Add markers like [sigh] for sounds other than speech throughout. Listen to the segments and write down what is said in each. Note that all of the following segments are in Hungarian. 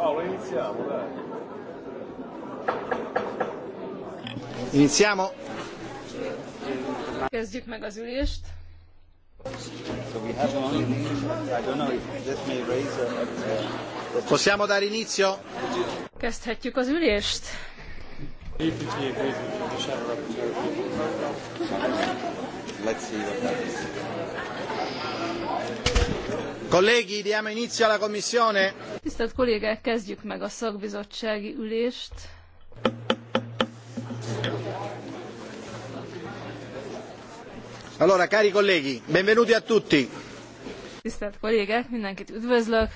Paolo, iniziamo, dai. Iniziamo. Kezdjük meg az ülést. Possiamo dare inizio? Kezdhetjük az ülést. Let's see what is. Colleghi, diamo inizio alla commissione. Tisztelt kollégák, kezdjük meg a szakbizottsági ülést. Allora, cari colleghi, benvenuti a tutti. Tisztelt kollégák, mindenkit üdvözlök.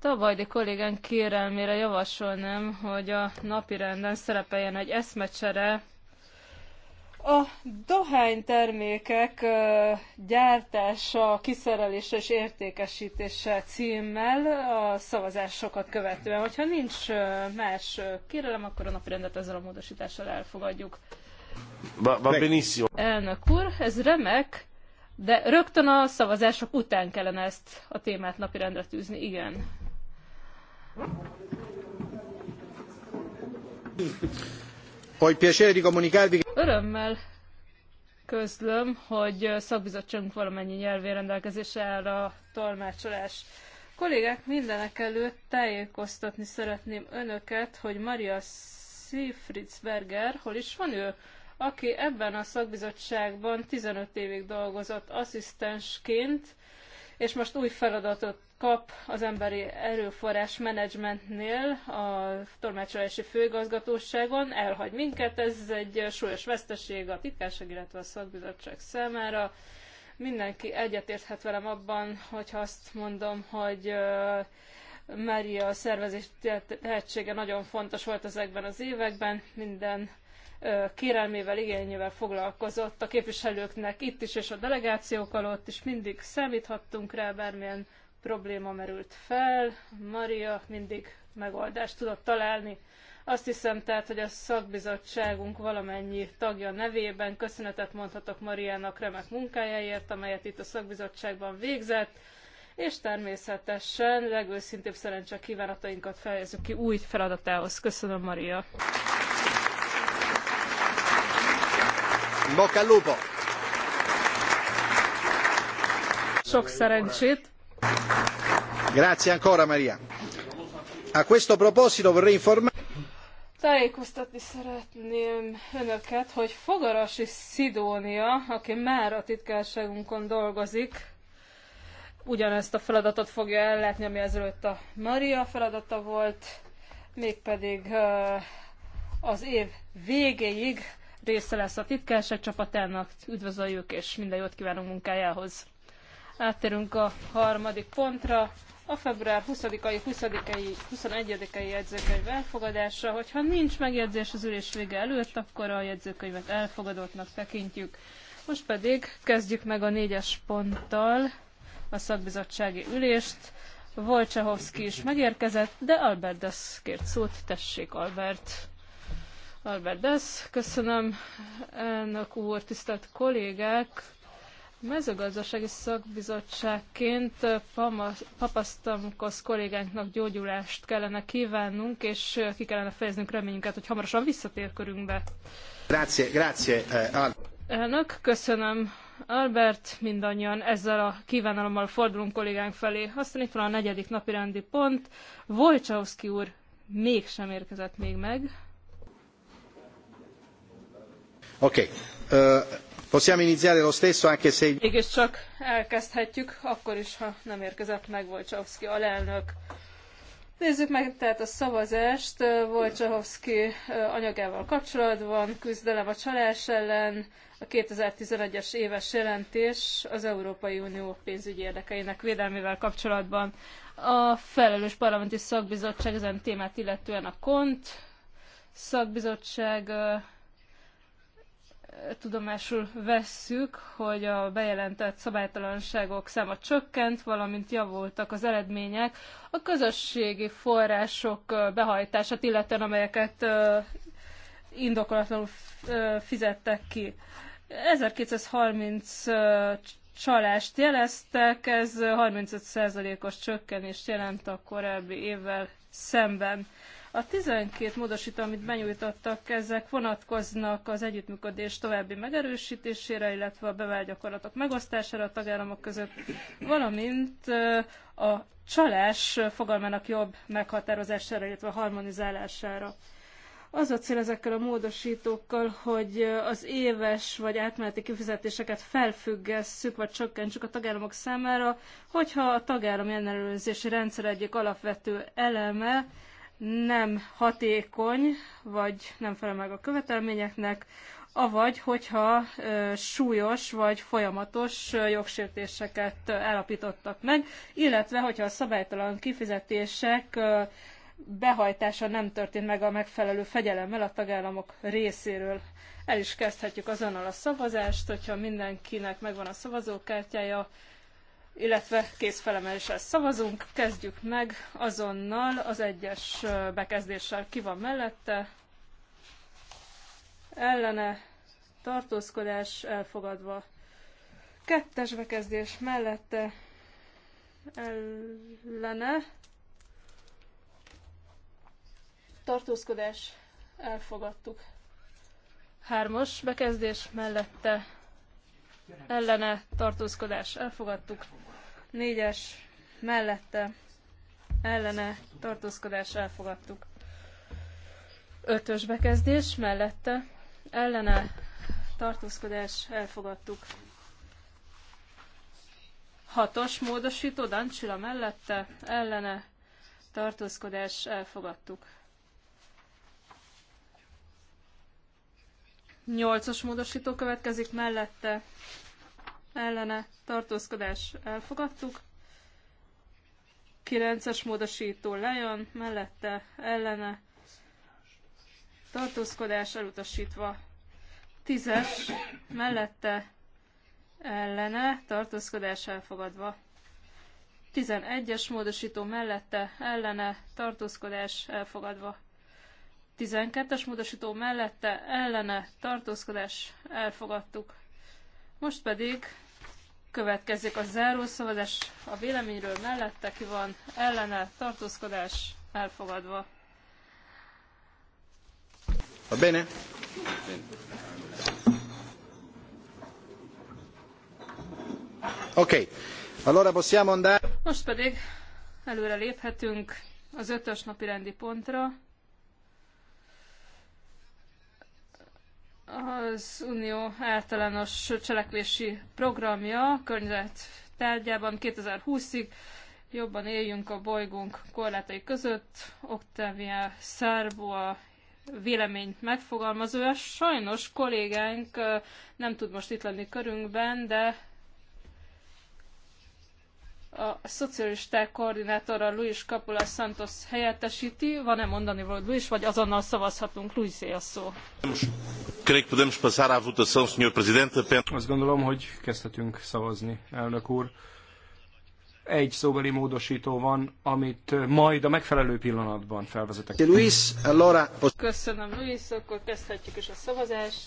Tabajdi kollégánk kérelmére javasolnám, hogy a napirenden szerepeljen egy eszmecsere a dohánytermékek gyártása, kiszerelése és értékesítése címmel a szavazásokat követően. Hogyha nincs más kérelem, akkor a napirendet ezzel a módosítással elfogadjuk. Va, va benissimo. Elnök úr, ez remek, de rögtön a szavazások után kellene ezt a témát napirendre tűzni, igen. Örömmel közlöm, hogy szakbizottságunk valamennyi nyelvén rendelkezésre áll a tolmácsolás. Kollégák, mindenek előtt tájékoztatni szeretném önöket, hogy Maria Berger, hol is van ő, aki ebben a szakbizottságban 15 évig dolgozott asszisztensként, és most új feladatot kap az emberi erőforrás menedzsmentnél a tolmácsolási főigazgatóságon, elhagy minket, ez egy súlyos veszteség a titkárság, illetve a szakbizottság számára. Mindenki egyetérthet velem abban, hogyha azt mondom, hogy Mária szervezés tehetsége nagyon fontos volt ezekben az években, minden kérelmével, igényével foglalkozott a képviselőknek itt is, és a delegációk alatt is mindig számíthattunk rá, bármilyen probléma merült fel, Maria mindig megoldást tudott találni. Azt hiszem tehát, hogy a szakbizottságunk valamennyi tagja nevében köszönetet mondhatok Mariának remek munkájáért, amelyet itt a szakbizottságban végzett, és természetesen legőszintébb szerencse kívánatainkat fejezzük ki új feladatához. Köszönöm, Maria! Bocca al lupo! Sok szerencsét! Grazie ancora Maria. A questo proposito vorrei informare... Tájékoztatni szeretném önöket, hogy Fogarasi Szidónia, aki már a titkárságunkon dolgozik, ugyanezt a feladatot fogja ellátni, ami ezelőtt a Maria feladata volt, mégpedig az év végéig része lesz a titkárság csapatának. Üdvözöljük, és minden jót kívánunk munkájához. Áttérünk a harmadik pontra, a február 20-ai, 20-ai, 21 ai jegyzőkönyv elfogadása. Hogyha nincs megjegyzés az ülés vége előtt, akkor a jegyzőkönyvet elfogadottnak tekintjük. Most pedig kezdjük meg a négyes ponttal a szakbizottsági ülést. Volcsehovszki is megérkezett, de Albert Dess kért szót. Tessék, Albert! Albert Dess, köszönöm, elnök úr, tisztelt kollégák! Mezőgazdasági szakbizottságként Papasztamkosz kollégánknak gyógyulást kellene kívánnunk, és ki kellene fejeznünk reményünket, hogy hamarosan visszatér körünkbe. Grazie, grazie. Eh, elnök, köszönöm. Albert, mindannyian ezzel a kívánalommal fordulunk kollégánk felé. Aztán itt van a negyedik napi rendi pont. Wojciechowski úr mégsem érkezett még meg mégiscsak csak elkezdhetjük, akkor is, ha nem érkezett meg Wojciechowski alelnök. Nézzük meg tehát a szavazást Wojciechowski anyagával kapcsolatban, küzdelem a csalás ellen, a eleven es éves jelentés az Európai Unió pénzügyi érdekeinek védelmével kapcsolatban. A felelős parlamenti szakbizottság ezen témát illetően a KONT szakbizottság tudomásul vesszük, hogy a bejelentett szabálytalanságok száma csökkent, valamint javultak az eredmények. A közösségi források behajtását, illetően amelyeket indokolatlanul fizettek ki. 1230 csalást jeleztek, ez 35%-os csökkenést jelent a korábbi évvel szemben. A 12 módosító, amit benyújtottak, ezek vonatkoznak az együttműködés további megerősítésére, illetve a bevált gyakorlatok megosztására a tagállamok között, valamint a csalás fogalmának jobb meghatározására, illetve harmonizálására. Az a cél ezekkel a módosítókkal, hogy az éves vagy átmeneti kifizetéseket felfüggesszük, vagy csökkentsük a tagállamok számára, hogyha a tagállami ellenőrzési rendszer egyik alapvető eleme nem hatékony, vagy nem felel meg a követelményeknek, avagy hogyha súlyos vagy folyamatos jogsértéseket állapítottak meg, illetve hogyha a szabálytalan kifizetések behajtása nem történt meg a megfelelő fegyelemmel a tagállamok részéről. El is kezdhetjük azonnal a szavazást, hogyha mindenkinek megvan a szavazókártyája, illetve kézfelemeléssel szavazunk. Kezdjük meg azonnal az egyes bekezdéssel ki van mellette. Ellene tartózkodás elfogadva. Kettes bekezdés mellette ellene tartózkodás elfogadtuk. Hármas bekezdés mellette ellene tartózkodás elfogadtuk. Négyes mellette ellene tartózkodás elfogadtuk. Ötös bekezdés mellette ellene tartózkodás elfogadtuk. Hatos módosító Dancsila mellette ellene tartózkodás elfogadtuk. Nyolcas módosító következik mellette ellene tartózkodás elfogadtuk. 9-es módosító lejön, mellette ellene tartózkodás elutasítva. 10-es mellette ellene tartózkodás elfogadva. 11-es módosító mellette ellene tartózkodás elfogadva. 12-es módosító mellette ellene tartózkodás elfogadtuk. Most pedig következik a zárószavazás a véleményről mellette, ki van ellene, tartózkodás elfogadva. Va bene? Ok, allora possiamo andare. Most pedig előre léphetünk az ötös napi rendi pontra. az Unió általános cselekvési programja környezet tárgyában 2020-ig jobban éljünk a bolygónk korlátai között. Octavia Szárbó a véleményt megfogalmazója. Sajnos kollégánk nem tud most itt lenni körünkben, de a szocialisták koordinátora Luis Capula Santos helyettesíti. Van-e mondani volt Luis, vagy azonnal szavazhatunk? Luis, a szó. Creio que podemos passar à votação, Sr. Presidente. Azt gondolom, hogy kezdhetünk szavazni, elnök úr. Egy szóbeli módosító van, amit majd a megfelelő pillanatban felvezetek. Luis, allora... Köszönöm, Luis, akkor kezdhetjük is a szavazást.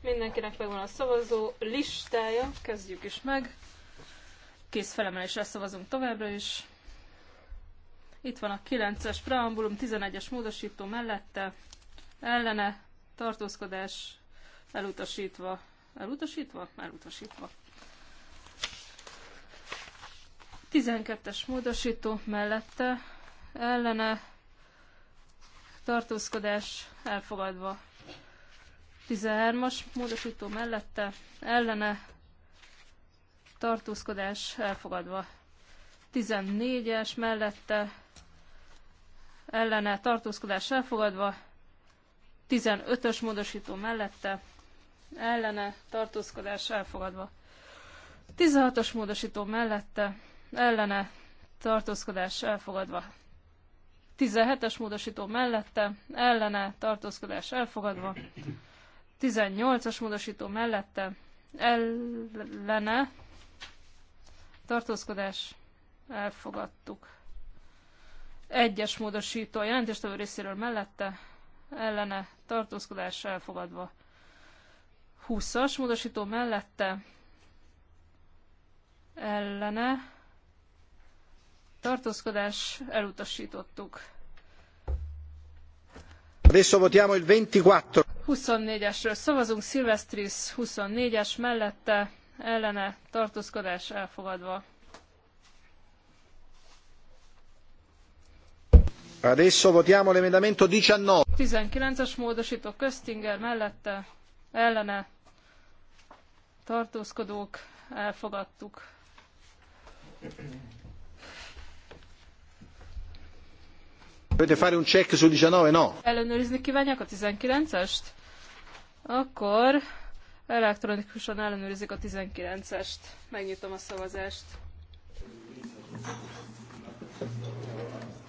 Mindenkinek megvan a szavazó listája, kezdjük is meg kész felemelésre szavazunk továbbra is. Itt van a 9-es preambulum, 11-es módosító mellette, ellene, tartózkodás, elutasítva, elutasítva? Elutasítva. 12-es módosító mellette, ellene, tartózkodás, elfogadva. 13-as módosító mellette, ellene, tartózkodás elfogadva. 14-es mellette ellene tartózkodás elfogadva, 15-ös módosító mellette ellene tartózkodás elfogadva. 16-os módosító mellette ellene tartózkodás elfogadva. 17-es módosító mellette ellene tartózkodás elfogadva. 18-as módosító mellette ellene tartózkodás, elfogadtuk. Egyes módosító a jelentéstevő részéről mellette, ellene, tartózkodás, elfogadva. 20-as módosító mellette, ellene, tartózkodás, elutasítottuk. Adesso votiamo il 24. 24-esről szavazunk, Silvestris 24-es mellette, ellene tartózkodás elfogadva. Adesso votiamo l'emendamento 19. 19-es módosító Köztinger mellette ellene tartózkodók elfogadtuk. Volete fare un check sul 19? No. Ellenőrizni kívánják a 19-est? Akkor Elektronikusan ellenőrizik a 19-est. Megnyitom a szavazást.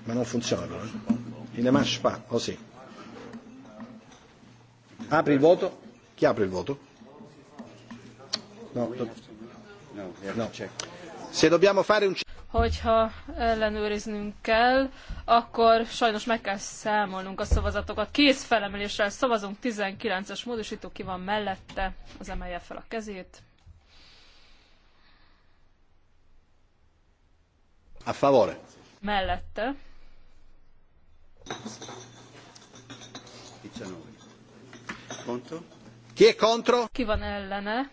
nem funkcionál. Én eh? nem más pa, così. Oh Apri ápril voto? Nem. Nem. Nem. voto? No, no. no. Se dobbiamo fare un hogyha ellenőriznünk kell, akkor sajnos meg kell számolnunk a szavazatokat. Kész felemeléssel szavazunk 19-es módosító, ki van mellette, az emelje fel a kezét. A favore. Mellette. 19. Contro. Ki contro? Ki van ellene?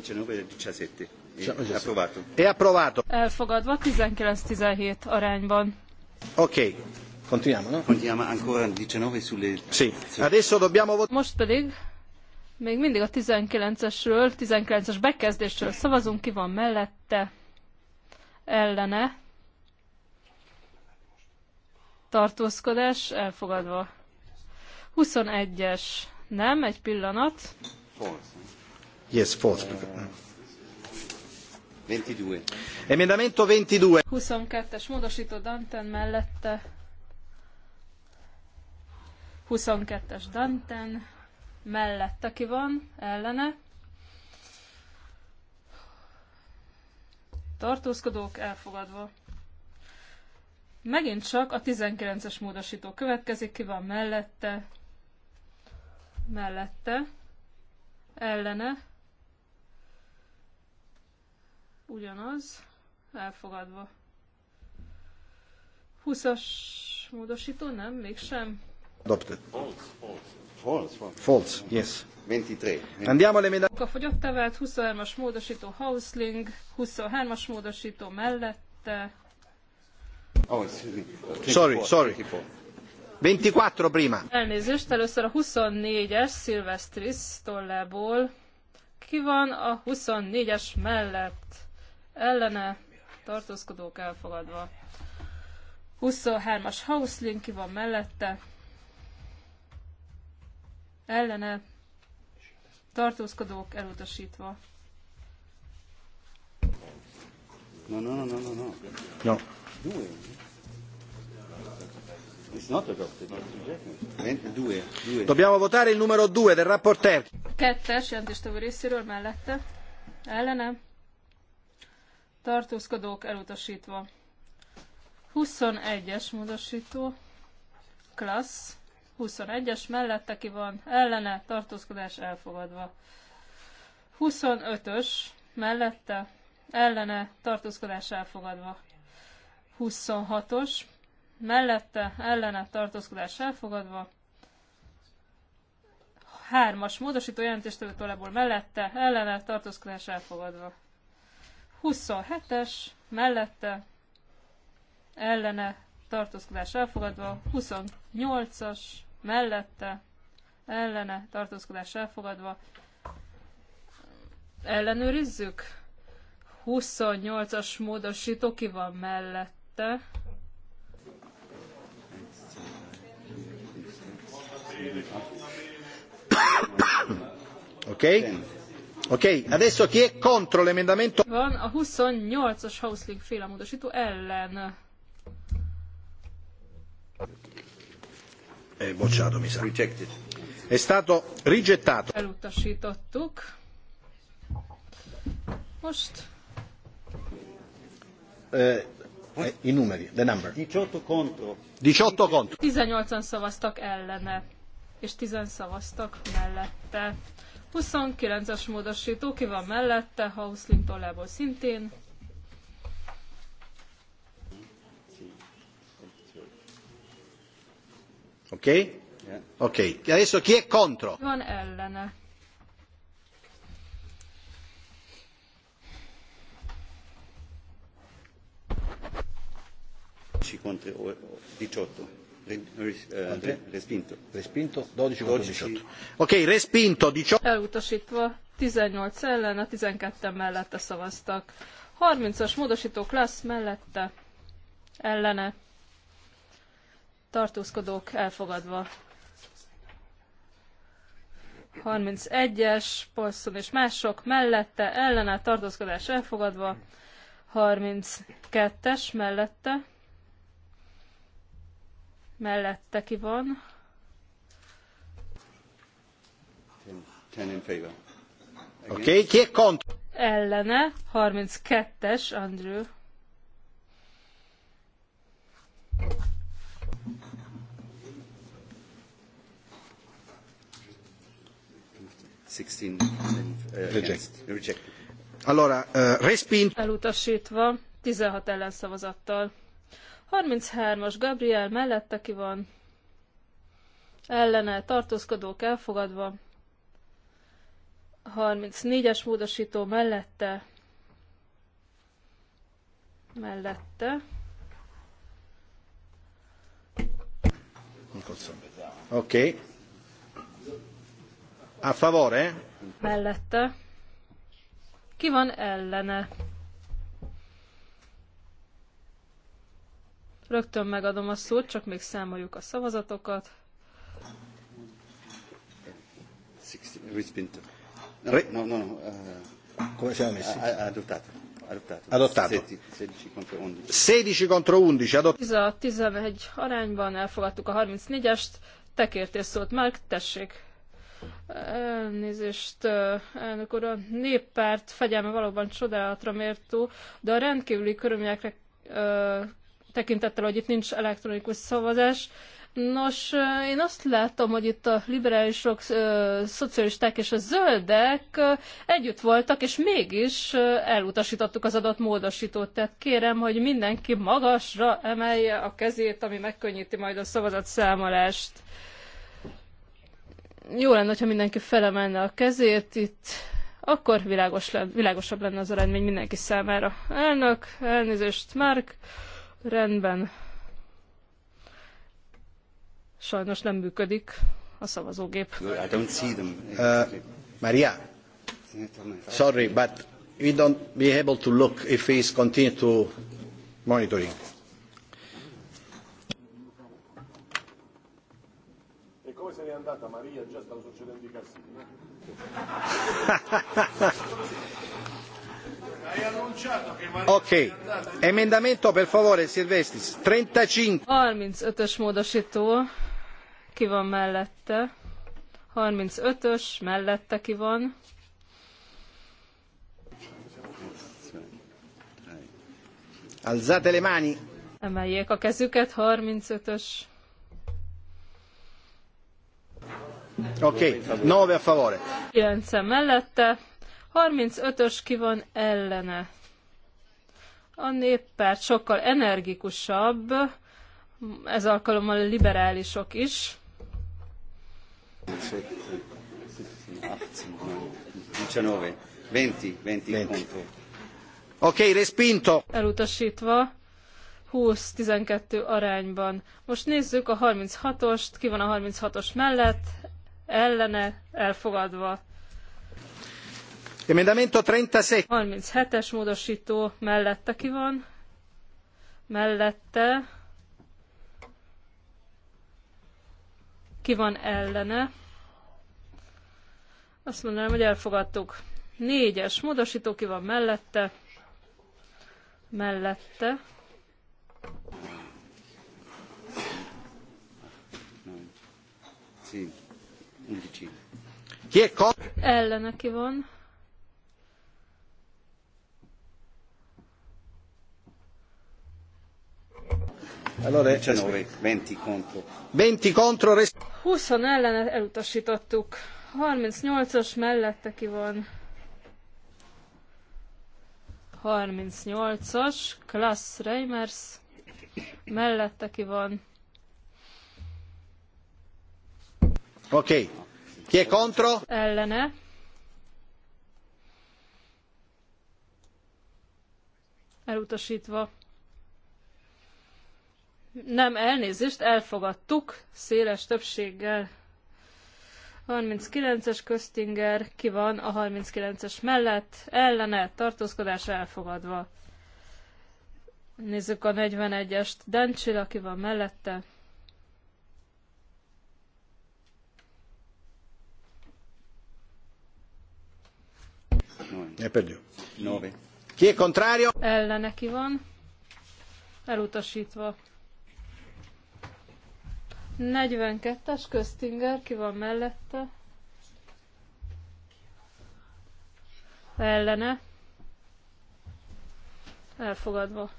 19-17. E eh, approvato. E approvato. Elfogadva 19-17 arányban. Ok. Continuiamo, no? Continuiamo ancora 19 sulle... Sì. Adesso dobbiamo votare. Most pedig még mindig a 19-esről, 19-es bekezdésről szavazunk, ki van mellette, ellene, tartózkodás, elfogadva. 21-es, nem, egy pillanat. False. Yes, fourth. 22. Emendamento 22. 22-es módosító Danten mellette. 22-es Danten mellette ki van, ellene. Tartózkodók elfogadva. Megint csak a 19-es módosító következik, ki van mellette, mellette, ellene, ugyanaz, elfogadva. 20-as módosító, nem? Mégsem. Adopted. False, false. False, false. yes. 23. Andiamo alle medaglie. A fogyott evelt 23-as módosító Hausling, 23-as módosító mellette. Oh, sorry, sorry. 24 prima. Elnézést, először a 24-es Silvestris tollából. Ki van a 24-es mellett? ellene tartózkodók elfogadva. 23-as Hauslin ki van mellette, ellene tartózkodók elutasítva. No, no, no, no, no, no. Ja. It's not adopted, Dobbiamo votare il numero 2 del rapporteur. Kettes, jelentéstevő részéről mellette. Ellene tartózkodók elutasítva. 21-es módosító, klassz, 21-es mellette ki van, ellene, tartózkodás elfogadva. 25-ös mellette, ellene, tartózkodás elfogadva. 26-os mellette, ellene, tartózkodás elfogadva. 3-as módosító jelentéstevő tollából mellette, ellene, tartózkodás elfogadva. 27-es mellette ellene tartózkodás elfogadva, 28-as mellette ellene tartózkodás elfogadva. Ellenőrizzük. 28-as módosító ki van mellette. Oké. Okay. Ok, adesso chi è contro l'emendamento? Van a 28-as Hausling féle módosító ellen. È bocciato, mi sa. Rejected. È stato rigettato. Elutasítottuk. Most. eh, eh I numeri, the number. 18 contro. 18 contro. 18-an szavaztak ellene, és 10 szavaztak mellette. 29 as módosító, ki van mellette, Hauslin tollából szintén. Oké? Oké. És Adesso chi è contro? Van ellene. contro 18. Eh, respinto. Respinto, 12 contro 18. Ok, respinto, 18. Elutasítva, 18 ellen, a 12 mellette szavaztak. 30-as módosító klassz mellette, ellene, tartózkodók elfogadva. 31-es, Polszon és mások mellette, ellene, tartózkodás elfogadva. 32-es mellette, mellette ki van. Oké, okay, ki kont? Ellene, 32-es, Andrew. Uh, allora, uh, eh, respint. Elutasítva, 16 ellenszavazattal. 33-as Gabriel mellette ki van, ellene tartózkodók elfogadva, 34-es módosító mellette, mellette, Oké. Okay. A favore? Mellette. Ki van ellene? Rögtön megadom a szót, csak még számoljuk a szavazatokat. No, no, no. Uh, Come siamo messi? Adottato. Adottato. 16 contro 11. Adott... 11 arányban elfogadtuk a 34-est. Te kértél szót, Mark, tessék. Elnézést, elnök úr, a néppárt fegyelme valóban csodálatra mértó, de a rendkívüli körülményekre tekintettel, hogy itt nincs elektronikus szavazás. Nos, én azt látom, hogy itt a liberálisok, szocialisták és a zöldek együtt voltak, és mégis elutasítottuk az adott módosítót. Tehát kérem, hogy mindenki magasra emelje a kezét, ami megkönnyíti majd a szavazatszámolást. Jó lenne, ha mindenki felemelne a kezét itt akkor világos le, világosabb lenne az eredmény mindenki számára. Elnök, elnézést, Márk. Rendben. Sajnos nem működik a szavazógép. I don't see them. Uh, Maria, sorry, but we don't be able to look if he is continue to monitoring. E Maria? [laughs] Oké. Okay. Emendamento per favore, Silvestris. 35. 35-ös módosító. Ki van mellette? 35-ös, mellette ki van? Alzate le mani. Emeljék a kezüket, 35-ös. Oké, okay. 9 a favore. 9 mellette, 35-ös ki van ellene. A néppárt sokkal energikusabb, ez alkalommal a liberálisok is. Oké, okay, respinto. Elutasítva. 20-12 arányban. Most nézzük a 36-ost, ki van a 36-os mellett, ellene, elfogadva. Emendamento 36. 37-es módosító mellette ki van? Mellette. Ki van ellene? Azt mondanám, hogy elfogadtuk. Négyes módosító ki van mellette? Mellette. Ki Ellene ki van? Allora, 19, eh, 20 contro. 20 contro. 20 ellen elutasítottuk. 38-as mellette ki van. 38-as, Klass Reimers, mellette ki van. Oké. Okay. Ki è contro? Ellene. Elutasítva. Nem, elnézést, elfogadtuk széles többséggel. 39-es Köztinger, ki van a 39-es mellett, ellene, tartózkodás elfogadva. Nézzük a 41-est, Dencsil, aki van mellette. Ki è contrario? Ellene ki van, elutasítva. 42-es Köztinger, ki van mellette? Ellene. Elfogadva.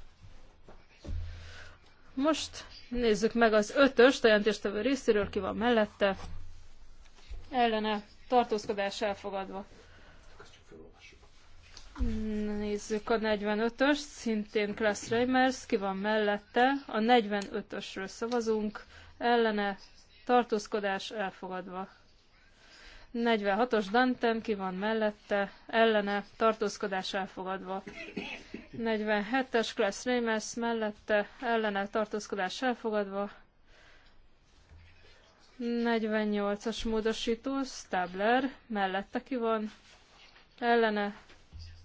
Most nézzük meg az ötös jelentéstevő részéről, ki van mellette. Ellene. Tartózkodás elfogadva. Nézzük a 45-ös, szintén Klaus Reimers, ki van mellette. A 45-ösről szavazunk ellene tartózkodás elfogadva. 46-os Danten ki van mellette, ellene tartózkodás elfogadva. 47-es Klaus Reimers mellette, ellene tartózkodás elfogadva. 48-as módosító Stabler mellette ki van, ellene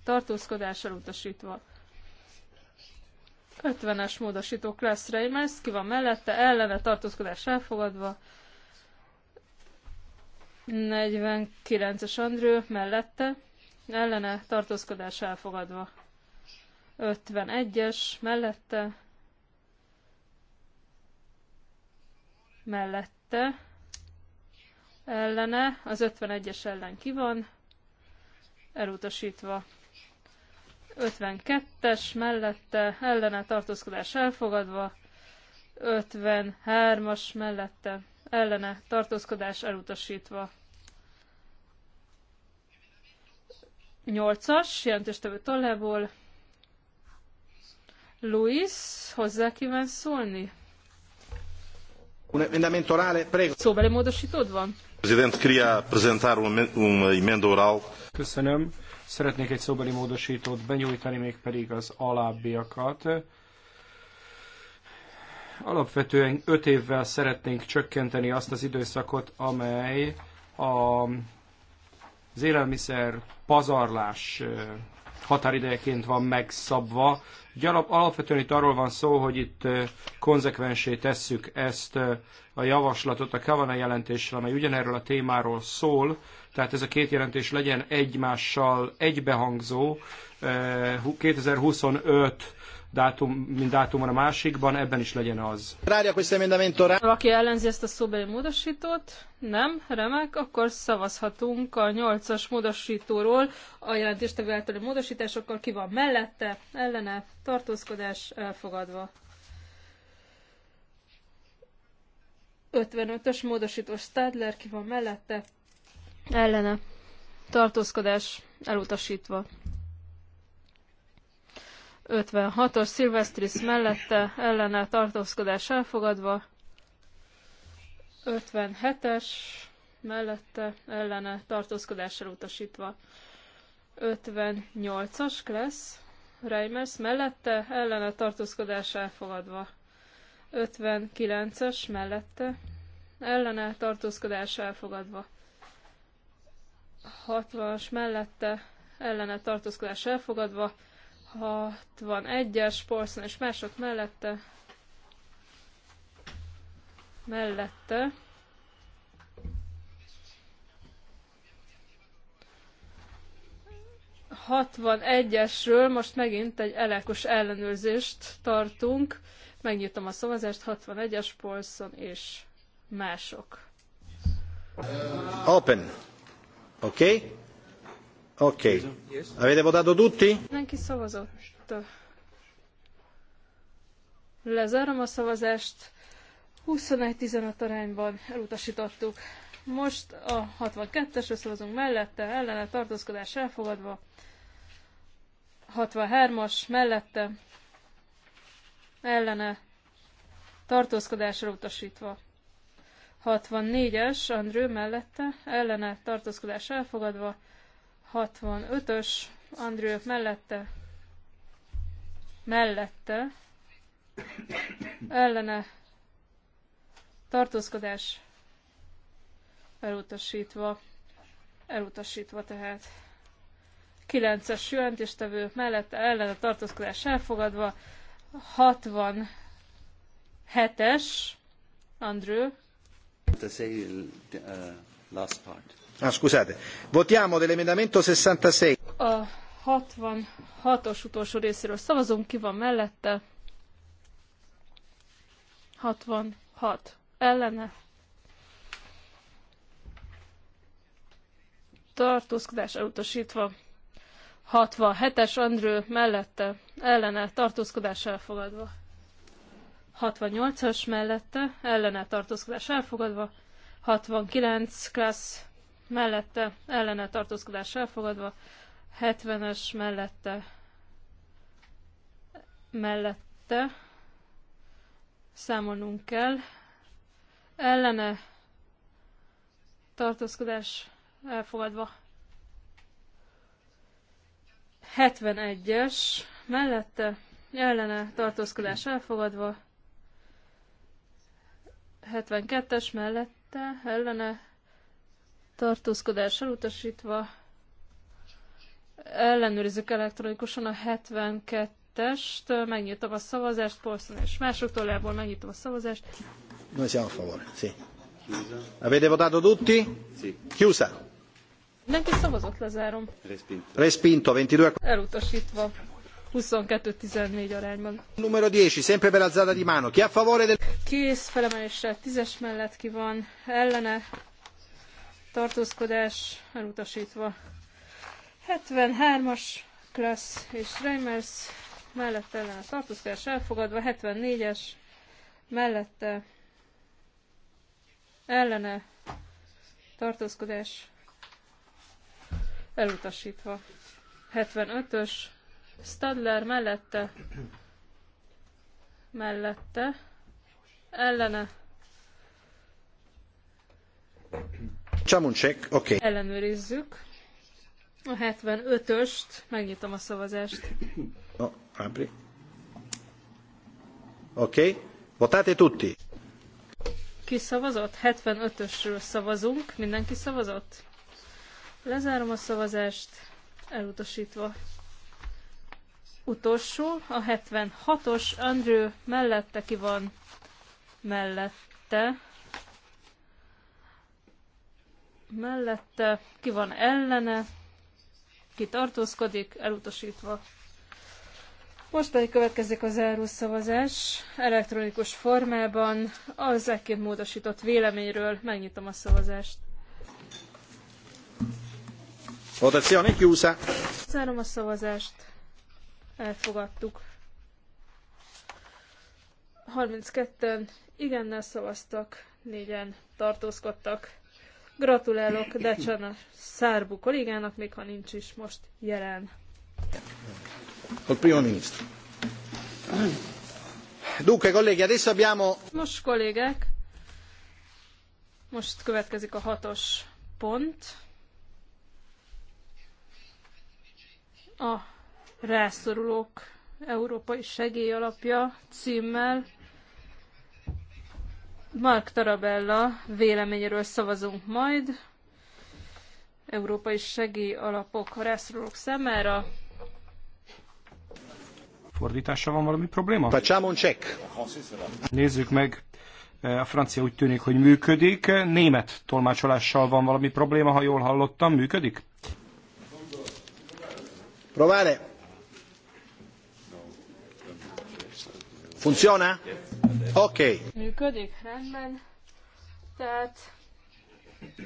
tartózkodás elutasítva. 50-es módosító class Reimers, ki van mellette, ellene tartózkodás elfogadva. 49-es Andrő mellette, ellene tartózkodás elfogadva. 51-es mellette, mellette, ellene, az 51-es ellen ki van, elutasítva. 52-es mellette ellene tartózkodás elfogadva, 53-as mellette ellene tartózkodás elutasítva. 8-as, jelentéstevő tollából. Luis, hozzá kíván szólni? Un Szóbeli módosítód van? Presidente, queria apresentar uma um emenda oral. Köszönöm Szeretnék egy szóbeli módosítót benyújtani, mégpedig az alábbiakat. Alapvetően 5 évvel szeretnénk csökkenteni azt az időszakot, amely a, az élelmiszer pazarlás határidejeként van megszabva, Gyalap, alapvetően itt arról van szó, hogy itt konzekvensé tesszük ezt a javaslatot a Kavana jelentéssel, amely ugyanerről a témáról szól, tehát ez a két jelentés legyen egymással egybehangzó 2025 dátum, mint dátumon a másikban, ebben is legyen az. Valaki ellenzi ezt a szóbeli módosítót? Nem? Remek, akkor szavazhatunk a 8-as módosítóról. A jelentéstevő általi módosításokkal ki van mellette, ellene, tartózkodás elfogadva. 55-ös módosító Stadler ki van mellette, ellene, tartózkodás elutasítva. 56-os Silvestris mellette ellene tartózkodás elfogadva, 57-es mellette ellene tartózkodás elutasítva, 58-as Klesz Reimers mellette ellene tartózkodás elfogadva, 59-es mellette ellene tartózkodás elfogadva, 60-as mellette ellene tartózkodás elfogadva, 61-es Polszon és mások mellette mellette esről most megint egy elekos ellenőrzést tartunk. Megnyitom a szavazást, 61-es Polszon és mások. Open. Okay? Ok. Avete votato tutti? Mindenki szavazott. Lezárom a szavazást. 21-15 arányban elutasítottuk. Most a 62-esre szavazunk mellette, ellene tartózkodás elfogadva. 63-as mellette, ellene tartózkodásra utasítva. 64-es Andrő mellette, ellene tartózkodás elfogadva. 65-ös Andrőt mellette, mellette, ellene tartózkodás elutasítva, elutasítva tehát. 9-es jelentéstevő mellette ellene tartózkodás elfogadva, 67-es Andrő. To uh, last part. Ah, 66. A 66-os utolsó részéről szavazunk, ki van mellette? 66. Ellene? Tartózkodás elutasítva. 67-es Andrő mellette, ellene tartózkodás elfogadva. 68-as mellette, ellene tartózkodás elfogadva. 69 klassz mellette ellene tartózkodás elfogadva, 70-es mellette mellette számolnunk kell, ellene tartózkodás elfogadva, 71-es mellette ellene tartózkodás elfogadva, 72-es mellette ellene tartózkodással elutasítva. Ellenőrizzük elektronikusan a 72-est, megnyitom a szavazást, Polszon és mások tollából megnyitom a szavazást. Noi siamo a favore, sì. Avete votato tutti? Sì. Chiusa. Mindenki szavazott, lezárom. Respinto. Respinto, 22. Elutasítva. 22-14 arányban. Numero 10, sempre per alzata di mano. Chi a favore del... Kész felemeléssel, tízes mellett ki van, ellene tartózkodás elutasítva. 73-as Klassz és Reimers mellette ellen a tartózkodás elfogadva, 74-es mellette ellene tartózkodás elutasítva. 75-ös Stadler mellette mellette ellene Csamuncsek, oké. Okay. Ellenőrizzük. A 75-öst, megnyitom a szavazást. No, Oké, okay. votate tutti. Ki szavazott? 75-ösről szavazunk. Mindenki szavazott? Lezárom a szavazást, elutasítva. Utolsó, a 76-os Andrew mellette ki van mellette, mellette, ki van ellene, ki tartózkodik, elutasítva. Most pedig következik az elrusszavazás elektronikus formában az ekként módosított véleményről. Megnyitom a szavazást. Votazione chiusa. Zárom a szavazást. Elfogadtuk. 32-en igennel szavaztak, négyen tartózkodtak. Gratulálok a Szárbu kollégának, még ha nincs is most jelen. Dunque, colleghi, adesso abbiamo... Most kollégák, most következik a hatos pont. A rászorulók Európai Segélyalapja címmel Mark Tarabella véleményéről szavazunk majd. Európai Segély Alapok rászorulók számára. Fordítással van valami probléma? Facciamo un check. Nézzük meg. A francia úgy tűnik, hogy működik. Német tolmácsolással van valami probléma, ha jól hallottam. Működik? Provare. Funziona? Oké. Okay. Működik, rendben. Tehát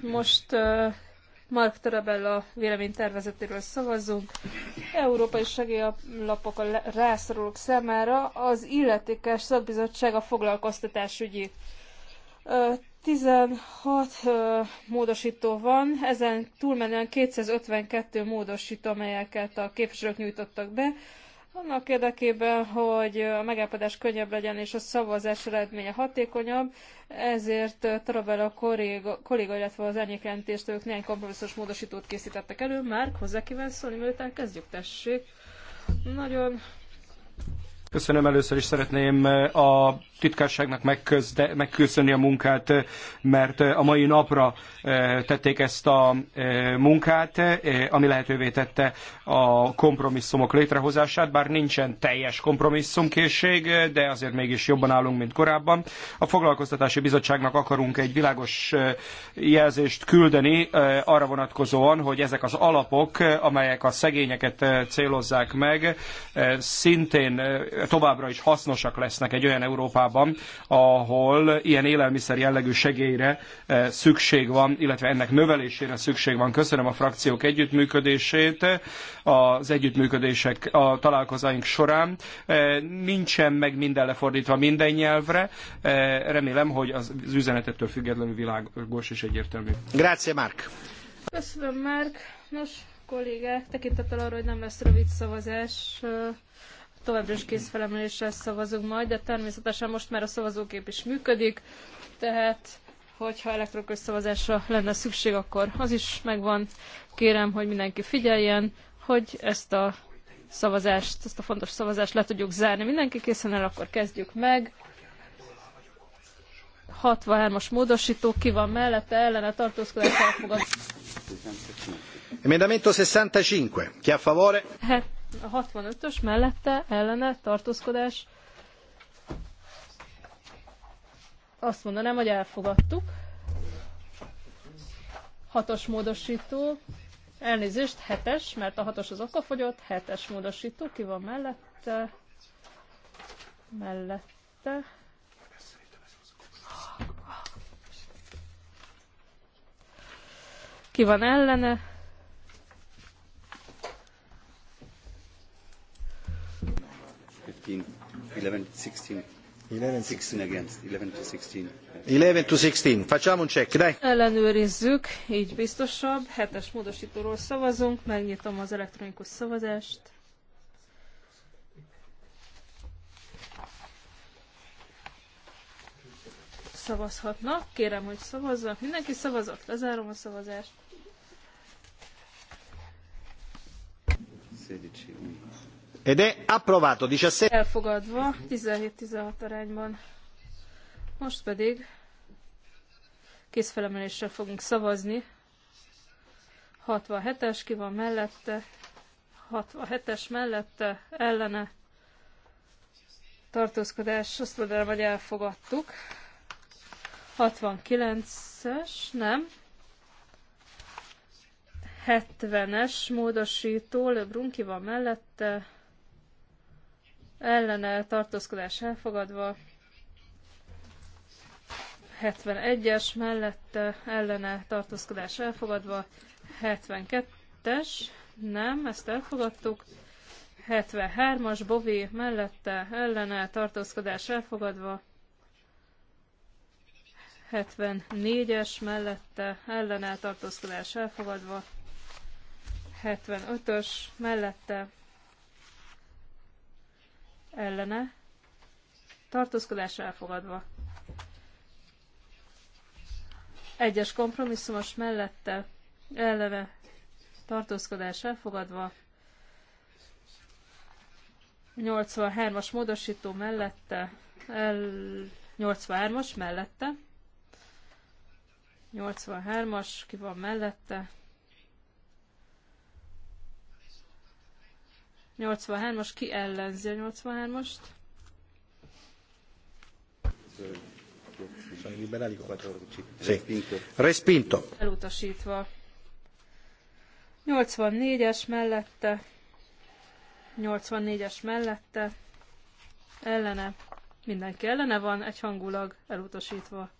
most uh, Mark Tarabella véleménytervezetéről szavazunk. Európai segélylapok a rászorulók számára az illetékes szakbizottság a foglalkoztatásügyi. Uh, 16 uh, módosító van, ezen túlmenően 252 módosító, amelyeket a képviselők nyújtottak be. Uh, annak érdekében, hogy a megállapodás könnyebb legyen és a szavazás eredménye hatékonyabb, ezért Tarabella kolléga, kolléga illetve az elnyékrendést ők néhány kompromisszós módosítót készítettek elő. Márk, hozzá kíván szólni, miután kezdjük, tessék. Nagyon Köszönöm, először is szeretném eh, a titkárságnak megköszönni a munkát, eh, mert eh, a mai napra tették ezt a munkát, ami lehetővé tette a kompromisszumok létrehozását, bár nincsen teljes kompromisszumkészség, de azért mégis jobban állunk, mint korábban. A Foglalkoztatási Bizottságnak akarunk egy világos jelzést küldeni arra vonatkozóan, hogy ezek az alapok, amelyek a szegényeket célozzák meg, szintén továbbra is hasznosak lesznek egy olyan Európában, ahol ilyen élelmiszer jellegű segélyre eh, szükség van, illetve ennek növelésére szükség van. Köszönöm a frakciók együttműködését az együttműködések a találkozáink során. Eh, nincsen meg minden lefordítva minden nyelvre. Eh, remélem, hogy az üzenetettől függetlenül világos és egyértelmű. Grazie, Mark. Köszönöm, Mark. Nos, kollégák, tekintettel arra, hogy nem lesz rövid szavazás, továbbra is készfelemelésre szavazunk majd, de természetesen most már a szavazókép is működik, tehát hogyha elektronikus szavazásra lenne szükség, akkor az is megvan. Kérem, hogy mindenki figyeljen, hogy ezt a szavazást, ezt a fontos szavazást le tudjuk zárni. Mindenki készen el, akkor kezdjük meg. 63-as módosító, ki van mellette, ellene tartózkodás elfogad. Emendamento 65, chi a favore? Hát, a 65-ös mellette ellene tartózkodás. Azt mondanám, hogy elfogadtuk. Hatos módosító, elnézést, hetes, mert a hatos az okafogyott, hetes módosító, ki van mellette? Mellette. Ki van ellene? 11 16. 16 11 to 16. 11 to 16. Ellenőrizzük, így biztosabb. Hetes módosítóról szavazunk, megnyitom az elektronikus szavazást. Szavazhatnak, kérem, hogy szavazzak. Mindenki szavazott, lezárom a szavazást. 16. Ed è 17. Elfogadva 17-16 arányban. Most pedig készfelemeléssel fogunk szavazni. 67-es, ki van mellette? 67-es mellette, ellene tartózkodás, azt mondanám, hogy elfogadtuk. 69-es, nem. 70-es módosító, Lebrun ki van mellette, ellene tartózkodás elfogadva, 71-es mellette ellene tartózkodás elfogadva, 72-es, nem, ezt elfogadtuk, 73-as Bovi mellette ellene tartózkodás elfogadva, 74-es mellette ellene tartózkodás elfogadva, 75-ös mellette ellene, tartózkodás elfogadva. Egyes kompromisszumos mellette, ellene, tartózkodás elfogadva. 83-as módosító mellette, el, 83-as mellette, 83-as, ki van mellette, 83-as, ki ellenzi a 83-ast? Respinto. Elutasítva. 84-es mellette, 84-es mellette, ellene, mindenki ellene van, egy hangulag elutasítva.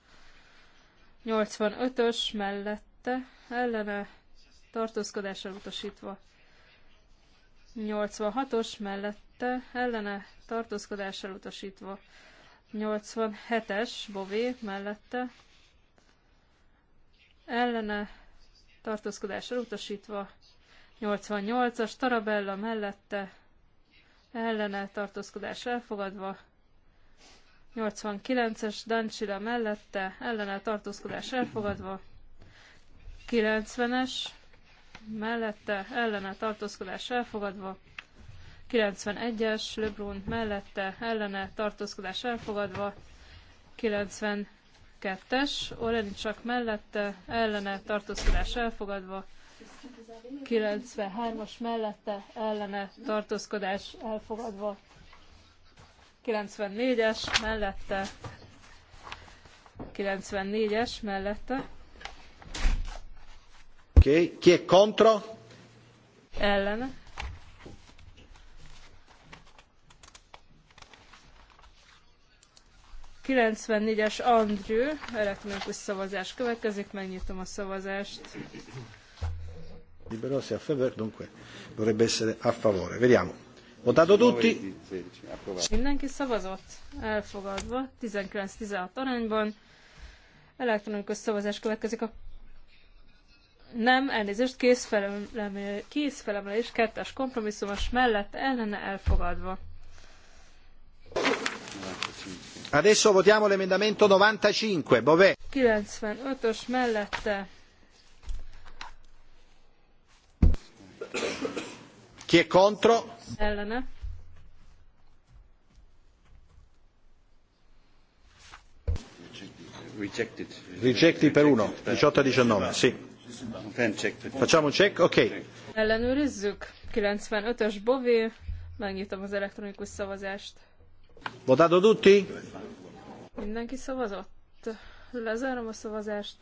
85-ös mellette, ellene, tartózkodás elutasítva. 86-os mellette ellene tartózkodás elutasítva. 87-es Bové mellette ellene tartózkodás elutasítva. 88-as Tarabella mellette ellene tartózkodás elfogadva. 89-es Dancsila mellette ellene tartózkodás elfogadva. 90-es mellette, ellene tartózkodás elfogadva, 91-es Lebrun mellette, ellene tartózkodás elfogadva, 92-es Olenicsak mellette, ellene tartózkodás elfogadva, 93-as mellette, ellene tartózkodás elfogadva, 94-es mellette, 94-es mellette, Ok, chi è contro? Ellene. es Andrew, elektronikus szavazás következik, megnyitom a szavazást. Libero se a favore, dunque dovrebbe essere a favore. Vediamo. Votato tutti? Mindenki szavazott, elfogadva, 19-16 arányban. Elektronikus szavazás következik a nem, elnézést, készfelemelés, készfelemelés, kettes kompromisszumos mellett ellene elfogadva. Adesso votiamo l'emendamento 95, Bové. 95-ös mellette. Chi è contro? Ellene. Rejected. Rejected per uno, 18-19, sì. Facciamo check? Ok. Ellenőrizzük. 95-ös Bové. Megnyitom az elektronikus szavazást. Votado? tutti? Mindenki szavazott. Lezárom a szavazást.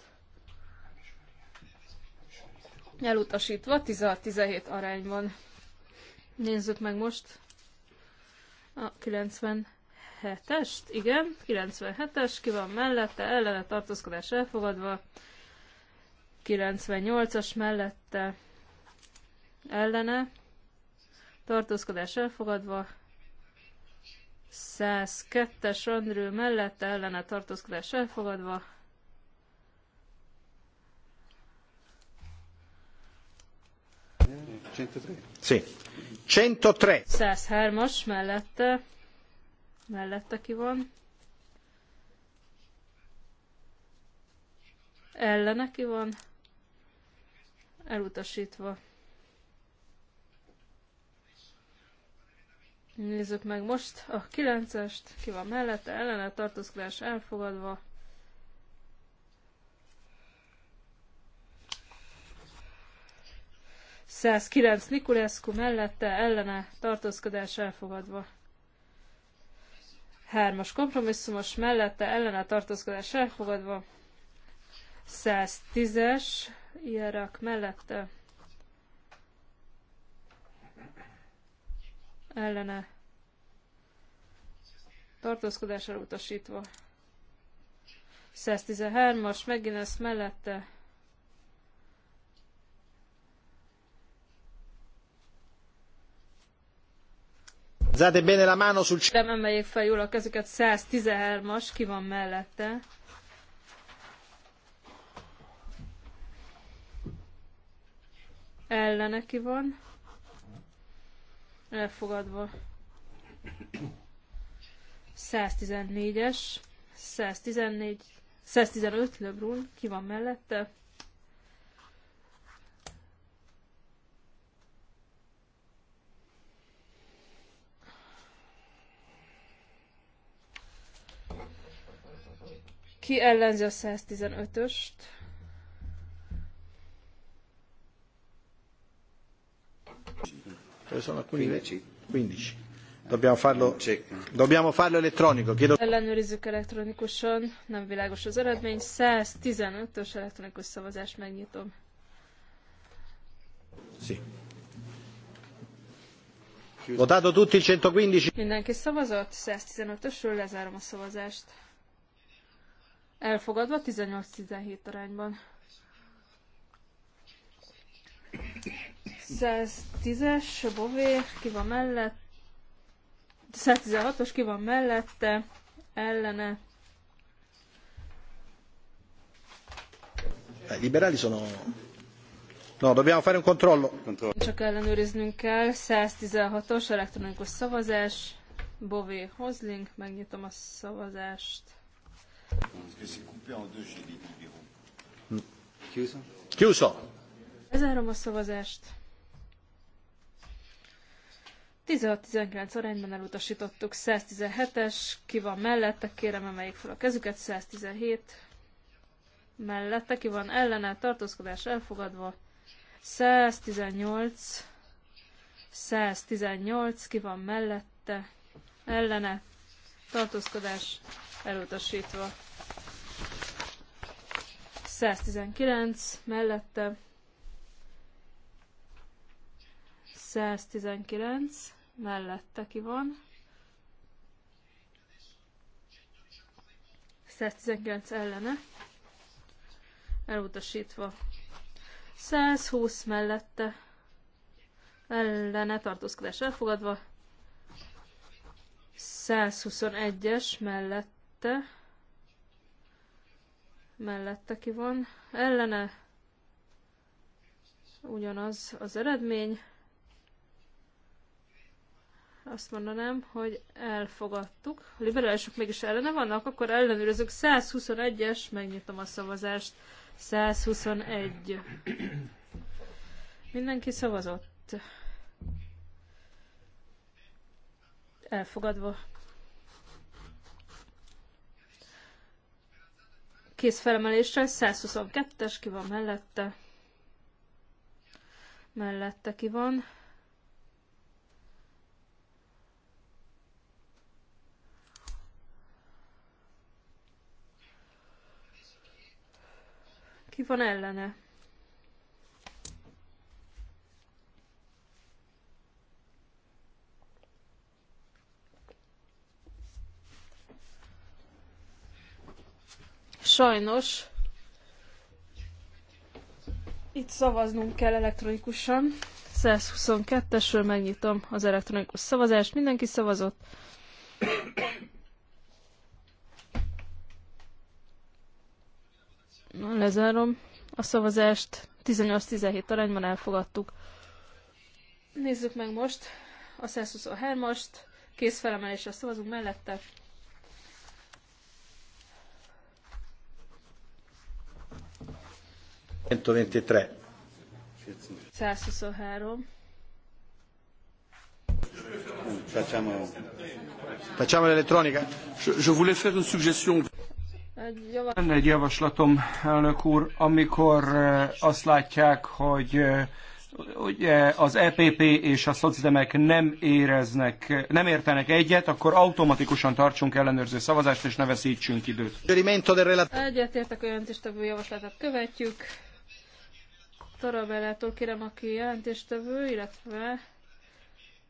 Elutasítva 16-17 van. Nézzük meg most a 97-est. Igen, 97-es. Ki van mellette? Ellene tartózkodás elfogadva. 98-as mellette ellene, tartózkodás elfogadva, 102-es Andrő mellette ellene tartózkodás elfogadva, Sí, 103. 103-as mellette. Mellette ki van? Ellene ki van? elutasítva. Nézzük meg most a 9-est, ki van mellette, ellene tartózkodás elfogadva. Száz kilenc Nikulescu mellette, ellene tartózkodás elfogadva. Hármas kompromisszumos mellette, ellene tartózkodás elfogadva. száz tízes Irak mellette ellene tartózkodásra utasítva. 113-as, megint ezt mellette Zade bene la mano sul... Nem emeljék fel jól a kezüket, 113-as, ki van mellette. ellene ki van, elfogadva. 114-es, 114, 115 Lebrun, ki van mellette? Ki ellenzi a 115-öst? sono alcuni 15. 15. Dobbiamo farlo, eh, dobbiamo farlo elettronico. Chiedo... Ellenőrizzük elektronikusan, nem világos az eredmény. 115-ös elektronikus szavazást megnyitom. Sì. Votato tutti il 115. Mindenki szavazott? 115-ösről lezárom a szavazást. Elfogadva 18-17 arányban. 110-es, Bové, ki van mellett, 116-os, ki van mellette, ellene. Eh, I liberali sono... No, dobbiamo fare un controllo. Csak ellenőriznünk kell, 116-os elektronikus szavazás, Bové, Hozling, megnyitom a szavazást. Chiuso. Chiuso. Ezárom a szavazást. 16-19 arányban elutasítottuk 117-es, ki van mellette, kérem emeljék fel a kezüket, 117 mellette, ki van ellene, tartózkodás elfogadva, 118, 118, ki van mellette, ellene, tartózkodás elutasítva, 119 mellette, 119, mellette ki van. 119 ellene. Elutasítva. 120 mellette. Ellene tartózkodás elfogadva. 121-es mellette. Mellette ki van. Ellene. Ugyanaz az eredmény azt mondanám, hogy elfogadtuk. A liberálisok mégis ellene vannak, akkor ellenőrözök. 121-es, megnyitom a szavazást. 121. Mindenki szavazott. Elfogadva. Kész felemeléssel 122-es, ki van mellette? Mellette ki van. Ki van ellene? Sajnos itt szavaznunk kell elektronikusan. 122-esről megnyitom az elektronikus szavazást. Mindenki szavazott. Lezárom a szavazást. 18-17 arányban elfogadtuk. Nézzük meg most a 123-ast. Kézfelemelésre szavazunk mellette. Entoventre. 123. Facciamo, facciamo l'elettronica. je voulais faire une suggestion egy Lenne egy javaslatom, elnök úr, amikor eh, azt látják, hogy eh, ugye az EPP és a szocdemek nem éreznek, nem értenek egyet, akkor automatikusan tartsunk ellenőrző szavazást, és ne veszítsünk időt. értek, a jelentéstevő javaslatát követjük. Tarabellától kérem, aki jelentéstevő, illetve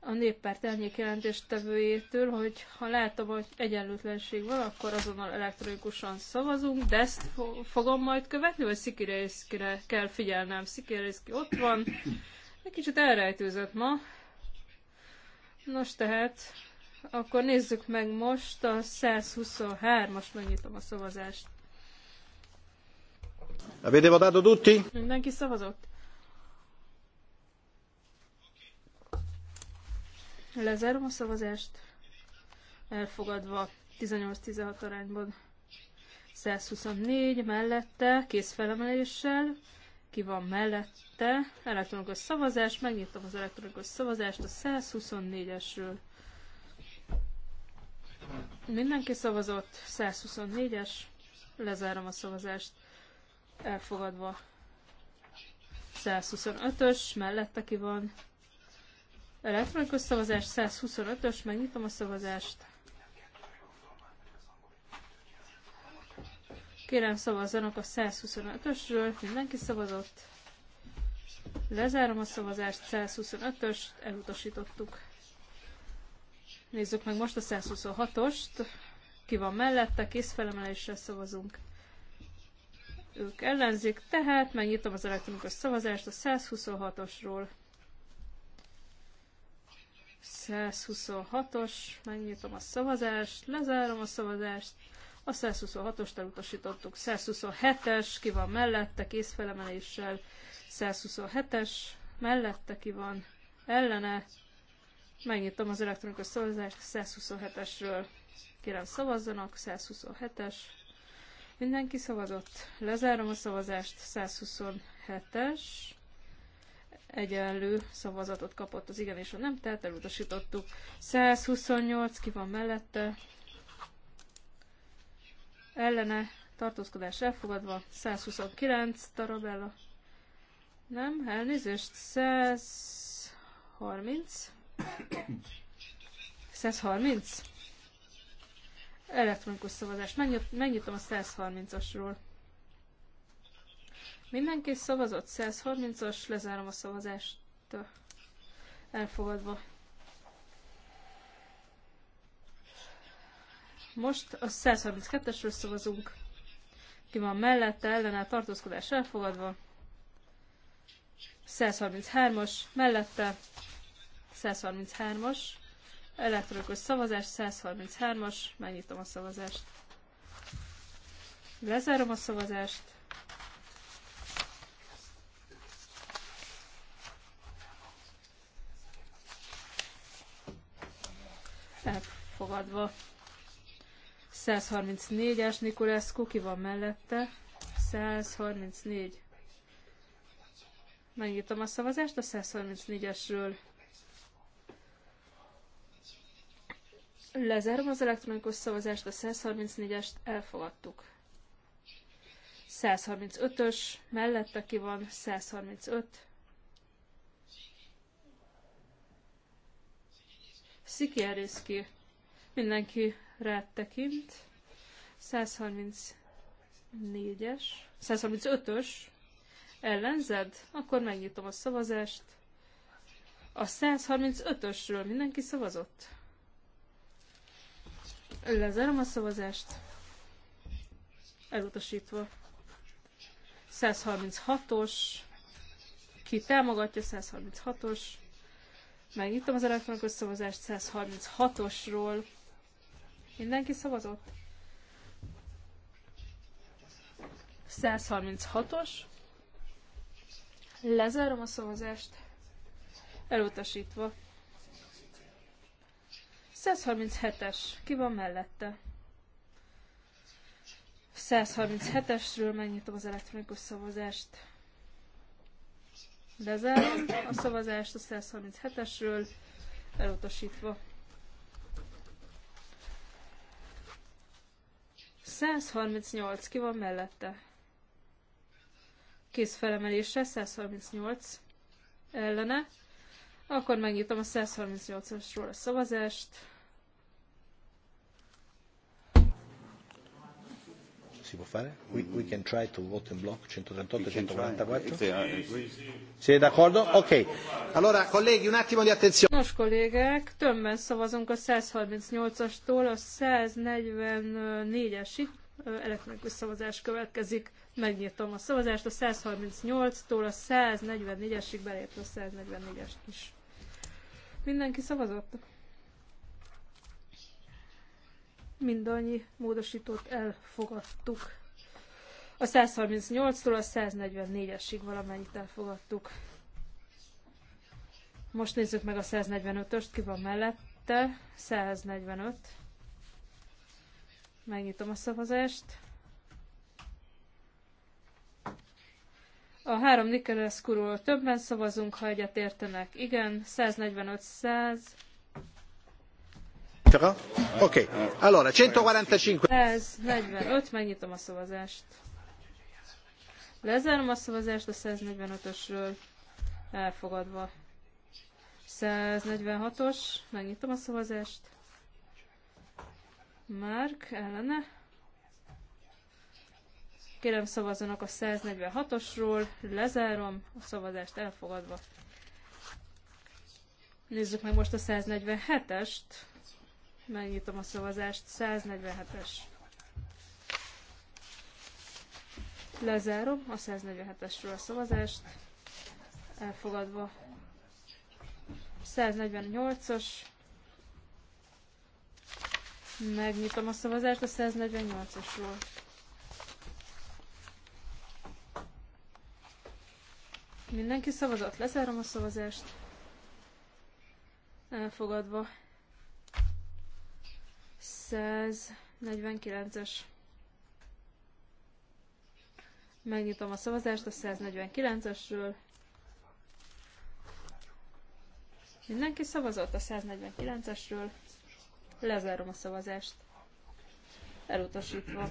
a néppárt elnyék jelentéstevőjétől, hogy ha látom, hogy egyenlőtlenség van, akkor azonnal elektronikusan szavazunk, de ezt fo- fogom majd követni, vagy Szikirészkire kell figyelnem. Szikirészki ott van, egy kicsit elrejtőzött ma. Nos tehát, akkor nézzük meg most a 123-as, megnyitom a szavazást. Avete votato tutti? Mindenki szavazott? Lezárom a szavazást. Elfogadva 18-16 arányban 124 mellette, kézfelemeléssel, ki van mellette, elektronikus szavazás, megnyitom az elektronikus szavazást a 124-esről. Mindenki szavazott, 124-es, lezárom a szavazást, elfogadva. 125-ös, mellette ki van, Elektronikus szavazás 125-ös, megnyitom a szavazást. Kérem szavazzanak a 125-ösről, mindenki szavazott. Lezárom a szavazást, 125 ös elutasítottuk. Nézzük meg most a 126-ost. Ki van mellette, készfelemeléssel szavazunk. Ők ellenzik, tehát megnyitom az elektronikus szavazást a 126-osról. 126-os, megnyitom a szavazást, lezárom a szavazást, a 126-ost elutasítottuk, 127-es, ki van mellette, készfelemeléssel, 127-es, mellette ki van, ellene, megnyitom az elektronikus szavazást 127-esről, kérem szavazzanak, 127-es, mindenki szavazott, lezárom a szavazást, 127-es, egyenlő szavazatot kapott az igen és a nem, tehát elutasítottuk. 128, ki van mellette, ellene, tartózkodás elfogadva, 129, Tarabella, nem, elnézést, 130, 130, elektronikus szavazást, Megnyit, megnyitom a 130-asról. Mindenki szavazott? 130-as, lezárom a szavazást. Elfogadva. Most a 132-esről szavazunk. Ki van mellette, ellene, tartózkodás elfogadva. 133-as, mellette, 133-as, elektronikus szavazás, 133-as, megnyitom a szavazást. Lezárom a szavazást, elfogadva. 134-es Nikulescu, ki van mellette? 134. Megnyitom a szavazást a 134-esről. Lezárom az elektronikus szavazást, a 134-est elfogadtuk. 135-ös, mellette ki van 135. ki Mindenki rád tekint. 134-es, 135-ös ellenzed, akkor megnyitom a szavazást. A 135-ösről mindenki szavazott? Lezárom a szavazást. Elutasítva. 136-os. Ki támogatja 136-os? Megnyitom az elektronikus szavazást 136-osról. Mindenki szavazott? 136-os. Lezárom a szavazást. Elutasítva. 137-es. Ki van mellette? 137-esről megnyitom az elektronikus szavazást. Lezárom a szavazást a 137-esről, elutasítva. 138, ki van mellette? Kész felemelése, 138 ellene. Akkor megnyitom a 138-asról a szavazást. si può fare? We, we can try to vote in block 138 e 144? Siete d'accordo? Ok. Allora, colleghi, un attimo di attenzione. Nos, kollégek, többen szavazunk a 138-astól a 144-esig. Elektronikus szavazás következik. Megnyitom a szavazást a 138-tól a 144-esig, belépve a 144-est is. Mindenki szavazott? mindannyi módosítót elfogadtuk. A 138-tól a 144-esig valamennyit elfogadtuk. Most nézzük meg a 145-öst, ki van mellette. 145. Megnyitom a szavazást. A három Nikolescu-ról többen szavazunk, ha egyet értenek. Igen, 145-100. Oké. Okay. Allora, 145. Ez 45, megnyitom a szavazást. Lezárom a szavazást a 145-ösről. Elfogadva. 146-os, megnyitom a szavazást. Márk, ellene. Kérem szavazzanak a 146-osról, lezárom a szavazást elfogadva. Nézzük meg most a 147-est. Megnyitom a szavazást. 147-es. Lezárom a 147-esről a szavazást. Elfogadva. 148 os Megnyitom a szavazást a 148 osról Mindenki szavazott, lezárom a szavazást. Elfogadva. 149-es. Megnyitom a szavazást a 149-esről. Mindenki szavazott a 149-esről. Lezárom a szavazást. Elutasítva.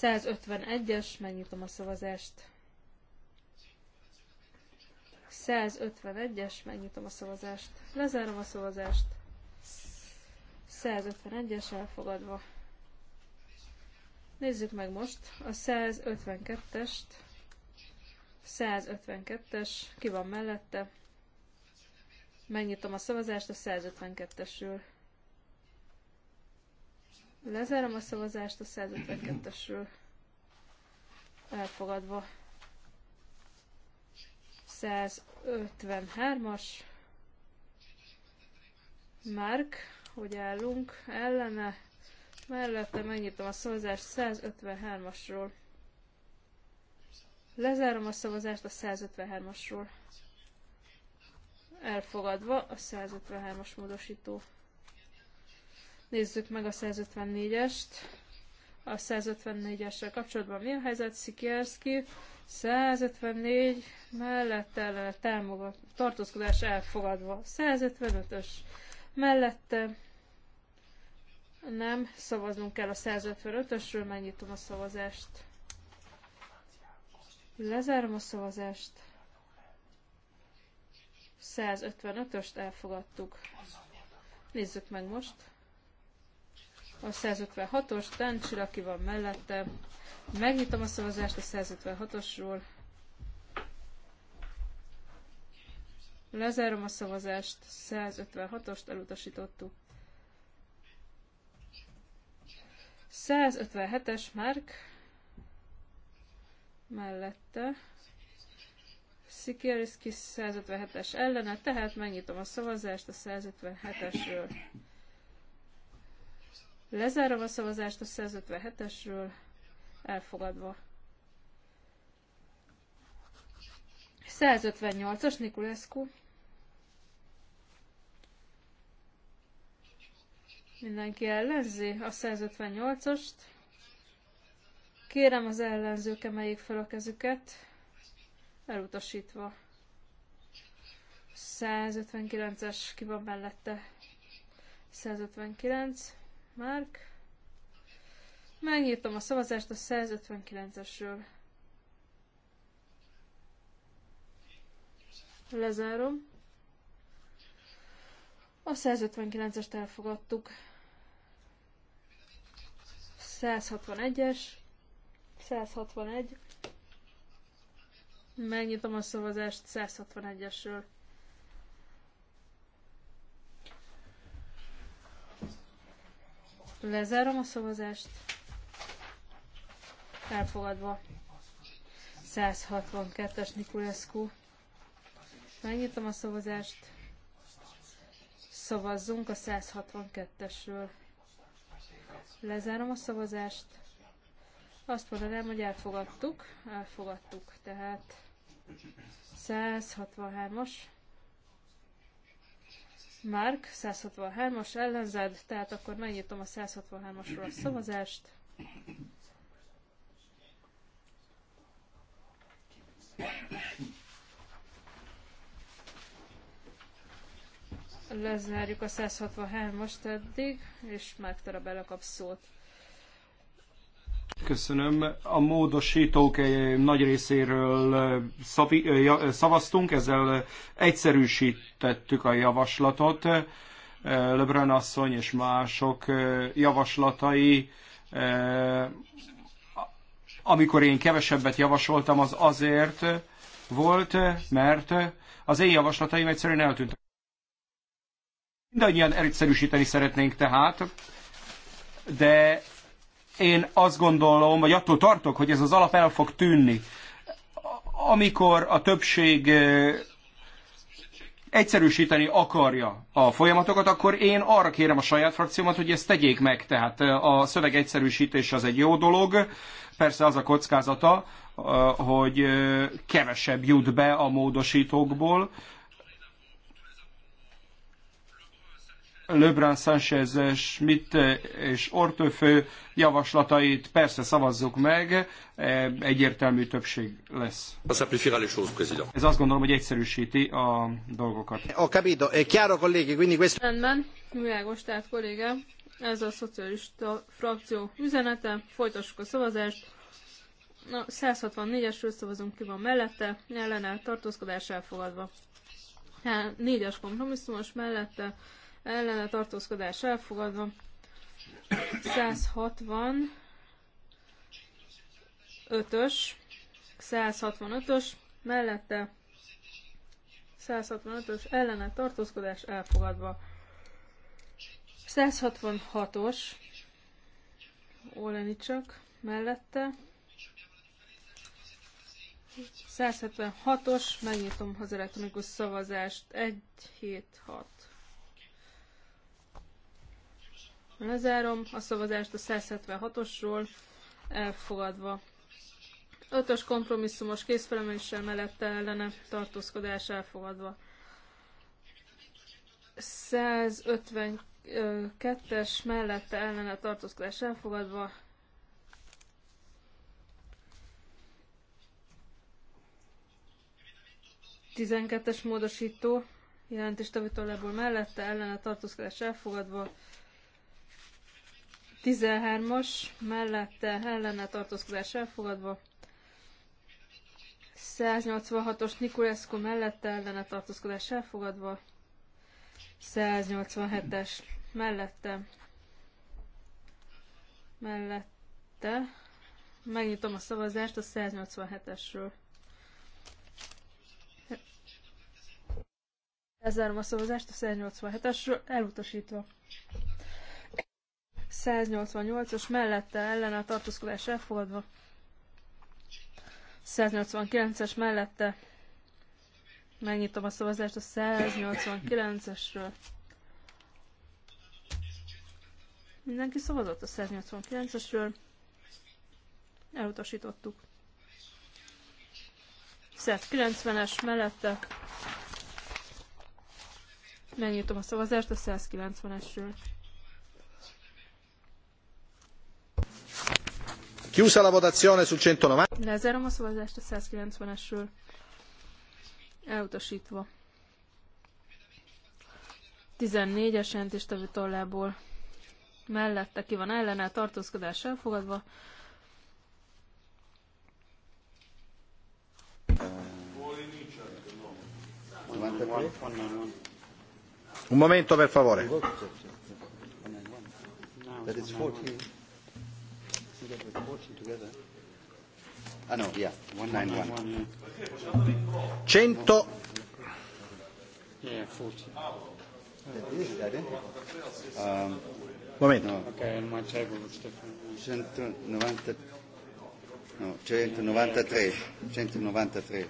1051-es. megnyitom a szavazást. 151-es, megnyitom a szavazást, lezárom a szavazást. 151-es elfogadva. Nézzük meg most a 152-est. 152-es, ki van mellette? Megnyitom a szavazást a 152-esről. Lezárom a szavazást a 152-esről. Elfogadva. 153-as. Márk, hogy állunk ellene. Mellette megnyitom a szavazást 153-asról. Lezárom a szavazást a 153-asról. Elfogadva a 153-as módosító. Nézzük meg a 154-est a 154-essel kapcsolatban mi a helyzet? Szikierszki 154 mellette támogat, tartózkodás elfogadva. 155-ös mellette nem, szavaznunk kell a 155-ösről, megnyitom a szavazást. Lezárom a szavazást. 155-öst elfogadtuk. Nézzük meg most a 156-os, Táncsil, aki van mellette. Megnyitom a szavazást a 156-osról. Lezárom a szavazást, 156-ost elutasítottuk. 157-es Márk mellette. Szikiriszki 157-es ellene, tehát megnyitom a szavazást a 157-esről. Lezárom a szavazást a 157-esről, elfogadva. 158-as Nikulescu. Mindenki ellenzi a 158-ast. Kérem az ellenzők emeljék fel a kezüket. Elutasítva. 159-es ki van mellette. 159. Márk. Megnyitom a szavazást a 159-esről. Lezárom. A 159-est elfogadtuk. 161-es. 161. Megnyitom a szavazást 161-esről. Lezárom a szavazást. Elfogadva. 162-es Nikulescu. Megnyitom a szavazást. Szavazzunk a 162-esről. Lezárom a szavazást. Azt mondanám, hogy elfogadtuk. Elfogadtuk. Tehát 163-as. Mark, 163-as ellenzed, tehát akkor megnyitom a 163-asról a szavazást. Lezárjuk a 163-ast eddig, és Márk Tarabella kap szót. Köszönöm. A módosítók eh, nagy részéről eh, eh, szavaztunk, ezzel egyszerűsítettük a javaslatot. Lebrun asszony és mások javaslatai amikor én kevesebbet javasoltam, az azért volt, mert az én javaslataim egyszerűen eltűntek. Mindannyian egyszerűsíteni szeretnénk tehát, de én azt gondolom, vagy attól tartok, hogy ez az alap el fog tűnni. Amikor a többség egyszerűsíteni akarja a folyamatokat, akkor én arra kérem a saját frakciómat, hogy ezt tegyék meg. Tehát a szöveg egyszerűsítés az egy jó dolog, persze az a kockázata, hogy kevesebb jut be a módosítókból, Lebrun Sanchez, Schmidt eh, és Ortöfő javaslatait persze szavazzuk meg, eh, egyértelmű többség lesz. Ez azt gondolom, hogy egyszerűsíti a dolgokat. Ho capito, è chiaro colleghi, quindi questo... Rendben, világos, tehát kollégám, ez a szocialista frakció üzenete, folytassuk a szavazást. Na, 164-esről szavazunk, ki van mellette, ellene, tartózkodás elfogadva. Hát, 4 kompromisszumos mellette, ellene tartózkodás elfogadva. 160 ös 165-ös, mellette 165-ös ellene tartózkodás elfogadva. 166-os, Olenicsak, mellette. 176-os, megnyitom az elektronikus szavazást, 1, 7, 6. Lezárom a szavazást a 176-osról, elfogadva. Ötös kompromisszumos készfelemeléssel mellette ellene tartózkodás elfogadva. 152-es mellette ellene tartózkodás elfogadva. Tizenkettes módosító jelentéstevőtől mellette ellene tartózkodás elfogadva. 13-as mellette ellene tartózkodás elfogadva. 186-os Nikulescu mellette ellene tartózkodás elfogadva. 187-es mellette mellette megnyitom a szavazást a 187-esről. Lezárom a szavazást a 187-esről, elutasítva. 188 os mellette ellene a tartózkodás elfogadva. 189-es mellette megnyitom a szavazást a 189-esről. Mindenki szavazott a 189-esről. Elutasítottuk. 190-es mellette megnyitom a szavazást a 190-esről. Chiusa la votazione sul 190. Lezárom a szavazást a 190-esről. Elutasítva. 14-es jelentéstevő tollából. Mellette ki van ellene, tartózkodás elfogadva. Un momento per favore. That is 14 see that report together. Ah no, yeah, 191. 100. Yeah, 40. Um, Momento. No. Okay, on my table it's different. 190. No, 193. 193.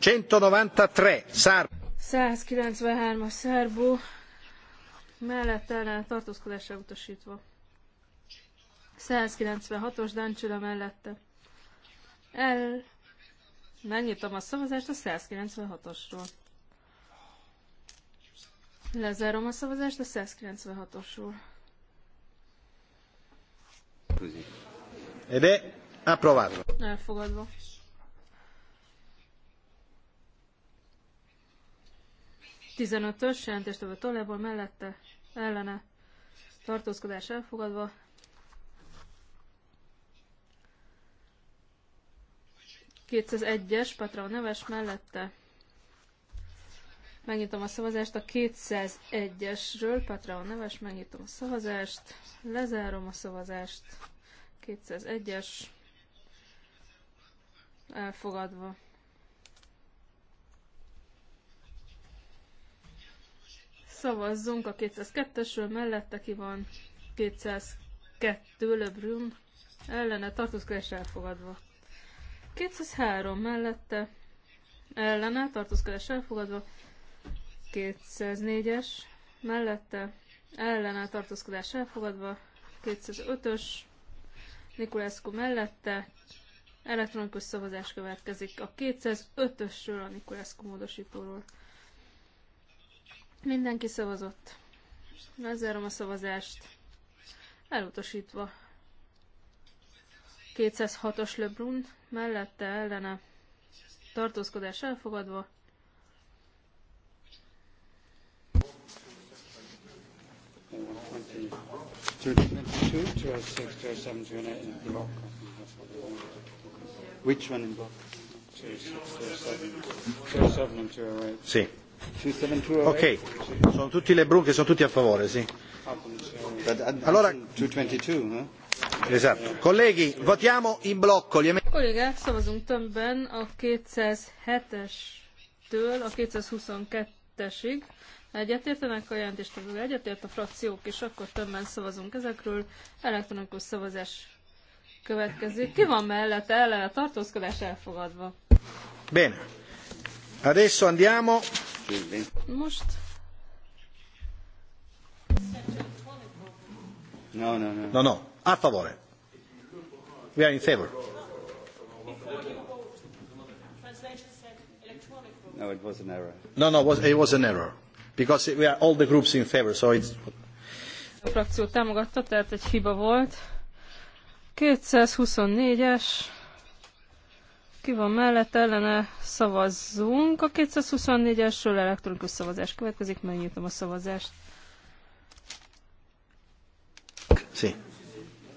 193. Szár. 193 a szerbó mellett ellen tartózkodásra utasítva. 196-os Dancsila mellette. El... Megnyitom a szavazást a 196-osról. Lezárom a szavazást a 196-osról. Ede, è Elfogadva. Tizenötös, a tollából mellette, ellene, tartózkodás elfogadva, 201-es Patra neves mellette. Megnyitom a szavazást a 201-esről, Patra neves, megnyitom a szavazást, lezárom a szavazást, 201-es, elfogadva. Szavazzunk a 202-esről, mellette ki van 202 löbrüm, ellene tartózkodás elfogadva. 203 mellette ellene, tartózkodás elfogadva, 204-es mellette ellene, tartózkodás elfogadva, 205-ös Nikulescu mellette, elektronikus szavazás következik a 205-ösről, a Nikulescu módosítóról. Mindenki szavazott. Lezárom a szavazást. Elutasítva. 206-os Lebrun mellette ellene tartózkodás elfogadva. Which one in block? Sì. Ok, sono tutti le brun che sono tutti a favore, sì. Ah, allora, 222, eh? Esatto. Colleghi, votiamo in blocco. Kollégák, szavazunk tömbben a 207-estől a 222-esig. Egyetértenek a jelentéstevő, egyetért a frakciók, és akkor többen szavazunk ezekről. Elektronikus szavazás következik. Ki van mellette? Ellen a tartózkodás elfogadva. Bene. Adesso andiamo. Most. No, no, no. No, no. A favore. We are in favor. No, it was an error. No, no, it was, it was an error. Because we are all the groups in favor, so it's... A frakció támogatta, tehát egy hiba volt. 224-es. Ki van mellett, ellene szavazzunk. A 224-esről elektronikus szavazás következik, megnyitom a szavazást.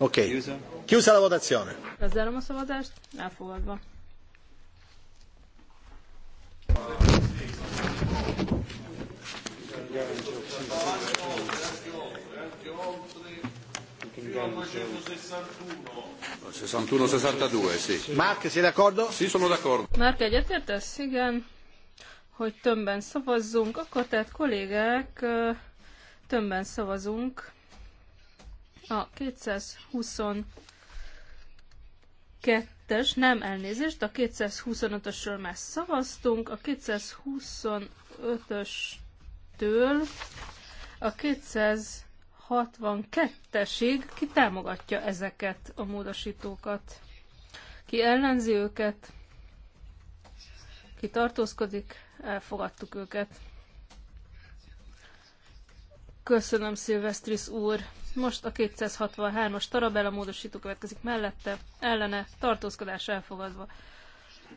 Oké. Okay. Chiusa la votazione. Lezárom a szavazást, elfogadva. Mark, sei d'accordo? Sì, sono d'accordo. Mark, egyetértesz? Igen. Hogy tömbben szavazzunk, akkor tehát kollégák, tömbben szavazunk a 222-es, nem elnézést, a 225-ösről már szavaztunk, a 225-östől a 262-esig ki támogatja ezeket a módosítókat, ki ellenzi őket, ki tartózkodik, elfogadtuk őket. Köszönöm, Szilvesztris úr. Most a 263-as Tarabella módosító következik mellette, ellene, tartózkodás elfogadva.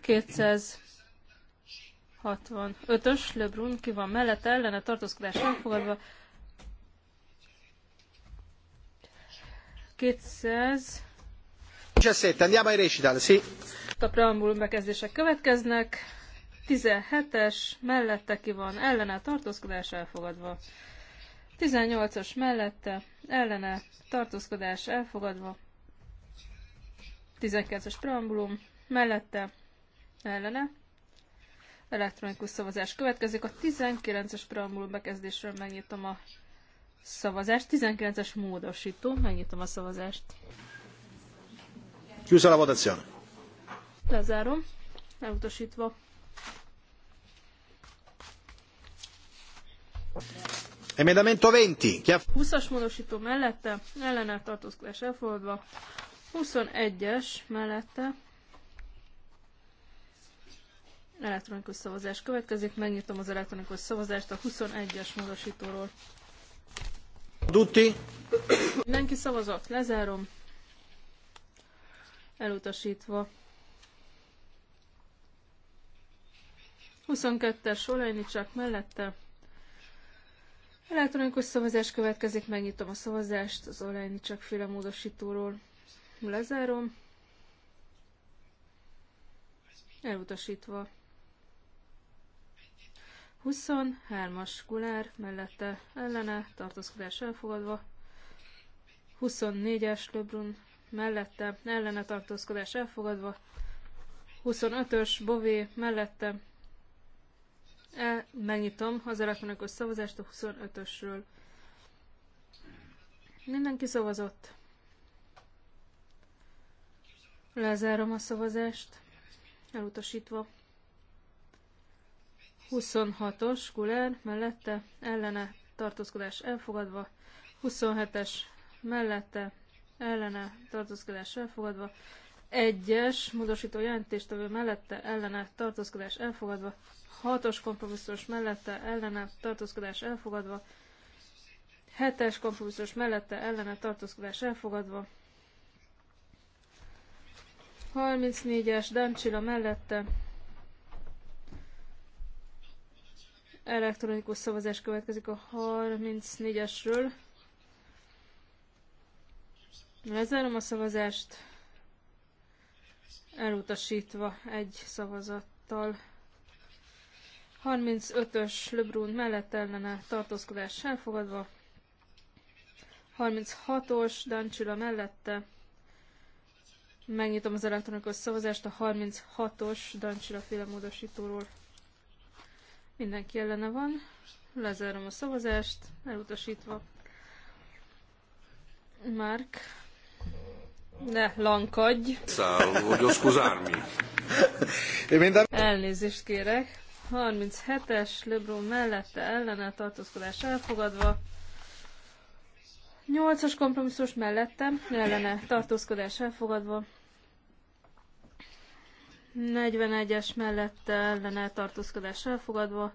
265-ös Lebrun ki van mellette, ellene, tartózkodás elfogadva. 200... 17, andiamo ai recitale, A preambulum bekezdések következnek. 17-es, mellette ki van, ellene, tartózkodás elfogadva. 18-as mellette, ellene, tartózkodás elfogadva. 12-es preambulum, mellette, ellene. Elektronikus szavazás következik. A 19-es preambulum bekezdésről megnyitom a szavazást. 19-es módosító, megnyitom a szavazást. Kiusza la votazione. Lezárom, elutasítva. Emendamento 20. 20-as módosító mellette, ellene tartózkodás elfogadva. 21-es mellette. Elektronikus szavazás következik. Megnyitom az elektronikus szavazást a 21-es módosítóról. Dutti. Mindenki szavazott. Lezárom. Elutasítva. 22-es Olejnicsak mellette Elektronikus szavazás következik, megnyitom a szavazást az online csak féle módosítóról. Lezárom. Elutasítva. 23-as Gulár mellette ellene, tartózkodás elfogadva. 24-es Lebrun mellette ellene, tartózkodás elfogadva. 25-ös Bové mellette E, megnyitom az elektronikus szavazást a 25-ösről. Mindenki szavazott. Lezárom a szavazást. Elutasítva. 26-os Guler mellette ellene tartózkodás elfogadva. 27-es mellette ellene tartózkodás elfogadva. 1-es módosító jelentéstevő mellette ellene tartózkodás elfogadva. Hatos kompromisszus mellette ellene tartózkodás elfogadva. Hetes kompromisszus mellette ellene tartózkodás elfogadva. 34-es Dancsila mellette elektronikus szavazás következik a 34-esről. Lezárom a szavazást, elutasítva egy szavazattal. 35-ös Lebrun mellett ellene tartózkodás fogadva. 36-os Dancsila mellette. Megnyitom az elektronikus szavazást a 36-os Dancsila féle módosítóról. Mindenki ellene van. Lezárom a szavazást, elutasítva. Márk. Ne, lankadj. Szálló, hogy Elnézést kérek. 37-es Lebron mellette ellene tartózkodás elfogadva. 8-as kompromisszus mellette ellene tartózkodás elfogadva. 41-es mellette ellene tartózkodás elfogadva.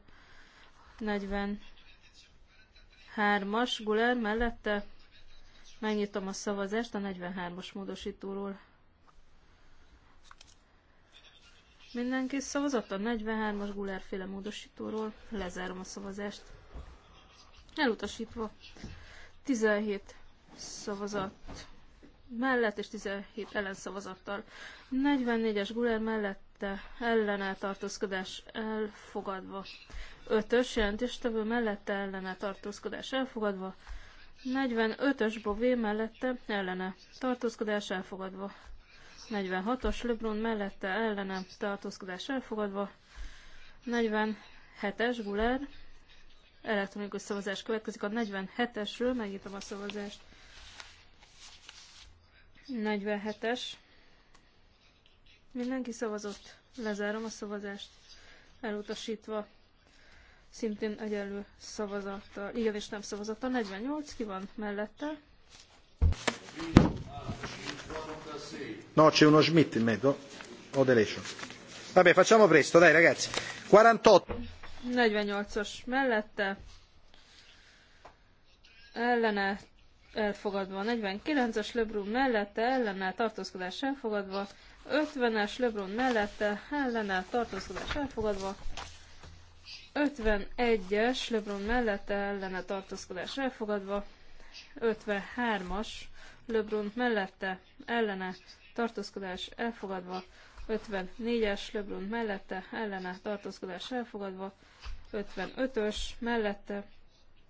43-as Guler mellette. Megnyitom a szavazást a 43-as módosítóról. Mindenki szavazott a 43-as gulárféle módosítóról. Lezárom a szavazást. Elutasítva. 17 szavazat mellett és 17 ellen szavazattal. 44-es Guler mellette ellene tartózkodás elfogadva. 5-ös jelentéstevő mellette ellene tartózkodás elfogadva. 45-ös Bové mellette ellene tartózkodás elfogadva. 46-os LeBron mellette ellene tartózkodás elfogadva. 47-es Guler elektronikus szavazás következik. A 47-esről megnyitom a szavazást. 47-es. Mindenki szavazott. Lezárom a szavazást. Elutasítva. Szintén egyenlő szavazata, Igen, és nem szavazata 48 ki van mellette. No, c'è uno Schmidt in mezzo. O deletion. Vabbè, facciamo presto, dai ragazzi. 48. 48-as mellette. Ellene elfogadva. 49-es Lebrun mellette. Ellene tartózkodás elfogadva. 50-es Lebrun mellette. Ellene tartózkodás elfogadva. 51-es Lebron mellette ellene tartózkodás elfogadva, 53-as LeBron mellette, ellene, tartózkodás elfogadva, 54-es LeBron mellette, ellene, tartózkodás elfogadva, 55-ös mellette,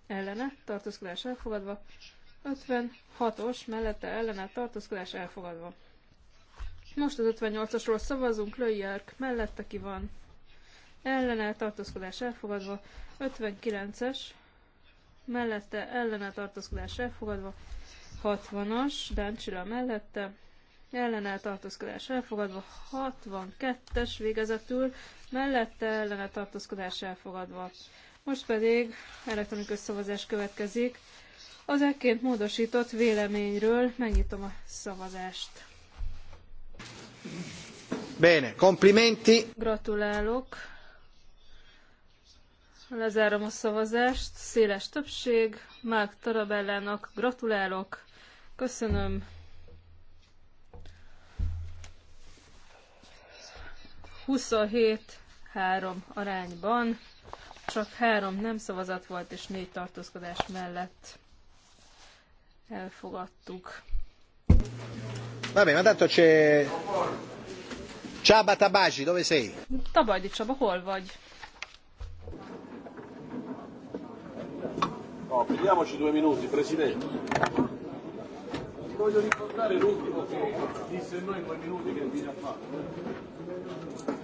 ellene, tartózkodás elfogadva, 56-os mellette, ellene, tartózkodás elfogadva. Most az 58 osról szavazunk, Löjjerk mellette ki van, ellene, tartózkodás elfogadva, 59-es, mellette ellene tartózkodás elfogadva, 60-as, Dáncsira mellette, ellenáll tartózkodás elfogadva, 62-es végezetül, mellette ellenáll tartózkodás elfogadva. Most pedig elektronikus szavazás következik. Az ekként módosított véleményről megnyitom a szavazást. Bene, komplimenti. Gratulálok. Lezárom a szavazást. Széles többség. Márk Tarabellának gratulálok. Köszönöm. 27 három arányban, csak három nem szavazat volt és négy tartózkodás mellett elfogadtuk. Va bene, ma tanto c'è Csaba Tabási, dove sei? Tabajdi Csaba, hol vagy? No, pigliamoci due minuti, presidente voglio ricordare l'ultimo che disse noi in quei minuti che vi ha fatto.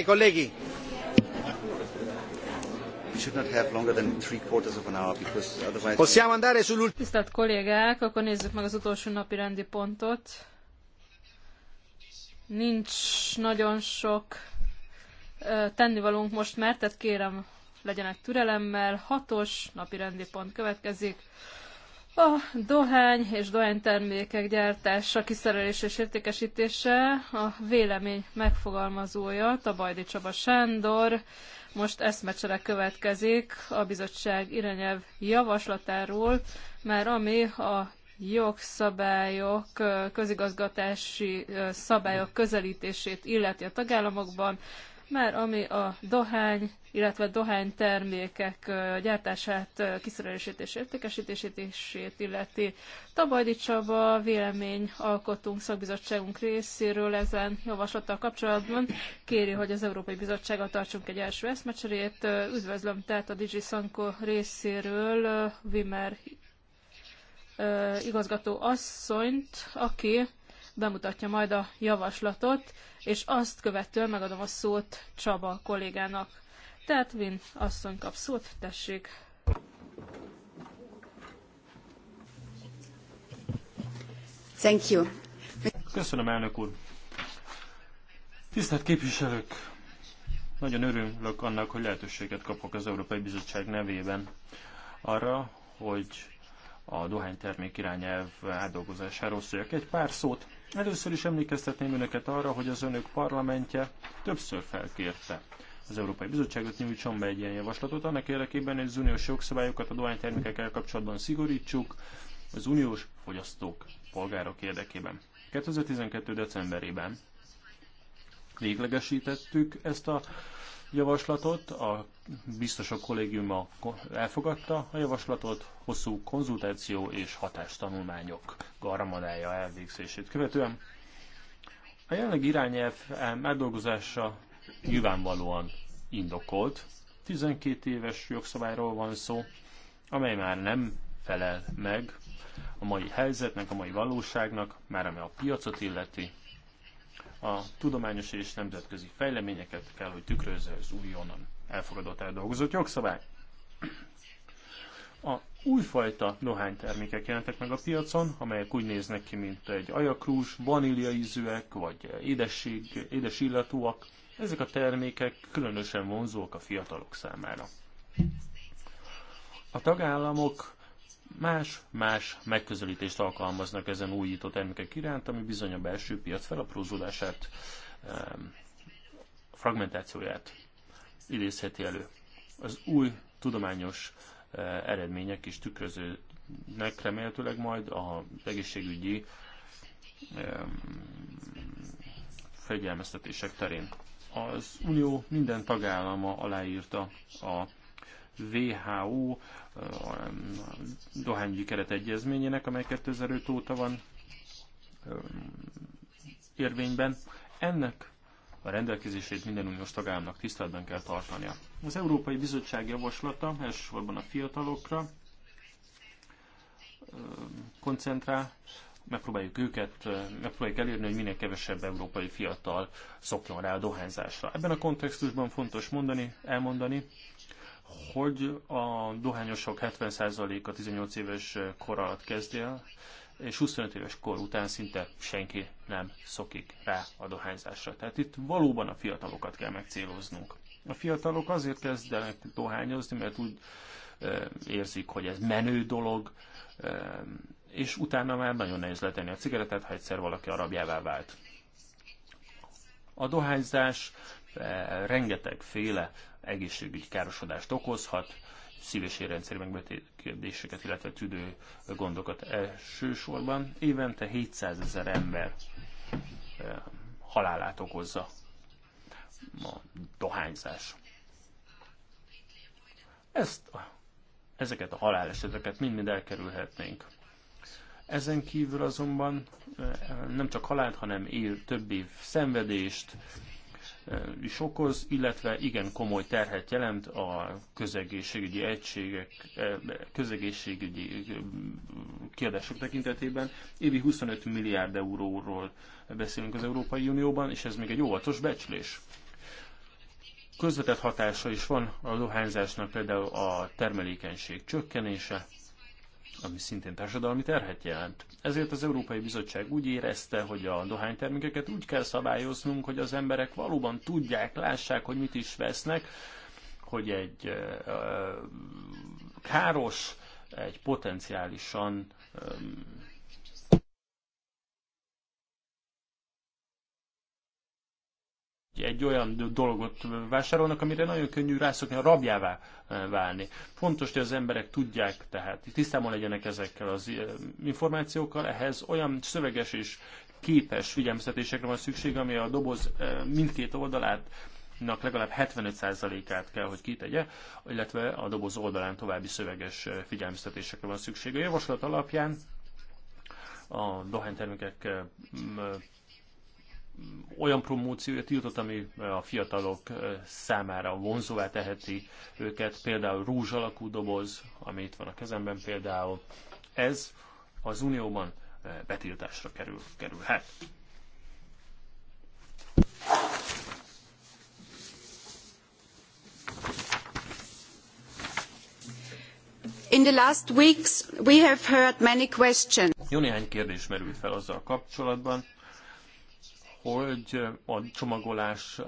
ai colleghi. Possiamo andare sull'ultimo. Tisztelt kollégák, akkor nézzük meg az utolsó napi rendi pontot. Nincs nagyon sok tennivalónk most már, tehát kérem legyenek türelemmel. Hatos napi rendi pont következik. A dohány és dohánytermékek gyártása, kiszerelése és értékesítése a vélemény megfogalmazója, Tabajdi Csaba Sándor. Most eszmecsere következik a bizottság irányelv javaslatáról, mert ami a jogszabályok, közigazgatási szabályok közelítését illeti a tagállamokban, már ami a dohány, illetve termékek gyártását, kiszerelését és értékesítését illeti. Tabajdi Csaba vélemény alkotunk szakbizottságunk részéről ezen javaslattal kapcsolatban. Kéri, hogy az Európai Bizottsággal tartsunk egy első eszmecserét. Üdvözlöm tehát a Digi Sanko részéről Vimer igazgató asszonyt, aki bemutatja majd a javaslatot, és azt követően megadom a szót Csaba kollégának. Tehát Vin asszony kap szót, tessék. Thank you. Köszönöm, elnök úr. Tisztelt képviselők! Nagyon örülök annak, hogy lehetőséget kapok az Európai Bizottság nevében arra, hogy a dohánytermék irányelv átdolgozásáról szóljak egy pár szót. Először is emlékeztetném önöket arra, hogy az önök parlamentje többször felkérte az Európai Bizottságot nyújtson be egy ilyen javaslatot, annak érdekében, hogy az uniós jogszabályokat a dohánytermékekkel kapcsolatban szigorítsuk az uniós fogyasztók, polgárok érdekében. 2012. decemberében véglegesítettük ezt a javaslatot, a biztosok kollégiuma elfogadta a javaslatot, hosszú konzultáció és hatástanulmányok garamadája elvégzését követően. A jelenleg irányelv átdolgozása nyilvánvalóan indokolt. 12 éves jogszabályról van szó, amely már nem felel meg a mai helyzetnek, a mai valóságnak, már ami a piacot illeti, a tudományos és nemzetközi fejleményeket kell, hogy tükrözze az újonnan elfogadott eldolgozott jogszabály. A újfajta dohánytermékek jelentek meg a piacon, amelyek úgy néznek ki, mint egy ajakrús, vaníliaízűek vagy édesség, édes illatúak. Ezek a termékek különösen vonzóak a fiatalok számára. A tagállamok más-más megközelítést alkalmaznak ezen újító termékek iránt, ami bizony a belső piac felaprózódását, fragmentációját idézheti elő. Az új tudományos eh, eredmények is tükröződnek remélhetőleg majd a egészségügyi fegyelmeztetések terén. Az Unió minden tagállama aláírta a WHO dohányügyi keretegyezményének, amely 2005 óta van érvényben. Ennek a rendelkezését minden uniós tagállamnak tiszteletben kell tartania. Az Európai Bizottság javaslata elsősorban a fiatalokra koncentrál, megpróbáljuk őket, megpróbáljuk elérni, hogy minél kevesebb európai fiatal szokjon rá a dohányzásra. Ebben a kontextusban fontos mondani, elmondani, hogy a dohányosok 70%-a 18 éves kor alatt kezdi el, és 25 éves kor után szinte senki nem szokik rá a dohányzásra. Tehát itt valóban a fiatalokat kell megcéloznunk. A fiatalok azért kezdenek dohányozni, mert úgy e, érzik, hogy ez menő dolog, e, és utána már nagyon nehéz letenni a cigaretet, ha egyszer valaki arabjává vált. A dohányzás e, rengeteg féle egészségügyi károsodást okozhat, szív- érrendszeri megbetegedéseket, illetve tüdő gondokat elsősorban. Évente 700 ezer ember halálát okozza a dohányzás. Ezt, ezeket a haláleseteket mind-mind elkerülhetnénk. Ezen kívül azonban nem csak halált, hanem él, több év szenvedést, is okoz, illetve igen komoly terhet jelent a közegészségügyi egységek, közegészségügyi kiadások tekintetében. Évi 25 milliárd euróról beszélünk az Európai Unióban, és ez még egy óvatos becslés. Közvetett hatása is van a dohányzásnak például a termelékenység csökkenése, ami szintén társadalmi terhet jelent. Ezért az Európai Bizottság úgy érezte, hogy a dohánytermékeket úgy kell szabályoznunk, hogy az emberek valóban tudják, lássák, hogy mit is vesznek, hogy egy ö, káros, egy potenciálisan ö, egy olyan dolgot vásárolnak, amire nagyon könnyű rászokni a rabjává eh, válni. Fontos, hogy az emberek tudják, tehát tisztában legyenek ezekkel az eh, információkkal, ehhez olyan szöveges és képes figyelmeztetésekre van szükség, ami a doboz eh, mindkét oldalát legalább 75%-át kell, hogy kitegye, illetve a doboz oldalán további szöveges figyelmeztetésekre van szükség. A javaslat alapján a dohánytermékek olyan promóciója tiltott, ami a fiatalok számára vonzóvá teheti őket, például rúzs alakú doboz, ami itt van a kezemben például. Ez az Unióban betiltásra kerül, kerülhet. In the last weeks we have heard many questions. Jó néhány kérdés merült fel azzal kapcsolatban, hogy a csomagolás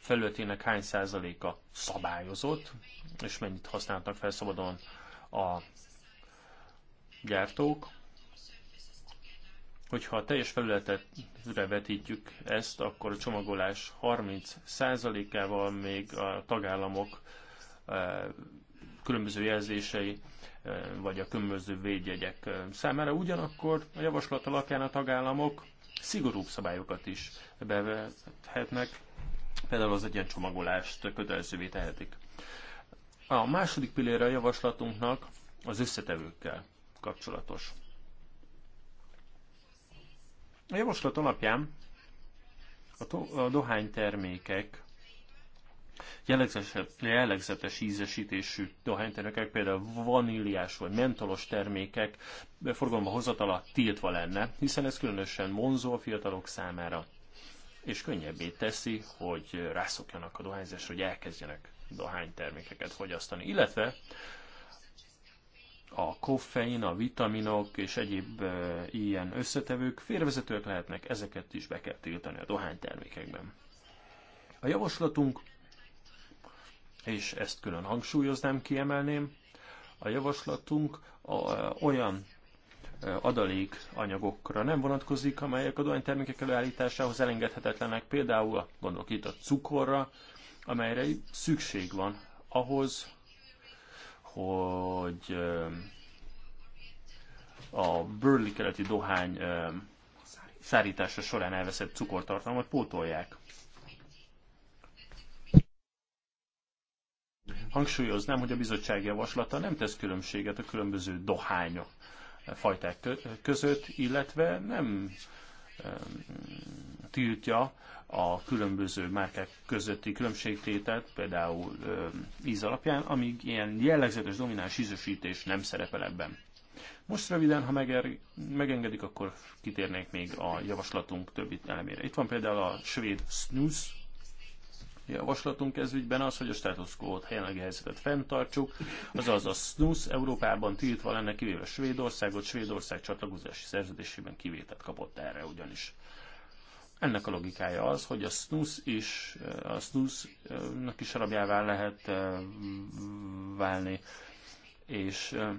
felületének hány százaléka szabályozott, és mennyit használtak fel szabadon a gyártók. Hogyha a teljes felületetre vetítjük ezt, akkor a csomagolás 30 százalékával még a tagállamok e, különböző jelzései e, vagy a különböző védjegyek e, számára. Ugyanakkor a javaslat alapján a tagállamok szigorúbb szabályokat is bevethetnek, például az csomagolást kötelezővé tehetik. A második pillére a javaslatunknak az összetevőkkel kapcsolatos. A javaslat alapján a, to- a dohánytermékek jellegzetes, jellegzetes ízesítésű dohánytermékek, például vaníliás vagy mentolos termékek forgalomba hozatala tiltva lenne, hiszen ez különösen vonzó a fiatalok számára, és könnyebbé teszi, hogy rászokjanak a dohányzásra, hogy elkezdjenek dohánytermékeket fogyasztani. Illetve a koffein, a vitaminok és egyéb ilyen összetevők félrevezetőek lehetnek, ezeket is be kell tiltani a dohánytermékekben. A javaslatunk és ezt külön hangsúlyoznám, kiemelném. A javaslatunk olyan adalék anyagokra nem vonatkozik, amelyek dohánytermékek előállításához elengedhetetlenek, például gondolok itt a cukorra, amelyre szükség van ahhoz, hogy a Burley keleti dohány szárítása során elveszett cukortartalmat pótolják. Hangsúlyoznám, hogy a bizottság javaslata nem tesz különbséget a különböző dohányok eh, fajták között, illetve nem eh, tiltja a különböző márkák közötti különbségtételt, például eh, íz alapján, amíg ilyen jellegzetes domináns ízösítés nem szerepel ebben. Most röviden, ha meger, megengedik, akkor kitérnék még a javaslatunk többi elemére. Itt van például a svéd snus javaslatunk ez ügyben az, hogy a status quo-t, jelenlegi helyzetet fenntartsuk, azaz a SNUS Európában tiltva lenne kivéve Svédországot, Svédország csatlakozási szerződésében kivételt kapott erre ugyanis. Ennek a logikája az, hogy a SNUS is, a SNUS-nak is arabjává lehet eh, válni, és eh,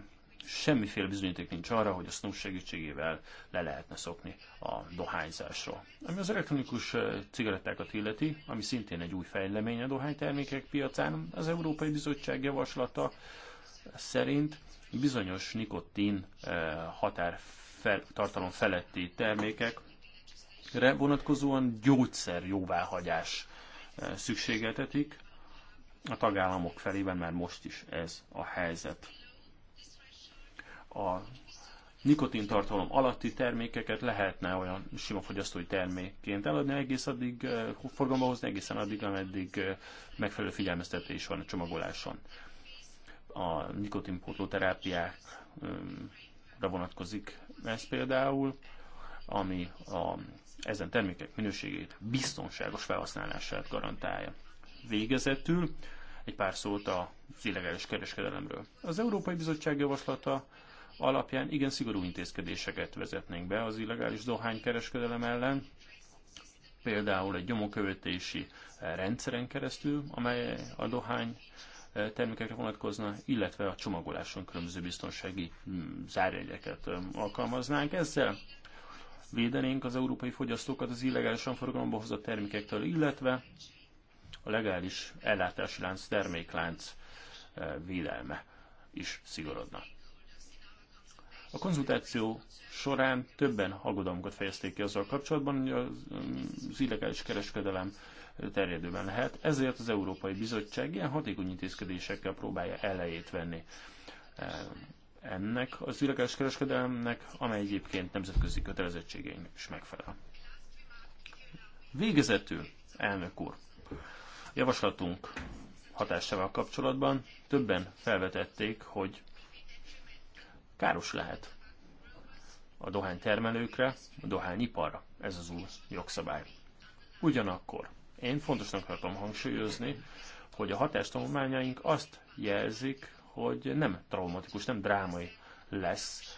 semmiféle bizonyíték nincs arra, hogy a snus segítségével le lehetne szokni a dohányzásról. Ami az elektronikus eh, cigarettákat illeti, ami szintén egy új fejlemény a dohánytermékek piacán, az Európai Bizottság javaslata szerint bizonyos nikotin eh, határ fel, tartalom feletti termékekre vonatkozóan gyógyszer jóváhagyás eh, szükségeltetik. A tagállamok felében már most is ez a helyzet a nikotintartalom alatti termékeket lehetne olyan sima fogyasztói termékként eladni, egész addig eh, forgalomba hozni, egészen addig, ameddig eh, megfelelő figyelmeztetés van a csomagoláson. A nikotinpótló terápiákra vonatkozik ez például, ami a, ezen termékek minőségét, biztonságos felhasználását garantálja. Végezetül egy pár szót az illegális kereskedelemről. Az Európai Bizottság javaslata alapján igen szigorú intézkedéseket vezetnénk be az illegális dohánykereskedelem ellen, például egy gyomokövetési rendszeren keresztül, amely a dohány eh, termékekre vonatkozna, illetve a csomagoláson különböző biztonsági mm, zárjegyeket eh, alkalmaznánk. Ezzel védenénk az európai fogyasztókat az illegálisan forgalomba hozott termékektől, illetve a legális ellátási lánc, terméklánc eh, védelme is szigorodna. A konzultáció során többen aggodalmukat fejezték ki azzal kapcsolatban, hogy az illegális kereskedelem terjedőben lehet, ezért az Európai Bizottság ilyen hatékony intézkedésekkel próbálja elejét venni ennek az illegális kereskedelemnek, amely egyébként nemzetközi kötelezettségein is megfelel. Végezetül, elnök úr, javaslatunk hatásával kapcsolatban többen felvetették, hogy káros lehet a dohánytermelőkre, a dohányiparra. Ez az új jogszabály. Ugyanakkor én fontosnak tartom hangsúlyozni, hogy a hatástanulmányaink azt jelzik, hogy nem traumatikus, nem drámai lesz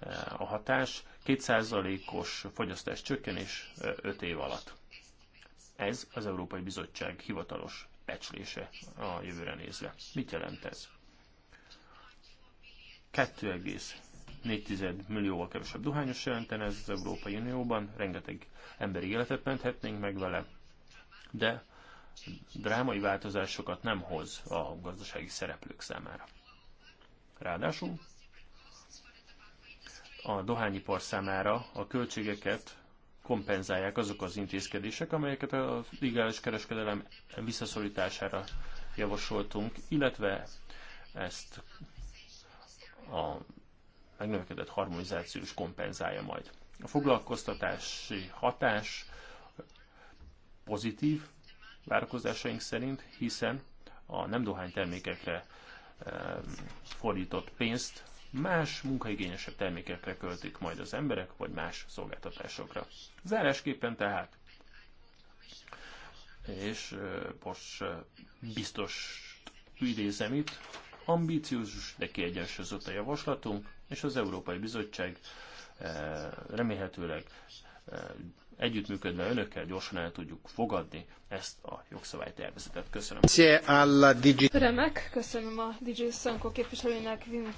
eh, a hatás, 2%-os fogyasztás csökkenés 5 eh, év alatt. Ez az Európai Bizottság hivatalos becslése a jövőre nézve. Mit jelent ez? 2,4 millióval kevesebb duhányos jelentene ez az Európai Unióban, rengeteg emberi életet menthetnénk meg vele, de drámai változásokat nem hoz a gazdasági szereplők számára. Ráadásul a dohányipar számára a költségeket kompenzálják azok az intézkedések, amelyeket a legális kereskedelem visszaszorítására javasoltunk, illetve ezt a megnövekedett harmonizációs kompenzálja majd. A foglalkoztatási hatás pozitív várakozásaink szerint, hiszen a nem dohány termékekre eh, fordított pénzt más munkaigényesebb termékekre költik majd az emberek, vagy más szolgáltatásokra. Zárásképpen tehát, és most eh, biztos idézem itt, Ambíciózus, de kiegyensúlyozott a javaslatunk, és az Európai Bizottság eh, remélhetőleg eh, együttműködve önökkel gyorsan el tudjuk fogadni ezt a jogszabálytervezetet. Köszönöm. Remek, köszönöm a DJ Szankó képviselőnek, Vin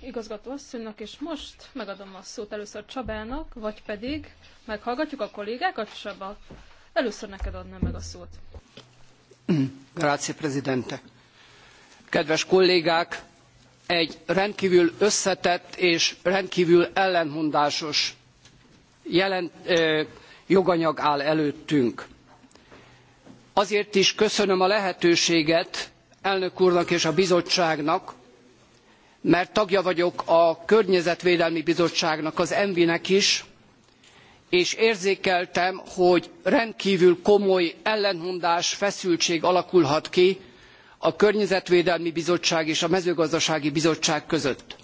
igazgatóasszonynak, és most megadom a szót először Csabának, vagy pedig meghallgatjuk a kollégákat, Csaba. Először neked adnám meg a szót. Grazie, Presidente. Kedves kollégák, egy rendkvül összetett és rendkvül ellentmondásos jelent, joganyag áll előttünk. Azért is köszönöm a lehetőséget elnök úrnak és a bizottságnak, mert tagja vagyok a Környezetvédelmi Bizottságnak, az ENVI-nek is, és érzékeltem, hogy rendkvül komoly ellentmondás, feszültség alakulhat ki a Környezetvédelmi Bizottság és a Mezőgazdasági Bizottság között.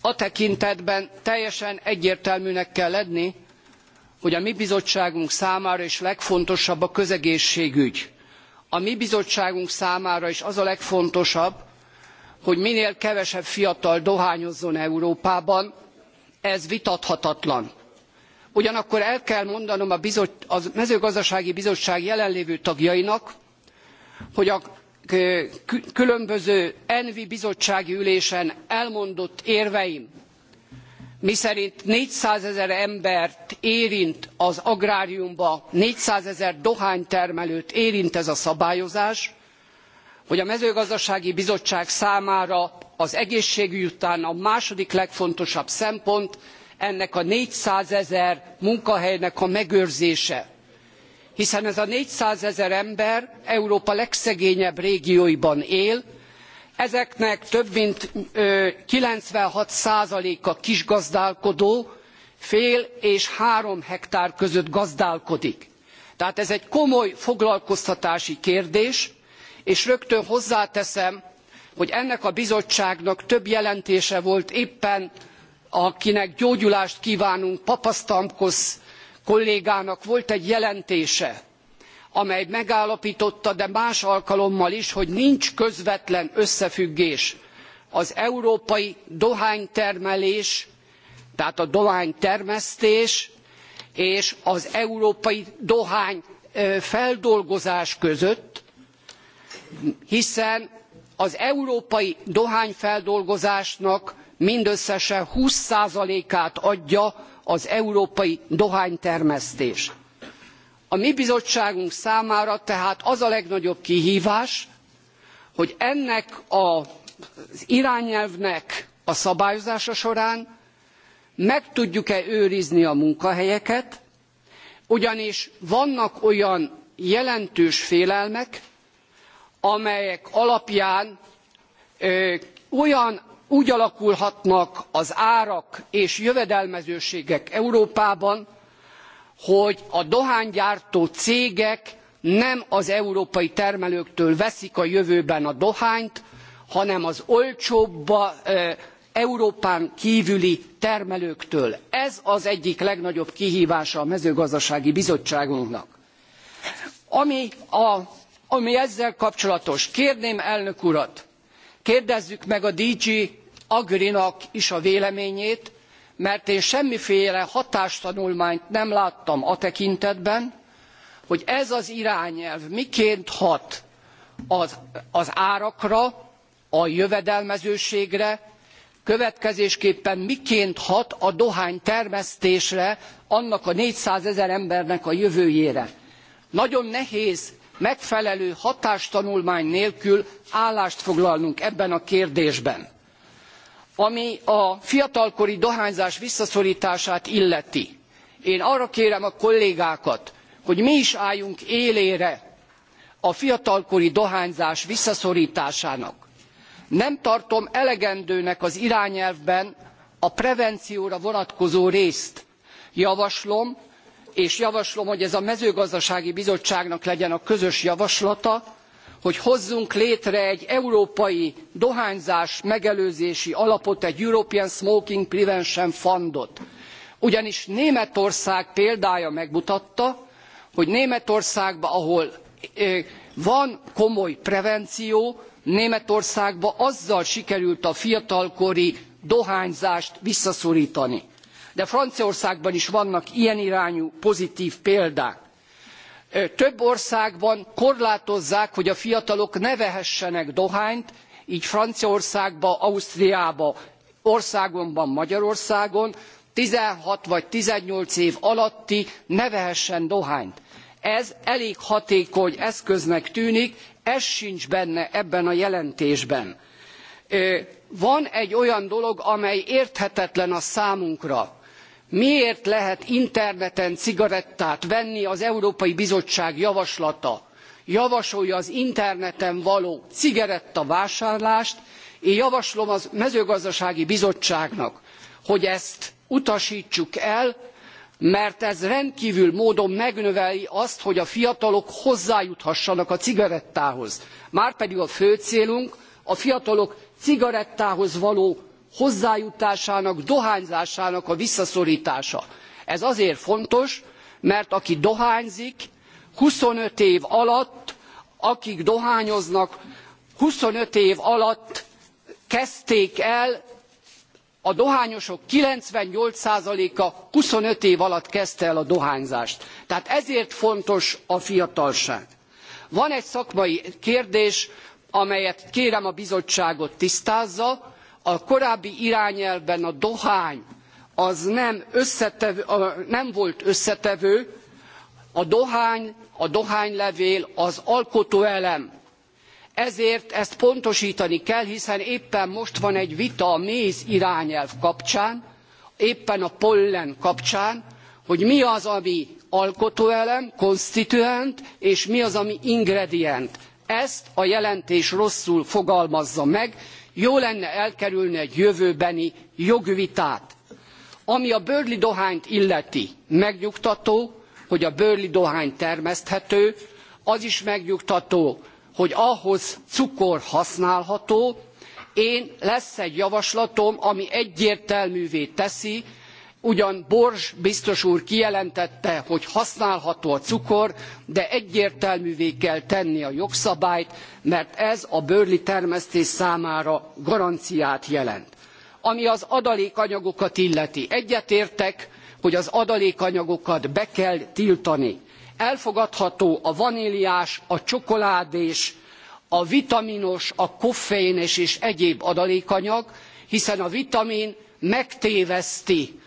A tekintetben teljesen egyértelműnek kell lenni, hogy a mi bizottságunk számára is legfontosabb a közegészségügy. A mi bizottságunk számára is az a legfontosabb, hogy minél kevesebb fiatal dohányozzon Európában, ez vitathatatlan. Ugyanakkor el kell mondanom a, bizot, a mezőgazdasági bizottság jelenlévő tagjainak, hogy a különböző envi bizottsági ülésen elmondott érveim miszerint négyszázezer embert érint az agráriumba négyszázezer dohánytermelőt érint ez a szabályozás hogy a mezőgazdasági bizottság számára az egészségügy után a második legfontosabb szempont ennek a négyszázezer munkahelynek a megőrzése hiszen ez a ezer ember európa legszegényebb régióiban él ezeknek több mint ninety six a kisgazdálkodó fél és három hektár között gazdálkodik tehát ez egy komoly foglalkoztatási kérdés és rögtön hozzáteszem hogy ennek a bizottságnak több jelentése volt éppen akinek gyógyulást kvánunk papastamkos kollégának volt egy jelentése amely megállaptotta de más alkalommal is hogy nincs közvetlen összefüggés az európai dohánytermelés tehát a dohánytermesztés és az európai dohányfeldolgozás között hiszen az európai dohányfeldolgozásnak mindösszesen twenty át adja az európai dohánytermesztés. A mi bizottságunk számára tehát az a legnagyobb kihívás, hogy ennek az irányelvnek a szabályozása során meg tudjuk-e őrizni a munkahelyeket, ugyanis vannak olyan jelentős félelmek, amelyek alapján ö, olyan úgy alakulhatnak az árak és jövedelmezőségek európában hogy a dohánygyártó cégek nem az európai termelőktől veszik a jövőben a dohányt hanem az olcsóbb európán kvüli termelőktől. ez az egyik legnagyobb kihvása a mezőgazdasági bizottságunknak. Ami, a, ami ezzel kapcsolatos kérném elnök urat kérdezzük meg a dg agrinak is a véleményét mert én semmiféle hatástanulmányt nem láttam a tekintetben hogy ez az irányelv miként hat az, árakra a jövedelmezőségre következésképpen miként hat a dohánytermesztésre annak a ezer embernek a jövőjére. nagyon nehéz megfelelő hatástanulmány nélkül állást foglalnunk ebben a kérdésben ami a fiatalkori dohányzás visszaszortását illeti én arra kérem a kollégákat hogy mi is álljunk élére a fiatalkori dohányzás visszaszortásának. nem tartom elegendőnek az irányelvben a prevencióra vonatkozó részt. javaslom és javaslom hogy ez a mezőgazdasági bizottságnak legyen a közös javaslata hogy hozzunk létre egy európai dohányzás megelőzési alapot, egy European Smoking Prevention Fundot. Ugyanis Németország példája megmutatta, hogy Németországban, ahol van komoly prevenció, Németországban azzal sikerült a fiatalkori dohányzást visszaszortani. De Franciaországban is vannak ilyen irányú pozitív példák több országban korlátozzák hogy a fiatalok ne vehessenek dohányt gy franciaországban ausztriában országomban magyarországon sixteen vagy eighteen év alatti ne vehessen dohányt. ez elég hatékony eszköznek tűnik ez sincs benne ebben a jelentésben. van egy olyan dolog amely érthetetlen a számunkra miért lehet interneten cigarettát venni az európai bizottság javaslata javasolja az interneten való cigarettavásárlást én javaslom a mezőgazdasági bizottságnak hogy ezt utastsuk el mert ez rendkvül módon megnöveli azt hogy a fiatalok hozzájuthassanak a cigarettához márpedig a fő célunk a fiatalok cigarettához való hozzájutásának, dohányzásának a visszaszortása. Ez azért fontos, mert aki dohányzik, 25 év alatt, akik dohányoznak, 25 év alatt kezdték el, a dohányosok 98%-a 25 év alatt kezdte el a dohányzást. Tehát ezért fontos a fiatalság. Van egy szakmai kérdés, amelyet kérem a bizottságot tisztázza, a korábbi irányelvben a dohány az nem, összetevő, nem volt összetevő, a dohány, a dohánylevél az alkotóelem. Ezért ezt pontosítani kell, hiszen éppen most van egy vita a méz irányelv kapcsán, éppen a pollen kapcsán, hogy mi az, ami alkotóelem, konstituent, és mi az, ami ingredient. Ezt a jelentés rosszul fogalmazza meg, jó lenne elkerülni egy jövőbeni jogvitát. Ami a bőrli dohányt illeti, megnyugtató, hogy a bőrli dohány termeszthető, az is megnyugtató, hogy ahhoz cukor használható. Én lesz egy javaslatom, ami egyértelművé teszi, Ugyan borg biztos úr kijelentette, hogy használható a cukor, de egyértelművé kell tenni a jogszabályt, mert ez a burley termesztés számára garanciát jelent. Ami az adalékanyagokat illeti, egyetértek, hogy az adalékanyagokat be kell tiltani. Elfogadható a vaníliás, a csokoládés, a vitaminos, a koffeines és egyéb adalékanyag, hiszen a vitamin megtéveszti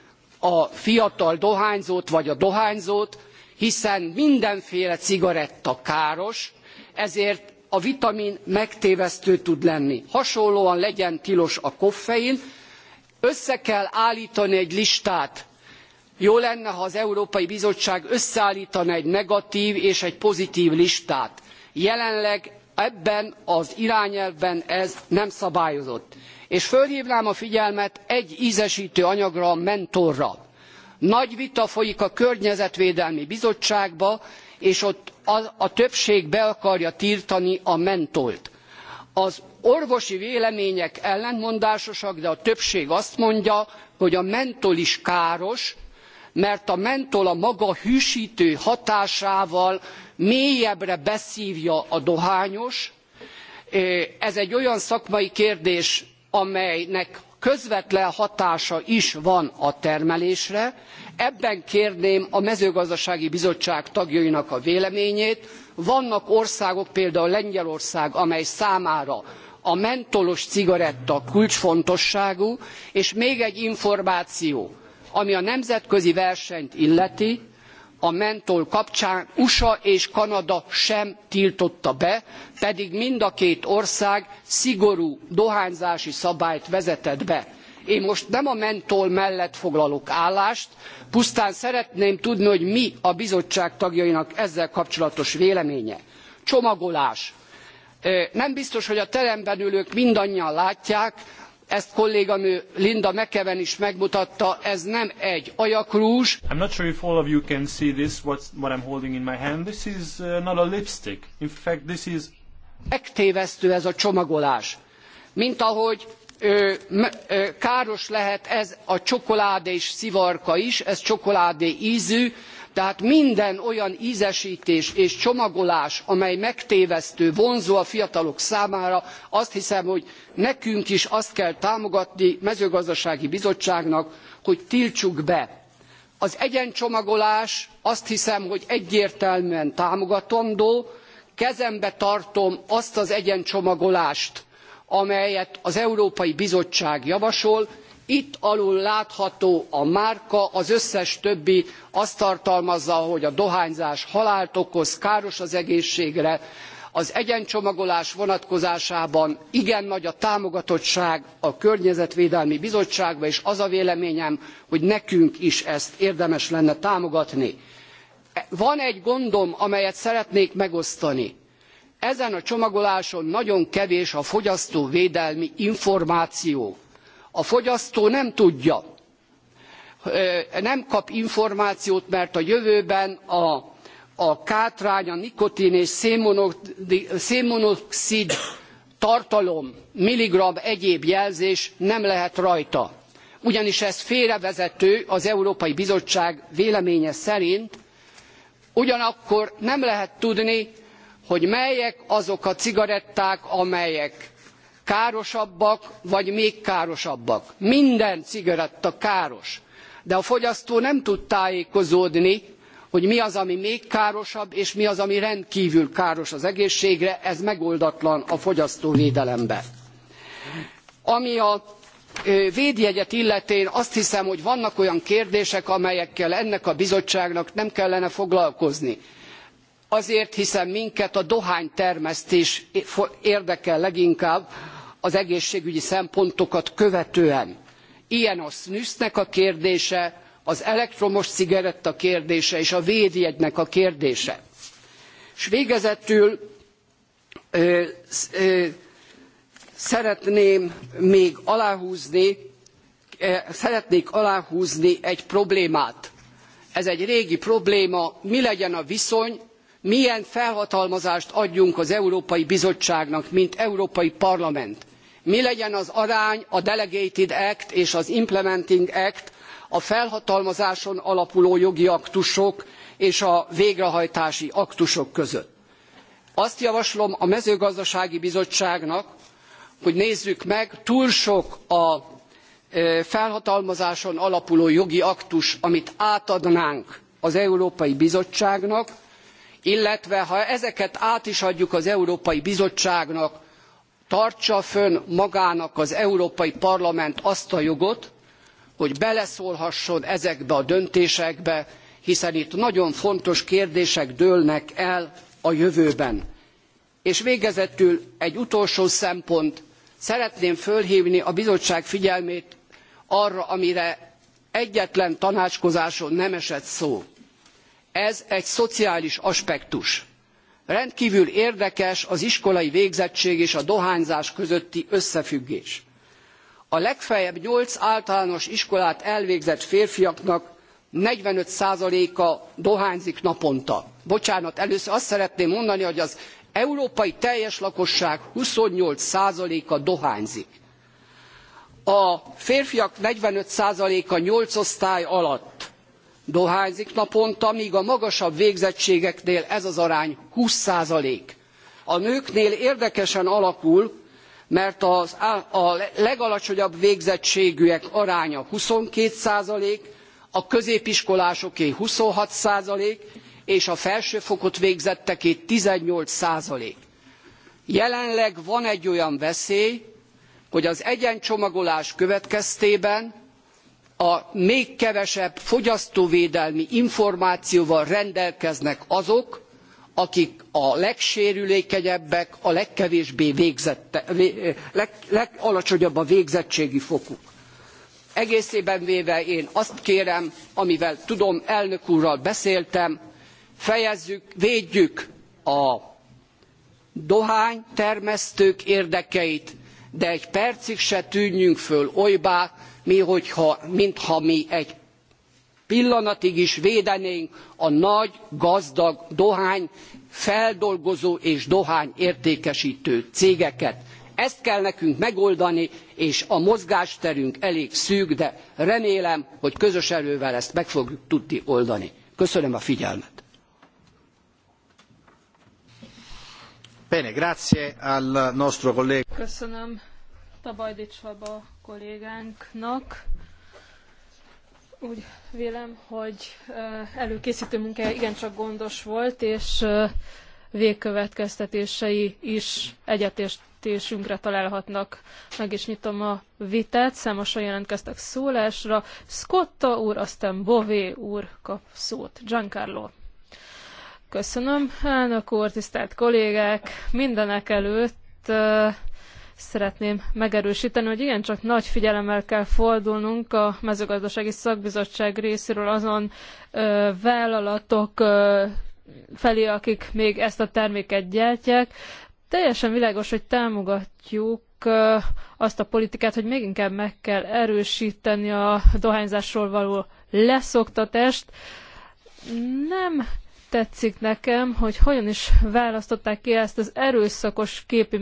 a fiatal dohányzót vagy a dohányzót hiszen mindenféle cigaretta káros ezért a vitamin megtévesztő tud lenni. hasonlóan legyen tilos a koffein össze kell álltani egy listát jó lenne ha az európai bizottság összeálltana egy negatv és egy pozitv listát jelenleg ebben az irányelvben ez nem szabályozott és fölhvnám a figyelmet egy zestő anyagra a mentorra. nagy vita folyik a környezetvédelmi bizottságban és ott a többség be akarja tiltani a mentolt. az orvosi vélemények ellentmondásosak de a többség azt mondja hogy a mentol is káros mert a mentol a maga hűstő hatásával mélyebbre beszívja a dohányos ez egy olyan szakmai kérdés amelynek közvetlen hatása is van a termelésre ebben kérném a mezőgazdasági bizottság tagjainak a véleményét vannak országok például lengyelország amely számára a mentolos cigaretta kulcsfontosságú és még egy információ ami a nemzetközi versenyt illeti a mentol kapcsán usa és kanada sem tiltotta be pedig mind a két ország szigorú dohányzási szabályt vezetett be. én most nem a mentol mellett foglalok állást pusztán szeretném tudni hogy mi a bizottság tagjainak ezzel kapcsolatos véleménye. csomagolás nem biztos hogy a teremben ülők mindannyian látják ezt kolléganő Linda mcavan is megmutatta, ez nem egy ajakrúzs. I'm not sure if all of you can see this, what's, what I'm holding in my hand. This is uh, not a lipstick. In fact, this is... Megtévesztő ez a csomagolás. Mint ahogy ö, ö, káros lehet ez a csokoládés szivarka is, ez csokoládé ízű, tehát minden olyan zestés és csomagolás amely megtévesztő vonzó a fiatalok számára azt hiszem hogy nekünk is azt kell támogatni mezőgazdasági bizottságnak hogy tiltsuk be. az egyencsomagolás azt hiszem hogy egyértelműen támogatandó kezembe tartom azt az egyencsomagolást amelyet az európai bizottság javasol itt alul látható a márka az összes többi azt tartalmazza hogy a dohányzás halált okoz káros az egészségre az egyencsomagolás vonatkozásában igen nagy a támogatottság a környezetvédelmi bizottságban és az a véleményem hogy nekünk is ezt érdemes lenne támogatni. van egy gondom amelyet szeretnék megosztani ezen a csomagoláson nagyon kevés a fogyasztóvédelmi információ a fogyasztó nem tudja, nem kap információt, mert a jövőben a, a kátrány, a nikotin és szénmonoxid tartalom, milligram, egyéb jelzés nem lehet rajta. Ugyanis ez félrevezető az Európai Bizottság véleménye szerint, ugyanakkor nem lehet tudni, hogy melyek azok a cigaretták, amelyek károsabbak, vagy még károsabbak. Minden cigaretta káros. De a fogyasztó nem tud tájékozódni, hogy mi az, ami még károsabb, és mi az, ami rendkívül káros az egészségre, ez megoldatlan a fogyasztóvédelemben. Ami a védjegyet illetén azt hiszem, hogy vannak olyan kérdések, amelyekkel ennek a bizottságnak nem kellene foglalkozni azért, hiszen minket a dohánytermesztés érdekel leginkább az egészségügyi szempontokat követően. Ilyen a snüsznek a kérdése, az elektromos cigaretta kérdése és a védjegynek a kérdése. És végezetül ö, ö, szeretném még aláhúzni, szeretnék aláhúzni egy problémát. Ez egy régi probléma, mi legyen a viszony milyen felhatalmazást adjunk az európai bizottságnak mint európai parlament mi legyen az arány a delegated act és az implementing act a felhatalmazáson alapuló jogi aktusok és a végrehajtási aktusok között. azt javaslom a mezőgazdasági bizottságnak hogy nézzük meg túl sok a felhatalmazáson alapuló jogi aktus amit átadnánk az európai bizottságnak illetve ha ezeket át is adjuk az európai bizottságnak tartsa fönn magának az európai parlament azt a jogot hogy beleszólhasson ezekbe a döntésekbe hiszen itt nagyon fontos kérdések dőlnek el a jövőben. és végezetül egy utolsó szempont szeretném fölhvni a bizottság figyelmét arra amire egyetlen tanácskozáson nem esett szó ez egy szociális aspektus. Rendkívül érdekes az iskolai végzettség és a dohányzás közötti összefüggés. A legfeljebb 8 általános iskolát elvégzett férfiaknak 45%-a dohányzik naponta. Bocsánat, először azt szeretném mondani, hogy az európai teljes lakosság 28%-a dohányzik. A férfiak 45%-a 8 osztály alatt dohányzik naponta mg a magasabb végzettségeknél ez az arány twenty a nőknél érdekesen alakul mert a legalacsonyabb végzettségűek aránya twenty two a középiskolásoké twenty six és a felsőfokot végzetteké eighteen jelenleg van egy olyan veszély hogy az egyencsomagolás következtében a még kevesebb fogyasztóvédelmi információval rendelkeznek azok, akik a legsérülékenyebbek, a legalacsonyabb a végzettségi fokuk. Egészében véve én azt kérem, amivel tudom, elnök úrral beszéltem, fejezzük, védjük a dohánytermesztők érdekeit, de egy percig se tűnjünk föl olybá, mintha mi egy pillanatig is védenénk a nagy, gazdag dohány feldolgozó és dohány értékesítő cégeket. Ezt kell nekünk megoldani, és a mozgásterünk elég szűk, de remélem, hogy közös erővel ezt meg fogjuk tudni oldani. Köszönöm a figyelmet. Bene, grazie al nostro collega. Köszönöm Tabajdi kollégánknak. Úgy vélem, hogy előkészítő munkája igencsak gondos volt, és végkövetkeztetései is egyetértésünkre találhatnak. Meg is nyitom a vitát, számosan jelentkeztek szólásra. Scotta úr, aztán Bové úr kap szót. Giancarlo. Köszönöm, elnök úr, tisztelt kollégák! Mindenek előtt szeretném megerősíteni, hogy igencsak nagy figyelemmel kell fordulnunk a mezőgazdasági szakbizottság részéről azon ö, vállalatok ö, felé, akik még ezt a terméket gyártják. Teljesen világos, hogy támogatjuk azt a politikát, hogy még inkább meg kell erősíteni a dohányzásról való leszoktatást. Nem tetszik nekem, hogy hogyan is választották ki ezt az erőszakos képi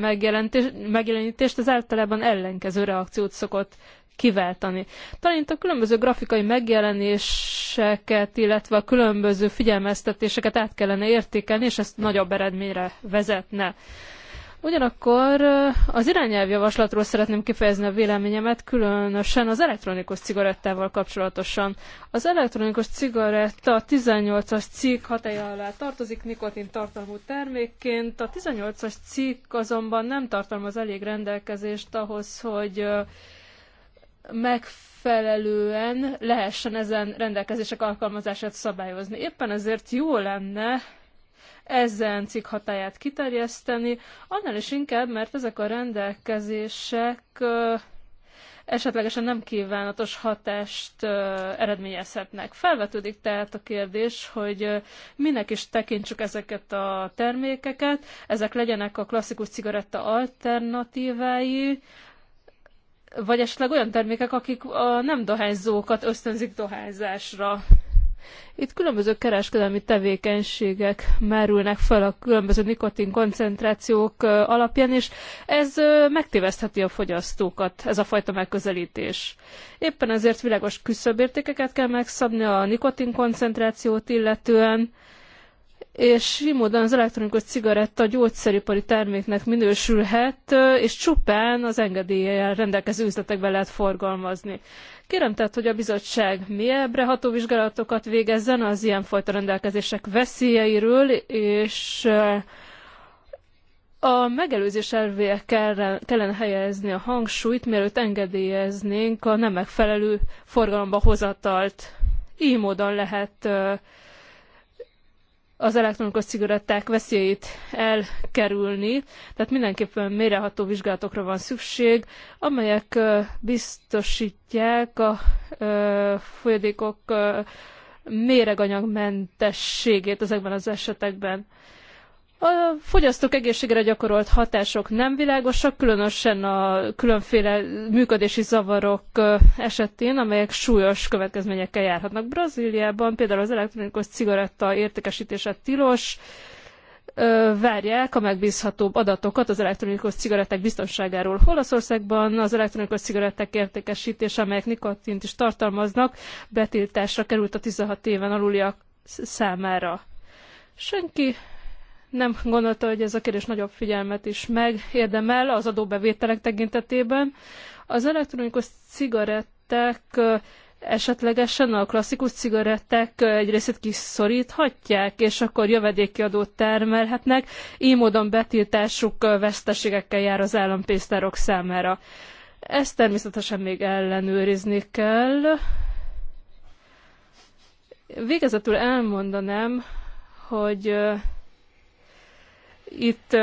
megjelenítést, az általában ellenkező reakciót szokott kiváltani. Talán itt a különböző grafikai megjelenéseket, illetve a különböző figyelmeztetéseket át kellene értékelni, és ezt nagyobb eredményre vezetne. Ugyanakkor az irányelvjavaslatról szeretném kifejezni a véleményemet, különösen az elektronikus cigarettával kapcsolatosan. Az elektronikus cigaretta 18-as cikk hatája alá tartozik nikotin tartalmú termékként. A 18-as cikk azonban nem tartalmaz elég rendelkezést ahhoz, hogy megfelelően megfelelően lehessen ezen rendelkezések alkalmazását szabályozni. Éppen ezért jó lenne, ezen cikk hatáját kiterjeszteni, annál is inkább, mert ezek a rendelkezések esetlegesen nem kívánatos hatást eredményezhetnek. Felvetődik tehát a kérdés, hogy minek is tekintsük ezeket a termékeket, ezek legyenek a klasszikus cigaretta alternatívái, vagy esetleg olyan termékek, akik a nem dohányzókat ösztönzik dohányzásra. Itt különböző kereskedelmi tevékenységek merülnek fel a különböző nikotin koncentrációk alapján, és ez megtévesztheti a fogyasztókat, ez a fajta megközelítés. Éppen ezért világos küszöbértékeket kell megszabni a nikotin koncentrációt illetően, és így módon az elektronikus cigaretta gyógyszeripari terméknek minősülhet, és csupán az engedéllyel rendelkező üzletekben lehet forgalmazni. Kérem tehát, hogy a bizottság mélyebbre ható vizsgálatokat végezzen az ilyenfajta rendelkezések veszélyeiről, és a megelőzés elvére kellene helyezni a hangsúlyt, mielőtt engedélyeznénk a nem megfelelő forgalomba hozatalt. Így módon lehet az elektronikus cigaretták veszélyét elkerülni. Tehát mindenképpen méreható vizsgálatokra van szükség, amelyek biztosítják a folyadékok méreganyagmentességét ezekben az esetekben. A fogyasztók egészségre gyakorolt hatások nem világosak, különösen a különféle működési zavarok esetén, amelyek súlyos következményekkel járhatnak. Brazíliában például az elektronikus cigaretta értékesítése tilos, várják a megbízhatóbb adatokat az elektronikus cigaretták biztonságáról. Olaszországban az elektronikus cigaretták értékesítése, amelyek nikotint is tartalmaznak, betiltásra került a 16 éven aluliak számára. Senki nem gondolta, hogy ez a kérdés nagyobb figyelmet is megérdemel az adóbevételek tekintetében. Az elektronikus cigarettek esetlegesen a klasszikus cigarettek egy részét kiszoríthatják, és akkor jövedéki adót termelhetnek, így módon betiltásuk veszteségekkel jár az állampénztárok számára. Ezt természetesen még ellenőrizni kell. Végezetül elmondanám, hogy itt,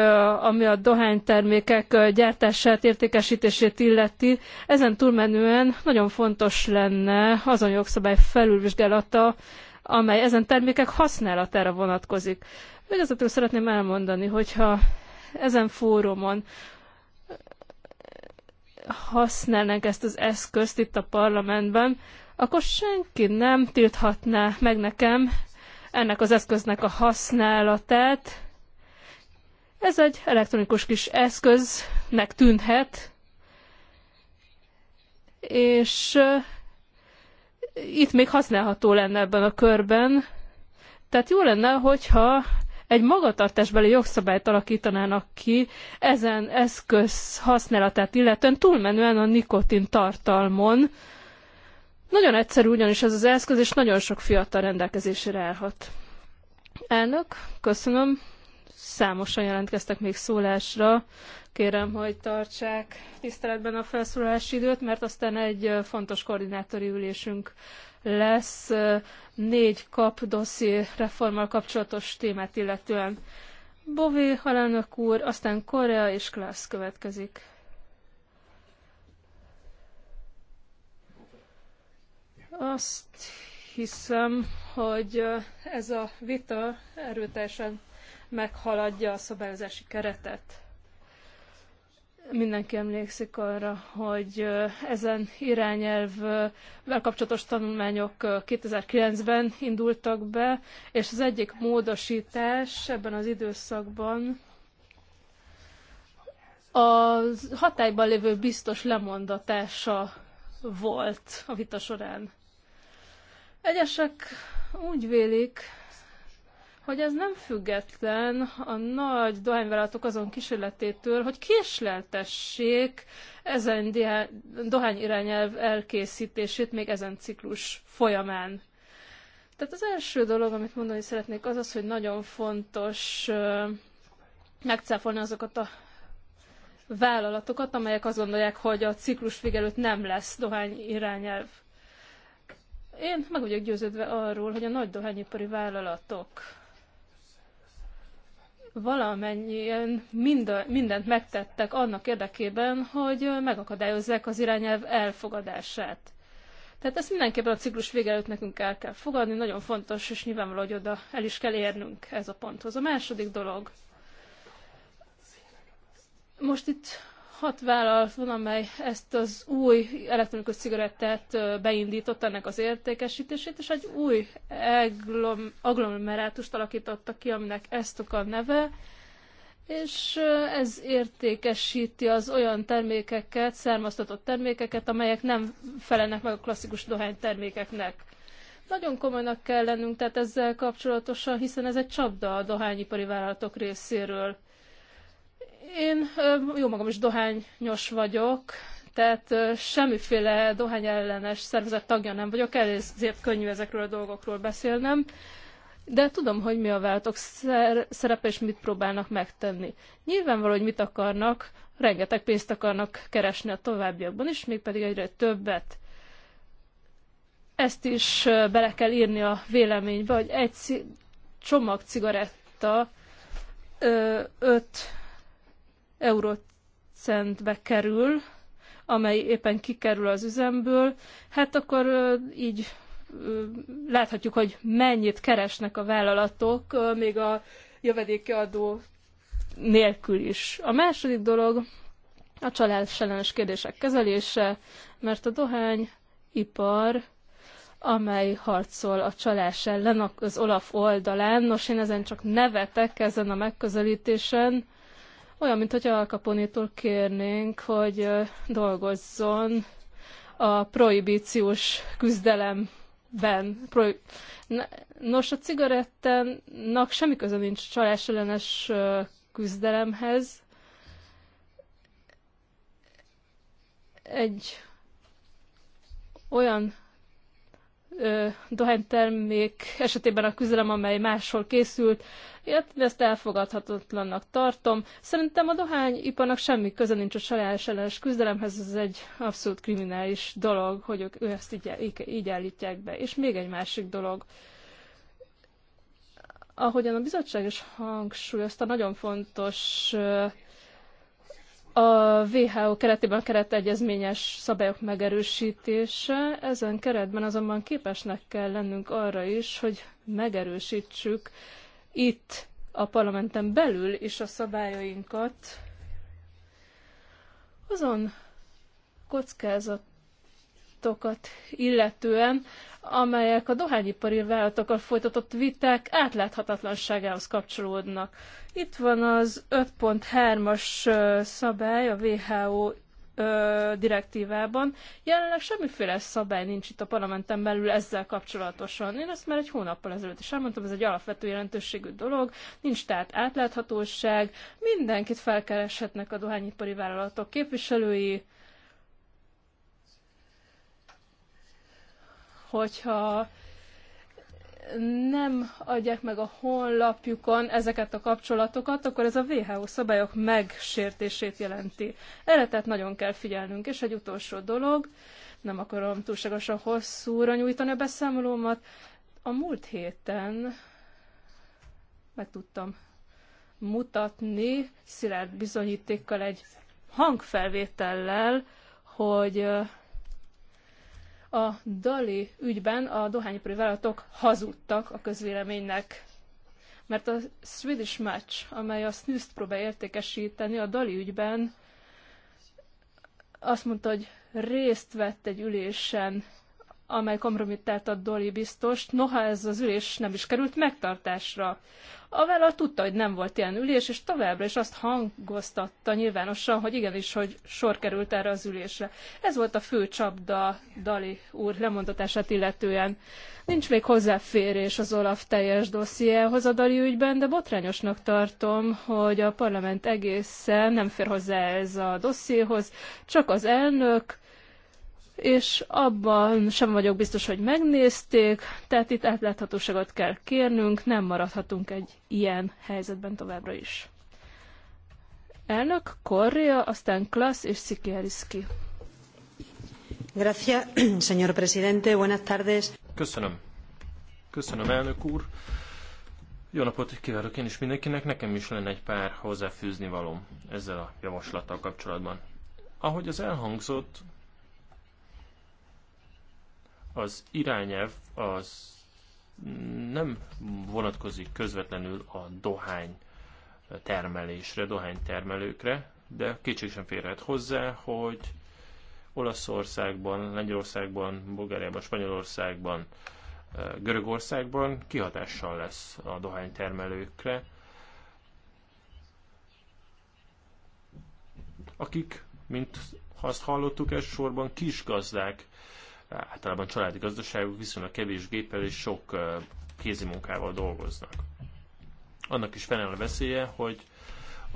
ami a dohánytermékek gyártását, értékesítését illeti. Ezen túlmenően nagyon fontos lenne azon jogszabály felülvizsgálata, amely ezen termékek használatára vonatkozik. Végezetül szeretném elmondani, hogyha ezen fórumon használnánk ezt az eszközt itt a parlamentben, akkor senki nem tilthatná meg nekem ennek az eszköznek a használatát, ez egy elektronikus kis eszköznek tűnhet, és itt még használható lenne ebben a körben. Tehát jó lenne, hogyha egy magatartásbeli jogszabályt alakítanának ki ezen eszköz használatát illetően túlmenően a nikotin tartalmon. Nagyon egyszerű ugyanis ez az eszköz, és nagyon sok fiatal rendelkezésére állhat. Elnök, köszönöm számosan jelentkeztek még szólásra. Kérem, hogy tartsák tiszteletben a felszólalási időt, mert aztán egy fontos koordinátori ülésünk lesz négy kap dosszi reformmal kapcsolatos témát illetően. Bové alelnök úr, aztán Korea és Klász következik. Azt hiszem, hogy ez a vita erőteljesen meghaladja a szabályozási keretet. Mindenki emlékszik arra, hogy ezen irányelvvel kapcsolatos tanulmányok 2009-ben indultak be, és az egyik módosítás ebben az időszakban a hatályban lévő biztos lemondatása volt a vita során. Egyesek úgy vélik, hogy ez nem független a nagy dohányvállalatok azon kísérletétől, hogy késleltessék ezen dohány irányelv elkészítését még ezen ciklus folyamán. Tehát az első dolog, amit mondani szeretnék, az az, hogy nagyon fontos megcáfolni azokat a vállalatokat, amelyek azt gondolják, hogy a ciklus végelőtt nem lesz dohány irányelv. Én meg vagyok győződve arról, hogy a nagy dohányipari vállalatok valamennyien mind, mindent megtettek annak érdekében, hogy megakadályozzák az irányelv elfogadását. Tehát ezt mindenképpen a ciklus vége előtt nekünk el kell fogadni, nagyon fontos, és nyilvánvaló, hogy oda el is kell érnünk ez a ponthoz. A második dolog. Most itt hat vállalat van, amely ezt az új elektronikus cigarettát beindított, ennek az értékesítését, és egy új aglom, agglomerátust alakítottak ki, aminek ezt a neve, és ez értékesíti az olyan termékeket, származtatott termékeket, amelyek nem felelnek meg a klasszikus dohánytermékeknek. Nagyon komolynak kell lennünk tehát ezzel kapcsolatosan, hiszen ez egy csapda a dohányipari vállalatok részéről én jó magam is dohányos vagyok, tehát semmiféle dohányellenes szervezet tagja nem vagyok, ezért könnyű ezekről a dolgokról beszélnem, de tudom, hogy mi a váltok szerepe és mit próbálnak megtenni. Nyilvánvaló, hogy mit akarnak, rengeteg pénzt akarnak keresni a továbbiakban is, mégpedig egyre többet. Ezt is bele kell írni a véleménybe, hogy egy csomag cigaretta 5 eurocentbe kerül, amely éppen kikerül az üzemből, hát akkor így láthatjuk, hogy mennyit keresnek a vállalatok, még a jövedéki adó nélkül is. A második dolog a csalás ellenes kérdések kezelése, mert a dohányipar, amely harcol a csalás ellen az Olaf oldalán, nos én ezen csak nevetek ezen a megközelítésen, olyan, mint hogy Alkaponétól kérnénk, hogy dolgozzon a prohibíciós küzdelemben. Pro... Nos, a cigarettának semmi köze nincs csalás ellenes küzdelemhez. Egy olyan dohánytermék esetében a küzdelem, amely máshol készült, én ezt elfogadhatatlannak tartom. Szerintem a dohányiparnak semmi köze nincs a saját ellenes küzdelemhez, ez egy abszolút kriminális dolog, hogy ők, ő ezt így, így, így állítják be. És még egy másik dolog. Ahogyan a bizottság is hangsúlyozta, nagyon fontos a WHO keretében keretegyezményes szabályok megerősítése, ezen keretben azonban képesnek kell lennünk arra is, hogy megerősítsük itt a parlamenten belül is a szabályainkat azon kockázatokat illetően, amelyek a dohányipari vállalatokkal folytatott viták átláthatatlanságához kapcsolódnak. Itt van az 5.3-as szabály a WHO direktívában. Jelenleg semmiféle szabály nincs itt a parlamenten belül ezzel kapcsolatosan. Én ezt már egy hónappal ezelőtt is elmondtam, ez egy alapvető jelentőségű dolog, nincs tehát átláthatóság, mindenkit felkereshetnek a dohányipari vállalatok képviselői, hogyha nem adják meg a honlapjukon ezeket a kapcsolatokat, akkor ez a WHO szabályok megsértését jelenti. Erre tehát nagyon kell figyelnünk. És egy utolsó dolog, nem akarom túlságosan hosszúra nyújtani a beszámolómat, a múlt héten meg tudtam mutatni szilárd bizonyítékkal egy hangfelvétellel, hogy a Dali ügyben a dohányipari vállalatok hazudtak a közvéleménynek, mert a Swedish Match, amely a snuszt próbál értékesíteni a Dali ügyben, azt mondta, hogy részt vett egy ülésen amely kompromittált a Dolly biztost, noha ez az ülés nem is került megtartásra. A vállal tudta, hogy nem volt ilyen ülés, és továbbra is azt hangoztatta nyilvánosan, hogy igenis, hogy sor került erre az ülésre. Ez volt a fő csapda Dali úr lemondatását illetően. Nincs még hozzáférés az Olaf teljes dossziéhoz a Dali ügyben, de botrányosnak tartom, hogy a parlament egészen nem fér hozzá ez a dossziéhoz, csak az elnök, és abban sem vagyok biztos, hogy megnézték, tehát itt átláthatóságot kell kérnünk, nem maradhatunk egy ilyen helyzetben továbbra is. Elnök Korrea, aztán Klasz és Szikieriszki. Gracias, [clears throat] señor presidente. Buenas tardes. Köszönöm. Köszönöm, elnök úr. Jó napot kívánok én is mindenkinek. Nekem is lenne egy pár hozzáfűzni valóm ezzel a javaslattal kapcsolatban. Ahogy az elhangzott, az irányelv az nem vonatkozik közvetlenül a dohány termelésre, Dohány termelőkre, de kétség sem férhet hozzá, hogy Olaszországban, Lengyelországban, Bulgáriában, Spanyolországban, Görögországban kihatással lesz a Dohány termelőkre, akik, mint azt hallottuk, elsősorban kis gazdák általában családi gazdaságok viszonylag kevés géppel és sok kézi munkával dolgoznak. Annak is fennáll a veszélye, hogy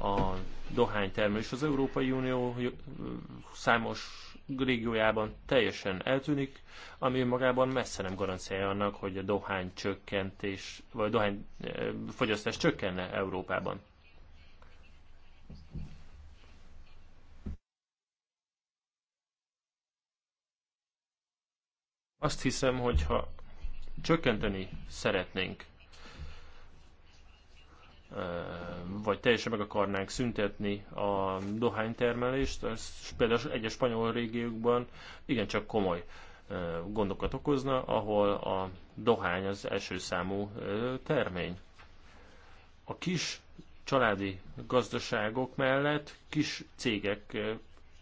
a dohánytermelés az Európai Unió számos régiójában teljesen eltűnik, ami magában messze nem garanciálja annak, hogy a dohány csökkentés, vagy a dohány fogyasztás csökkenne Európában. Azt hiszem, hogy ha csökkenteni szeretnénk, vagy teljesen meg akarnánk szüntetni a dohánytermelést, ez például egyes spanyol régiókban igencsak komoly gondokat okozna, ahol a dohány az első számú termény. A kis családi gazdaságok mellett kis cégek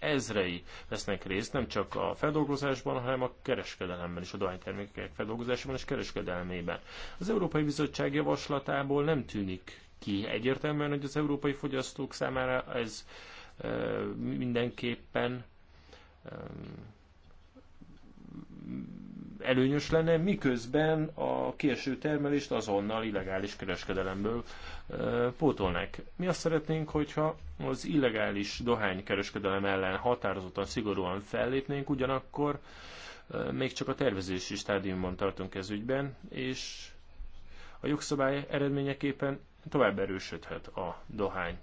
ezrei vesznek részt nem csak a feldolgozásban, hanem a kereskedelemben is, a dohánytermékek feldolgozásában és kereskedelmében. Az Európai Bizottság javaslatából nem tűnik ki egyértelműen, hogy az európai fogyasztók számára ez mindenképpen előnyös lenne, miközben a kieső termelést azonnal illegális kereskedelemből pótolnák. Mi azt szeretnénk, hogyha az illegális dohánykereskedelem ellen határozottan, szigorúan fellépnénk, ugyanakkor még csak a tervezési stádiumban tartunk ez ügyben, és a jogszabály eredményeképpen tovább erősödhet a dohány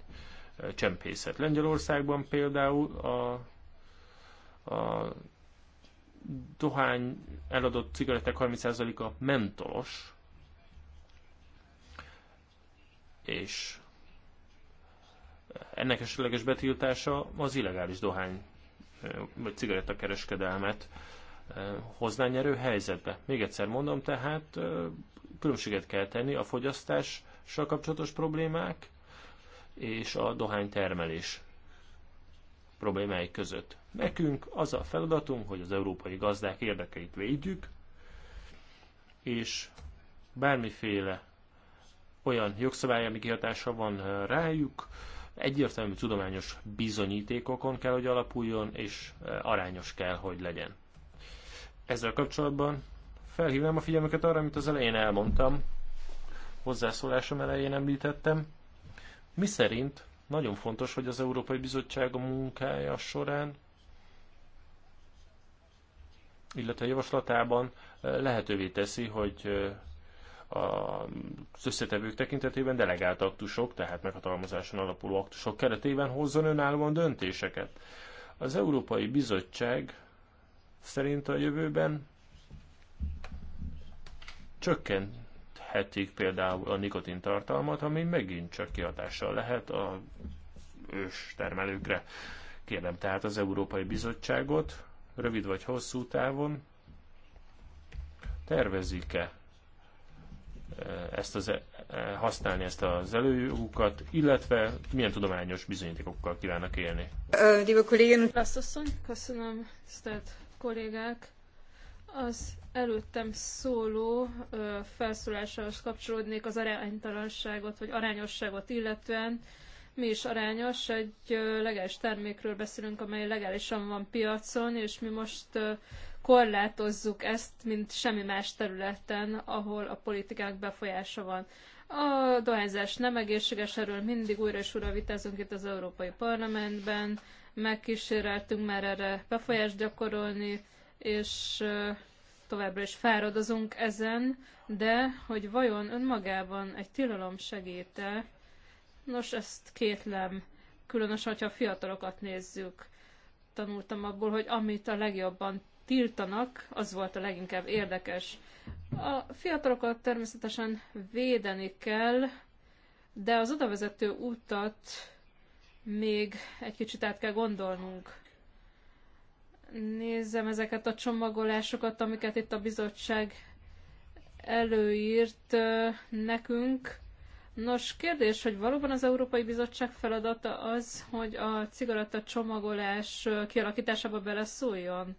csempészet. Lengyelországban például a, a dohány eladott cigaretek 30%-a mentolos, és ennek esetleges betiltása az illegális dohány vagy cigarettakereskedelmet hozná nyerő helyzetbe. Még egyszer mondom, tehát különbséget kell tenni a fogyasztással kapcsolatos problémák és a dohánytermelés problémái között. Nekünk az a feladatunk, hogy az európai gazdák érdekeit védjük, és bármiféle olyan jogszabály, ami kihatása van rájuk, egyértelmű tudományos bizonyítékokon kell, hogy alapuljon, és arányos kell, hogy legyen. Ezzel kapcsolatban felhívnám a figyelmüket arra, amit az elején elmondtam, hozzászólásom elején említettem, mi szerint nagyon fontos, hogy az Európai Bizottság a munkája során, illetve javaslatában lehetővé teszi, hogy az összetevők tekintetében delegált aktusok, tehát meghatalmazáson alapuló aktusok keretében hozzon önállóan döntéseket. Az Európai Bizottság szerint a jövőben csökkenthetik például a nikotintartalmat, ami megint csak kihatással lehet a ős termelőkre. Kérem tehát az Európai Bizottságot, rövid vagy hosszú távon tervezik-e ezt az, e, használni ezt az előjogukat, illetve milyen tudományos bizonyítékokkal kívánnak élni. kollégén, asszony, köszönöm, tisztelt kollégák. Az előttem szóló felszólásához kapcsolódnék az aránytalanságot vagy arányosságot illetően. Mi is arányos, egy legális termékről beszélünk, amely legálisan van piacon, és mi most korlátozzuk ezt, mint semmi más területen, ahol a politikák befolyása van. A dohányzás nem egészséges, erről mindig újra és újra vitázunk itt az Európai Parlamentben, megkíséreltünk már erre befolyást gyakorolni, és továbbra is fáradozunk ezen, de hogy vajon önmagában egy tilalom segíte, nos, ezt kétlem, különösen, hogyha a fiatalokat nézzük. Tanultam abból, hogy amit a legjobban tiltanak, az volt a leginkább érdekes. A fiatalokat természetesen védeni kell, de az odavezető utat még egy kicsit át kell gondolnunk. Nézem ezeket a csomagolásokat, amiket itt a bizottság előírt nekünk. Nos, kérdés, hogy valóban az Európai Bizottság feladata az, hogy a cigaretta csomagolás kialakításába beleszóljon?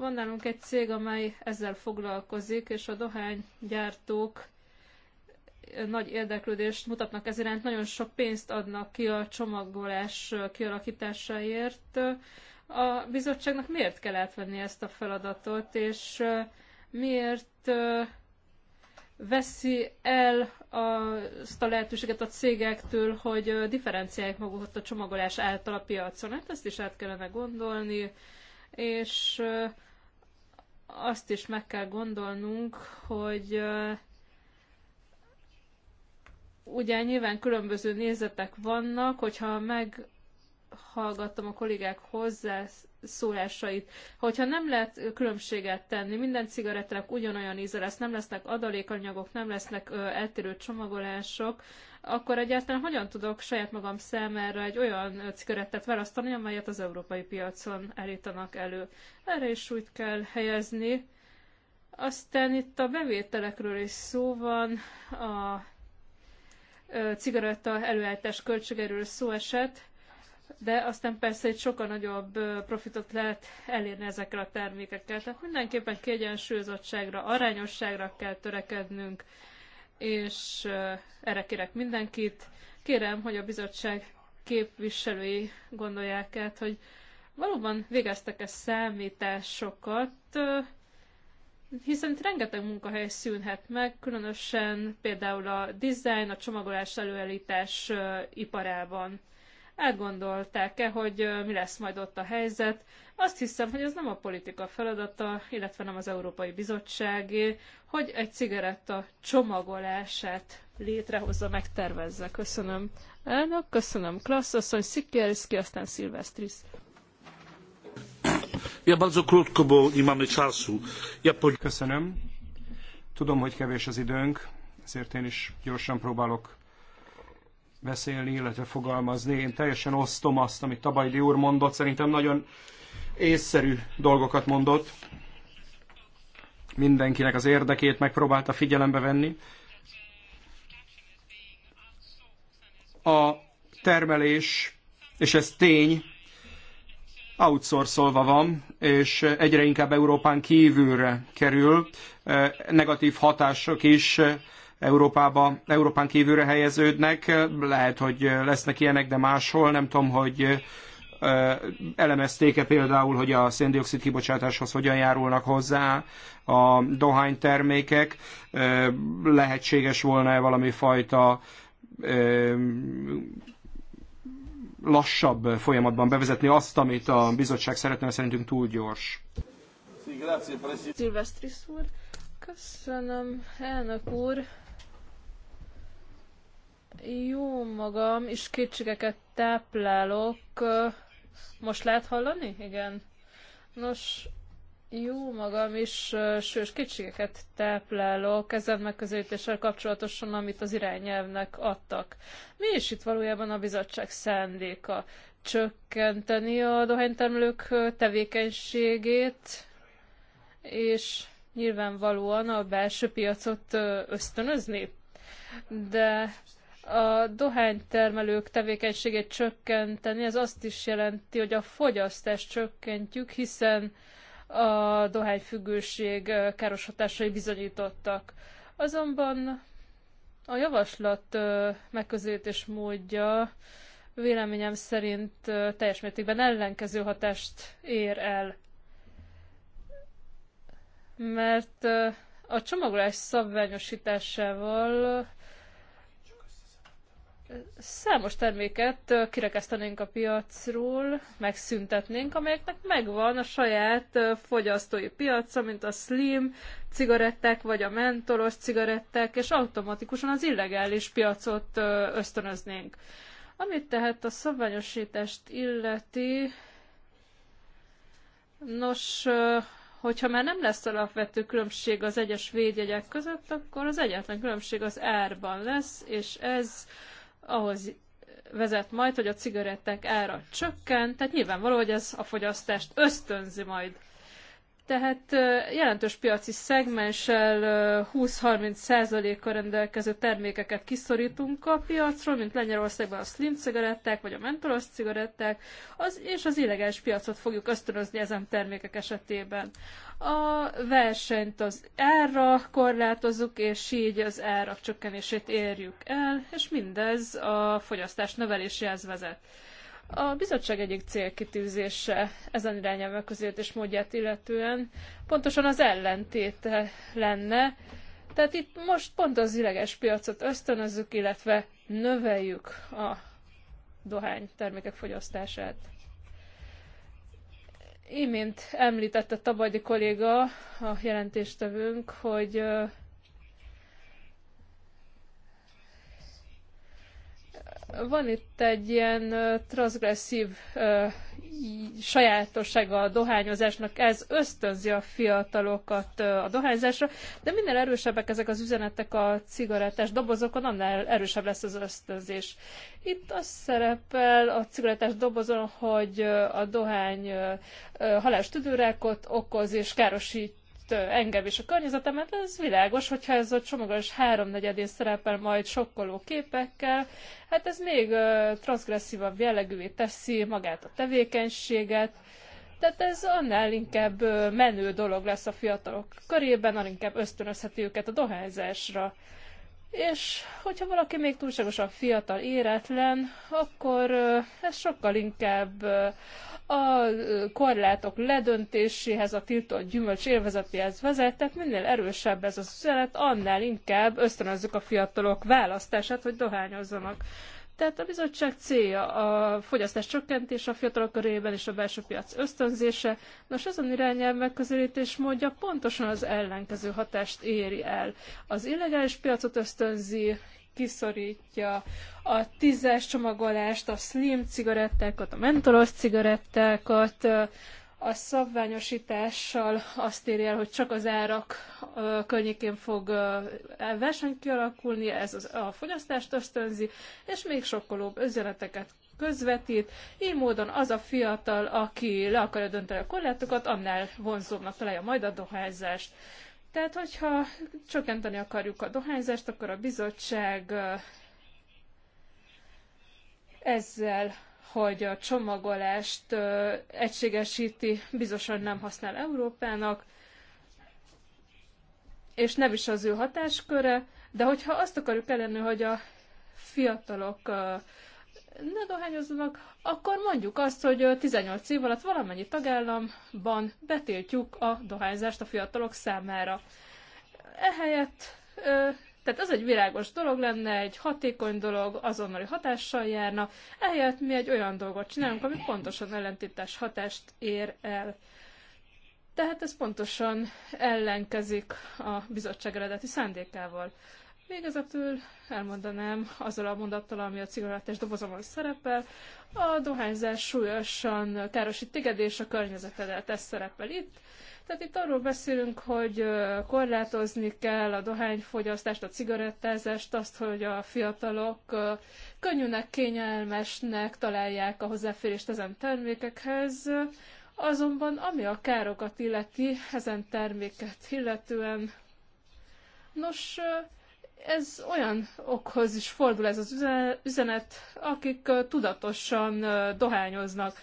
Van nálunk egy cég, amely ezzel foglalkozik, és a dohánygyártók nagy érdeklődést mutatnak ez iránt, nagyon sok pénzt adnak ki a csomagolás kialakításáért. A bizottságnak miért kell átvenni ezt a feladatot, és miért veszi el azt a lehetőséget a cégektől, hogy differenciálják magukat a csomagolás által a piacon. Hát ezt is át kellene gondolni, és azt is meg kell gondolnunk, hogy ugye nyilván különböző nézetek vannak, hogyha meg hallgattam a kollégák hozzászólásait, hogyha nem lehet különbséget tenni, minden cigarettának ugyanolyan íze lesz, nem lesznek adalékanyagok, nem lesznek eltérő csomagolások, akkor egyáltalán hogyan tudok saját magam számára egy olyan cigarettát választani, amelyet az európai piacon állítanak elő. Erre is úgy kell helyezni. Aztán itt a bevételekről is szó van, a cigaretta előállítás költségeiről szó esett, de aztán persze egy sokkal nagyobb profitot lehet elérni ezekkel a termékekkel. Tehát mindenképpen kiegyensúlyozottságra, arányosságra kell törekednünk és erre kérek mindenkit. Kérem, hogy a bizottság képviselői gondolják át, hogy valóban végeztek-e számításokat, hiszen itt rengeteg munkahely szűnhet meg, különösen például a design, a csomagolás előállítás iparában elgondolták e hogy mi lesz majd ott a helyzet? Azt hiszem, hogy ez nem a politika feladata, illetve nem az Európai Bizottságé, hogy egy cigaretta csomagolását létrehozza, megtervezze. Köszönöm. Elnök, köszönöm. Klassz, asszony, Szikierszki, aztán Szilvesztris. Ja, bardzo krótko, bo nie mamy czasu. Ja, po... Köszönöm. Tudom, hogy kevés az időnk, ezért én is gyorsan próbálok beszélni, illetve fogalmazni. Én teljesen osztom azt, amit Tabajdi úr mondott, szerintem nagyon észszerű dolgokat mondott. Mindenkinek az érdekét megpróbálta figyelembe venni. A termelés, és ez tény, outsourcolva van, és egyre inkább Európán kívülre kerül. Negatív hatások is Európába, Európán kívülre helyeződnek. Lehet, hogy lesznek ilyenek, de máshol. Nem tudom, hogy elemezték-e például, hogy a széndiokszid kibocsátáshoz hogyan járulnak hozzá a dohánytermékek. Lehetséges volna-e valami fajta lassabb folyamatban bevezetni azt, amit a bizottság szeretne, mert szerintünk túl gyors. Szilvesztris úr, köszönöm, elnök úr. Jó magam, és kétségeket táplálok. Most lehet hallani? Igen. Nos, jó magam is sős kétségeket táplálok ezen megközelítéssel kapcsolatosan, amit az irányelvnek adtak. Mi is itt valójában a bizottság szándéka? Csökkenteni a dohánytermelők tevékenységét, és nyilvánvalóan a belső piacot ösztönözni? De a dohánytermelők tevékenységét csökkenteni, ez azt is jelenti, hogy a fogyasztást csökkentjük, hiszen a dohányfüggőség káros hatásai bizonyítottak. Azonban a javaslat megközelítés módja véleményem szerint teljes mértékben ellenkező hatást ér el. Mert a csomagolás szabványosításával Számos terméket kirekesztenénk a piacról, megszüntetnénk, amelyeknek megvan a saját fogyasztói piaca, mint a slim cigaretták, vagy a mentolos cigaretták, és automatikusan az illegális piacot ösztönöznénk. Amit tehát a szabványosítást illeti, nos, hogyha már nem lesz alapvető különbség az egyes védjegyek között, akkor az egyetlen különbség az árban lesz, és ez ahhoz vezet majd, hogy a cigaretták ára csökken, tehát nyilvánvaló, hogy ez a fogyasztást ösztönzi majd. Tehát jelentős piaci szegmenssel 20-30%-kal rendelkező termékeket kiszorítunk a piacról, mint Lengyelországban a slim cigaretták vagy a mentolos cigaretták, az, és az illegális piacot fogjuk ösztönözni ezen termékek esetében. A versenyt az ára korlátozzuk, és így az árak csökkenését érjük el, és mindez a fogyasztás növeléséhez vezet. A bizottság egyik célkitűzése ezen irányelv és módját illetően pontosan az ellentéte lenne, tehát itt most pont az üreges piacot ösztönözzük, illetve növeljük a dohány termékek fogyasztását. Imént említette Tabajdi kolléga, a jelentéstevőnk, hogy van itt egy ilyen transgresszív sajátossága a dohányozásnak, ez ösztönzi a fiatalokat a dohányzásra, de minél erősebbek ezek az üzenetek a cigarettás dobozokon, annál erősebb lesz az ösztönzés. Itt az szerepel a cigarettás dobozon, hogy a dohány halás tüdőrákot okoz és károsít engem és a környezetemet, ez világos, hogyha ez a csomagos háromnegyedén szerepel majd sokkoló képekkel, hát ez még transgresszívabb jellegűvé teszi magát a tevékenységet, tehát ez annál inkább menő dolog lesz a fiatalok körében, annál inkább ösztönözheti őket a dohányzásra. És hogyha valaki még túlságosan fiatal, éretlen, akkor ez sokkal inkább a korlátok ledöntéséhez, a tiltott gyümölcs élvezetéhez vezet, tehát minél erősebb ez az üzenet, annál inkább ösztönözzük a fiatalok választását, hogy dohányozzanak. Tehát a bizottság célja a fogyasztás csökkentése a fiatalok körében és a belső piac ösztönzése. Nos, ezen irányelv megközelítés módja pontosan az ellenkező hatást éri el. Az illegális piacot ösztönzi, kiszorítja a tízes csomagolást, a slim cigarettákat, a mentolos cigarettákat, a szabványosítással azt írja el, hogy csak az árak környékén fog verseny kialakulni, ez az, a fogyasztást ösztönzi, és még sokkolóbb üzeneteket közvetít. Így módon az a fiatal, aki le akarja dönteni a korlátokat, annál vonzóbbnak találja majd a dohányzást. Tehát, hogyha csökkenteni akarjuk a dohányzást, akkor a bizottság ezzel hogy a csomagolást egységesíti, bizonyosan nem használ Európának, és nem is az ő hatásköre, de hogyha azt akarjuk ellenni, hogy a fiatalok ne dohányozzanak, akkor mondjuk azt, hogy 18 év alatt valamennyi tagállamban betiltjuk a dohányzást a fiatalok számára. Ehelyett tehát az egy világos dolog lenne, egy hatékony dolog, azonnali hatással járna, ehelyett mi egy olyan dolgot csinálunk, ami pontosan ellentétes hatást ér el. Tehát ez pontosan ellenkezik a bizottság eredeti szándékával. Végezetül elmondanám azzal a mondattal, ami a cigarettás dobozomon szerepel. A dohányzás súlyosan károsít téged, és a környezetedet ez szerepel itt. Tehát itt arról beszélünk, hogy korlátozni kell a dohányfogyasztást, a cigarettázást, azt, hogy a fiatalok könnyűnek, kényelmesnek találják a hozzáférést ezen termékekhez, Azonban ami a károkat illeti, ezen terméket illetően, nos, ez olyan okhoz is fordul ez az üzenet, akik tudatosan dohányoznak.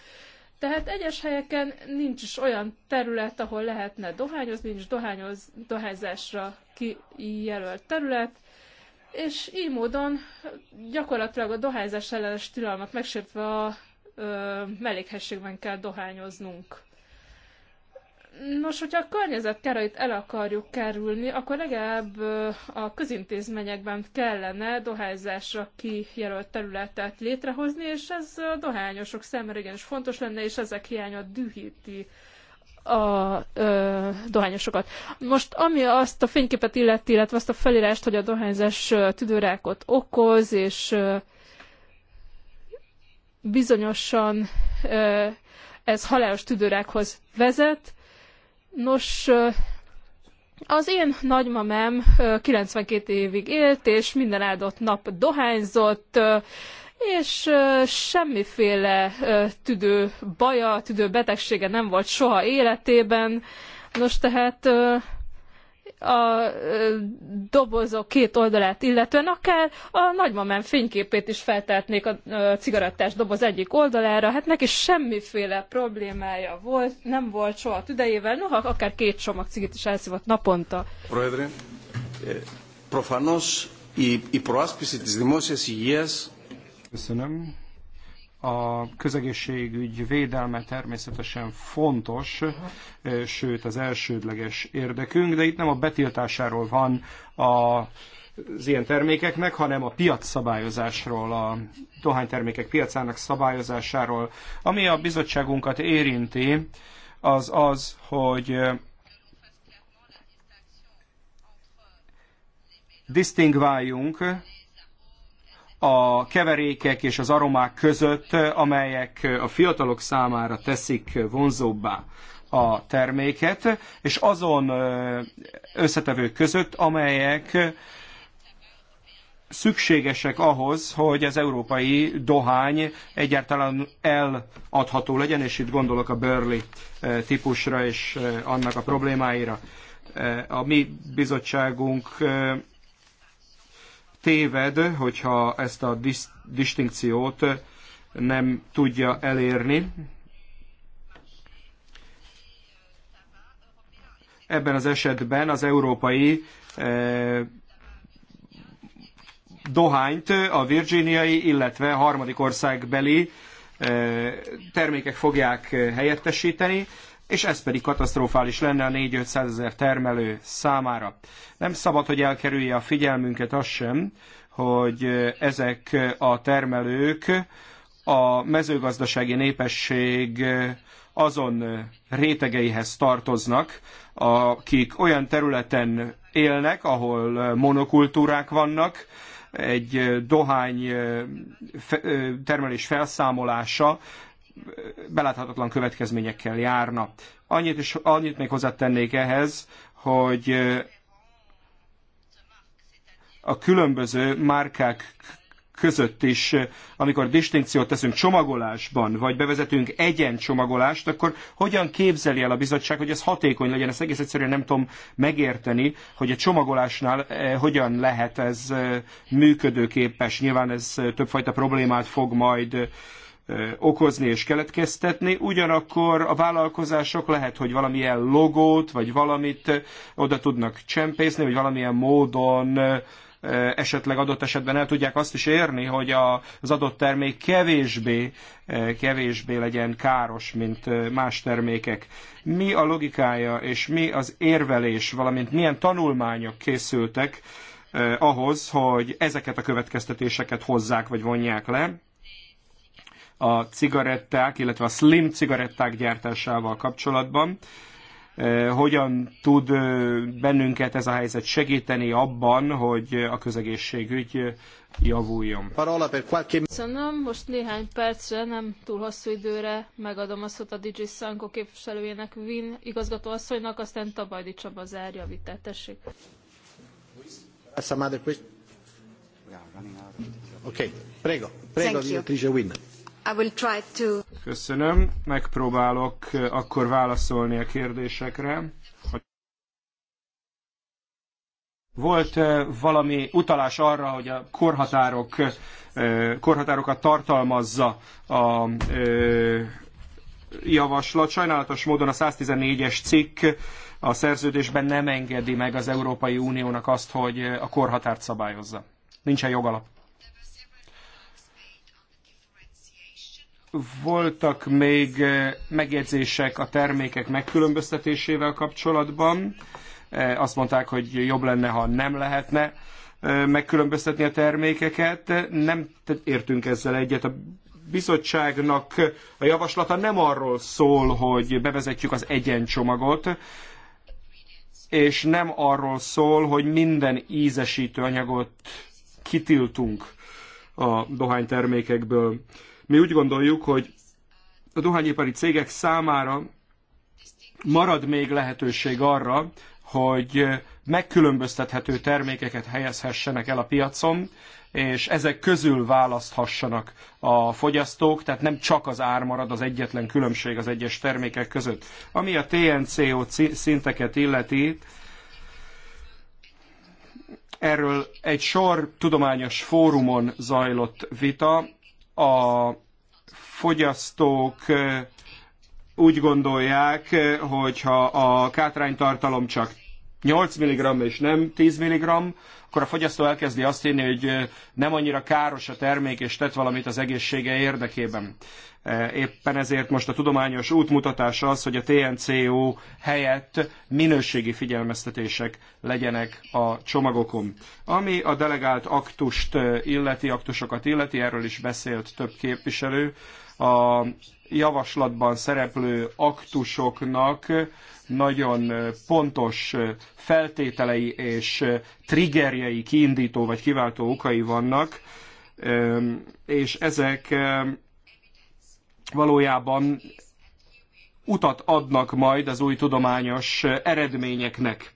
Tehát egyes helyeken nincs is olyan terület, ahol lehetne dohányozni, nincs dohányoz, dohányzásra kijelölt terület, és így módon gyakorlatilag a dohányzás ellenes tilalmat megsértve a ö, mellékhességben kell dohányoznunk. Nos, hogyha a környezet kerait el akarjuk kerülni, akkor legalább a közintézményekben kellene dohányzásra kijelölt területet létrehozni, és ez a dohányosok számára igenis fontos lenne, és ezek hiánya dühíti a ö, dohányosokat. Most ami azt a fényképet illeti, illetve azt a felírást, hogy a dohányzás tüdőrákot okoz, és ö, bizonyosan ö, ez halálos tüdőrákhoz vezet, Nos, az én nagymamám 92 évig élt, és minden áldott nap dohányzott, és semmiféle tüdő baja, tüdő betegsége nem volt soha életében. Nos, tehát a dobozok két oldalát illetően, akár a nagymamám fényképét is feltehetnék a cigarettás doboz egyik oldalára, hát neki semmiféle problémája volt, nem volt soha tüdejével, noha akár két csomag cigit is elszívott naponta. Πρόεδρε, profanos η, η προάσπιση της δημόσιας υγείας Köszönöm. A közegészségügy védelme természetesen fontos, sőt az elsődleges érdekünk, de itt nem a betiltásáról van a az ilyen termékeknek, hanem a piac szabályozásról, a dohánytermékek piacának szabályozásáról. Ami a bizottságunkat érinti, az az, hogy disztingváljunk a keverékek és az aromák között, amelyek a fiatalok számára teszik vonzóbbá a terméket, és azon összetevők között, amelyek szükségesek ahhoz, hogy az európai dohány egyáltalán eladható legyen, és itt gondolok a Burley típusra és annak a problémáira. A mi bizottságunk téved, hogyha ezt a dis- distinkciót nem tudja elérni. Ebben az esetben az európai eh, dohányt a virginiai, illetve harmadik országbeli eh, termékek fogják helyettesíteni, és ez pedig katasztrofális lenne a 4-500 ezer termelő számára. Nem szabad, hogy elkerülje a figyelmünket az sem, hogy ezek a termelők a mezőgazdasági népesség azon rétegeihez tartoznak, akik olyan területen élnek, ahol monokultúrák vannak, egy dohány termelés felszámolása beláthatatlan következményekkel járna. Annyit, is, annyit még hozzátennék ehhez, hogy a különböző márkák között is, amikor distinkciót teszünk csomagolásban, vagy bevezetünk egyen csomagolást, akkor hogyan képzeli el a bizottság, hogy ez hatékony legyen? Ezt egész egyszerűen nem tudom megérteni, hogy a csomagolásnál hogyan lehet ez működőképes. Nyilván ez többfajta problémát fog majd okozni és keletkeztetni, ugyanakkor a vállalkozások lehet, hogy valamilyen logót, vagy valamit oda tudnak csempészni, vagy valamilyen módon esetleg adott esetben el tudják azt is érni, hogy az adott termék kevésbé, kevésbé legyen káros, mint más termékek. Mi a logikája és mi az érvelés, valamint milyen tanulmányok készültek ahhoz, hogy ezeket a következtetéseket hozzák vagy vonják le, a cigaretták, illetve a slim cigaretták gyártásával kapcsolatban. Eh, hogyan tud eh, bennünket ez a helyzet segíteni abban, hogy a közegészségügy javuljon? Köszönöm, most néhány percre, nem túl hosszú időre megadom a szót a DJ Sanko képviselőjének, Vin igazgatóasszonynak, aztán Tabajdi Csaba zárja a vitát. Tessék. Okay, prego, prego, Thank you. I will try to... Köszönöm. Megpróbálok eh, akkor válaszolni a kérdésekre. Volt eh, valami utalás arra, hogy a korhatárok, eh, korhatárokat tartalmazza a javaslat. Sajnálatos módon a 114-es cikk a szerződésben nem engedi meg az Európai Uniónak azt, hogy a korhatárt szabályozza. Nincsen jogalap. Voltak még eh, megjegyzések a termékek megkülönböztetésével kapcsolatban. Eh, azt mondták, hogy jobb lenne, ha nem lehetne eh, megkülönböztetni a termékeket. Nem értünk ezzel egyet. A bizottságnak a javaslata nem arról szól, hogy bevezetjük az egyencsomagot, és nem arról szól, hogy minden ízesítő anyagot kitiltunk a dohánytermékekből. Mi úgy gondoljuk, hogy a dohányipari cégek számára marad még lehetőség arra, hogy megkülönböztethető termékeket helyezhessenek el a piacon, és ezek közül választhassanak a fogyasztók, tehát nem csak az ár marad az egyetlen különbség az egyes termékek között. Ami a TNCO szinteket illeti, erről egy sor tudományos fórumon zajlott vita, a fogyasztók úgy gondolják, hogy ha a kátránytartalom csak 8 mg és nem 10 mg, akkor a fogyasztó elkezdi azt hinni, hogy nem annyira káros a termék, és tett valamit az egészsége érdekében. Éppen ezért most a tudományos útmutatás az, hogy a TNCO helyett minőségi figyelmeztetések legyenek a csomagokon. Ami a delegált aktust illeti, aktusokat illeti, erről is beszélt több képviselő, a javaslatban szereplő aktusoknak nagyon pontos feltételei és triggerjei, kiindító vagy kiváltó okai vannak, és ezek valójában utat adnak majd az új tudományos eredményeknek.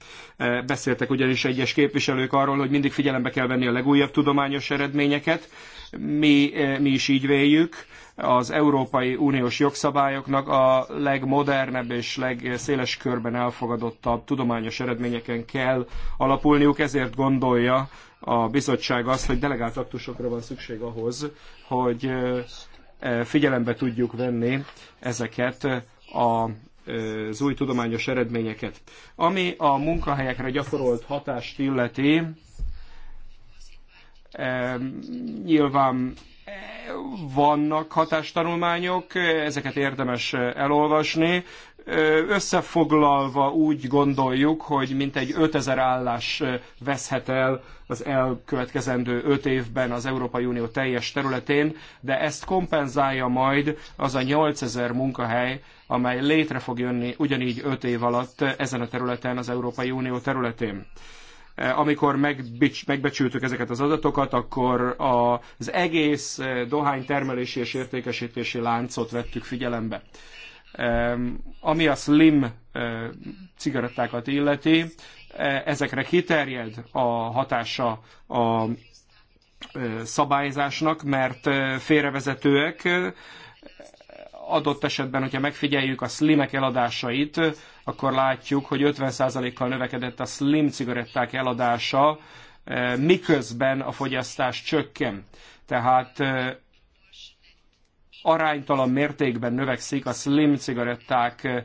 Beszéltek ugyanis egyes képviselők arról, hogy mindig figyelembe kell venni a legújabb tudományos eredményeket. Mi, mi is így véljük az Európai Uniós jogszabályoknak a legmodernebb és legszéles körben elfogadottabb tudományos eredményeken kell alapulniuk, ezért gondolja a bizottság azt, hogy delegált aktusokra van szükség ahhoz, hogy figyelembe tudjuk venni ezeket a az új tudományos eredményeket. Ami a munkahelyekre gyakorolt hatást illeti, nyilván vannak hatástanulmányok, ezeket érdemes elolvasni. Összefoglalva úgy gondoljuk, hogy mintegy 5000 állás veszhet el az elkövetkezendő 5 évben az Európai Unió teljes területén, de ezt kompenzálja majd az a 8000 munkahely, amely létre fog jönni ugyanígy 5 év alatt ezen a területen, az Európai Unió területén. Eh, amikor megbecsültük ezeket az adatokat, akkor az egész eh, Dohány termelési és értékesítési láncot vettük figyelembe. Ami a slim eh, cigarettákat illeti, ezekre kiterjed a hatása a szabályzásnak, mert félrevezetőek, adott esetben, hogyha megfigyeljük a slimek eladásait, akkor látjuk, hogy 50%-kal növekedett a slim cigaretták eladása, eh, miközben a fogyasztás csökken. Tehát eh, aránytalan mértékben növekszik a slim cigaretták eh,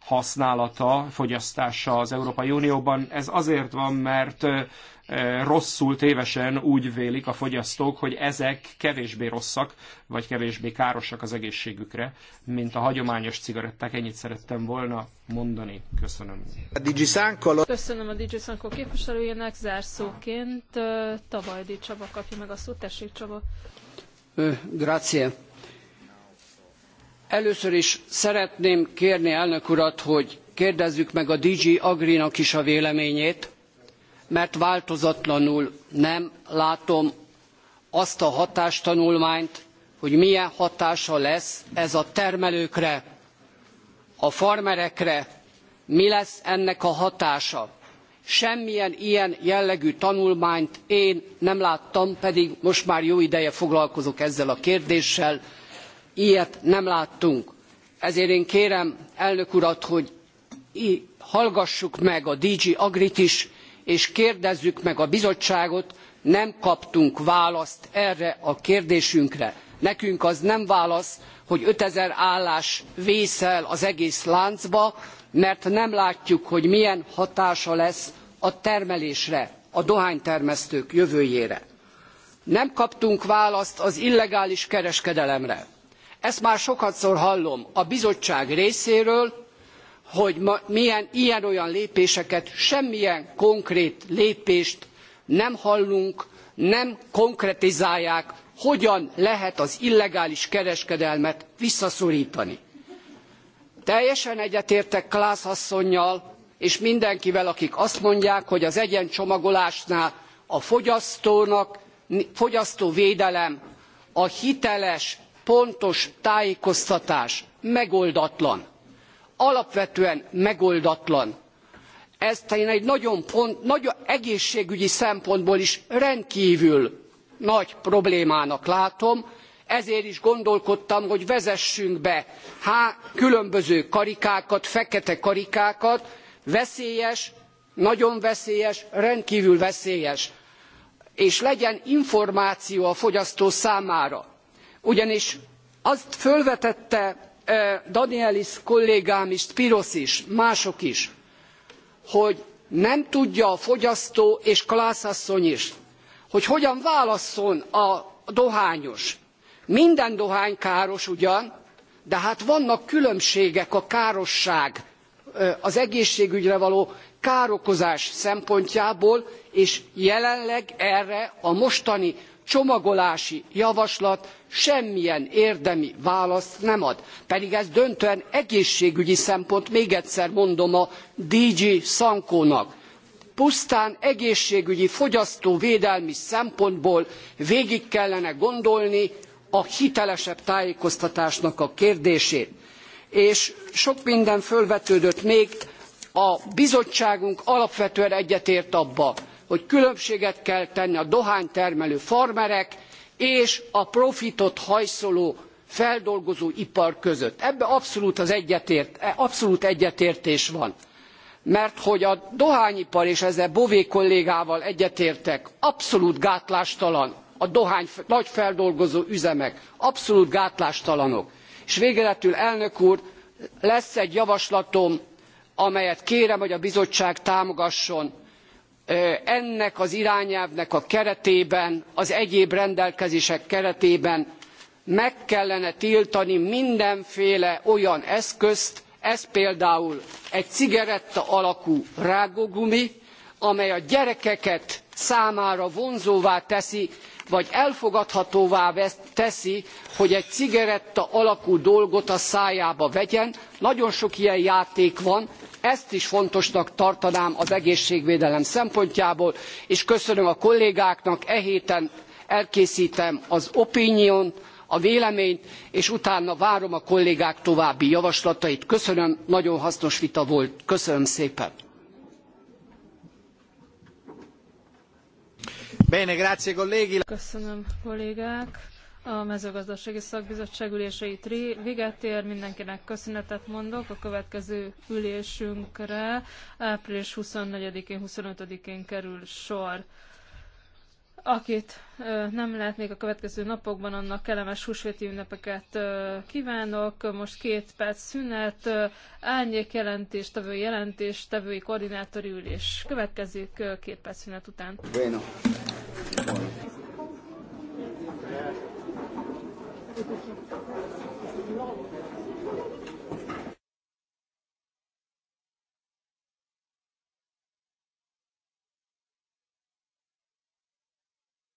használata, fogyasztása az Európai Unióban. Ez azért van, mert rosszul, tévesen úgy vélik a fogyasztók, hogy ezek kevésbé rosszak, vagy kevésbé károsak az egészségükre, mint a hagyományos cigaretták. Ennyit szerettem volna mondani. Köszönöm. A Digisanko... Köszönöm a Digisanko képviselőjének zárszóként. Tavalydi Csaba kapja meg a szót. Tessék, Csaba. Grazie. Először is szeretném kérni elnök urat, hogy kérdezzük meg a DG Agrinak is a véleményét, mert változatlanul nem látom azt a hatástanulmányt, hogy milyen hatása lesz ez a termelőkre, a farmerekre, mi lesz ennek a hatása. Semmilyen ilyen jellegű tanulmányt én nem láttam, pedig most már jó ideje foglalkozok ezzel a kérdéssel. Ilyet nem láttunk. Ezért én kérem elnök urat, hogy hallgassuk meg a DG Agrit is, és kérdezzük meg a bizottságot, nem kaptunk választ erre a kérdésünkre. Nekünk az nem válasz, hogy 5000 állás vészel az egész láncba, mert nem látjuk, hogy milyen hatása lesz a termelésre, a dohánytermesztők jövőjére. Nem kaptunk választ az illegális kereskedelemre. Ezt már sokat szor hallom a bizottság részéről, hogy milyen ilyen-olyan lépéseket, semmilyen konkrét lépést nem hallunk, nem konkretizálják, hogyan lehet az illegális kereskedelmet visszaszortani. Teljesen egyetértek Klász asszonnyal és mindenkivel, akik azt mondják, hogy az egyencsomagolásnál a fogyasztónak, fogyasztóvédelem, a hiteles, pontos tájékoztatás megoldatlan alapvetően megoldatlan. Ezt én egy nagyon, pont, nagyon egészségügyi szempontból is rendkívül nagy problémának látom, ezért is gondolkodtam, hogy vezessünk be há, különböző karikákat, fekete karikákat, veszélyes, nagyon veszélyes, rendkívül veszélyes, és legyen információ a fogyasztó számára. Ugyanis azt fölvetette danielis kollégám is piros is mások is hogy nem tudja a fogyasztó és klass asszony is hogy hogyan válasszon a dohányos. minden dohány káros ugyan de hát vannak különbségek a károsság az egészségügyre való károkozás szempontjából és jelenleg erre a mostani csomagolási javaslat semmilyen érdemi választ nem ad. Pedig ez döntően egészségügyi szempont, még egyszer mondom a DG nak Pusztán egészségügyi fogyasztóvédelmi szempontból végig kellene gondolni a hitelesebb tájékoztatásnak a kérdését. És sok minden fölvetődött még, a bizottságunk alapvetően egyetért abban, hogy különbséget kell tenni a dohánytermelő farmerek és a profitot hajszoló feldolgozóipar ipar között. Ebben abszolút, az e, abszolút egyetértés van. Mert hogy a dohányipar, és ezzel Bové kollégával egyetértek, abszolút gátlástalan a dohány nagy feldolgozó üzemek, abszolút gátlástalanok. És végezetül, elnök úr, lesz egy javaslatom, amelyet kérem, hogy a bizottság támogasson, ennek az irányelvnek a keretében az egyéb rendelkezések keretében meg kellene tiltani mindenféle olyan eszközt ez például egy cigaretta alakú rágógumi amely a gyerekeket számára vonzóvá teszi vagy elfogadhatóvá teszi hogy egy cigaretta alakú dolgot a szájába vegyen nagyon sok ilyen játék van ezt is fontosnak tartanám az egészségvédelem szempontjából és köszönöm a kollégáknak e héten elkésztem az opinion a véleményt és utána várom a kollégák további javaslatait. köszönöm nagyon hasznos vita volt köszönöm szépen. Bene, grazie, köszönöm kollégák a mezőgazdasági szakbizottság üléseit véget ér, mindenkinek köszönetet mondok. A következő ülésünkre április 24-én, 25-én kerül sor. Akit nem látnék a következő napokban, annak kellemes húsvéti ünnepeket kívánok. Most két perc szünet, árnyék jelentés, tevői jelentés, tevői koordinátori ülés következik két perc szünet után. Bueno. Thank you.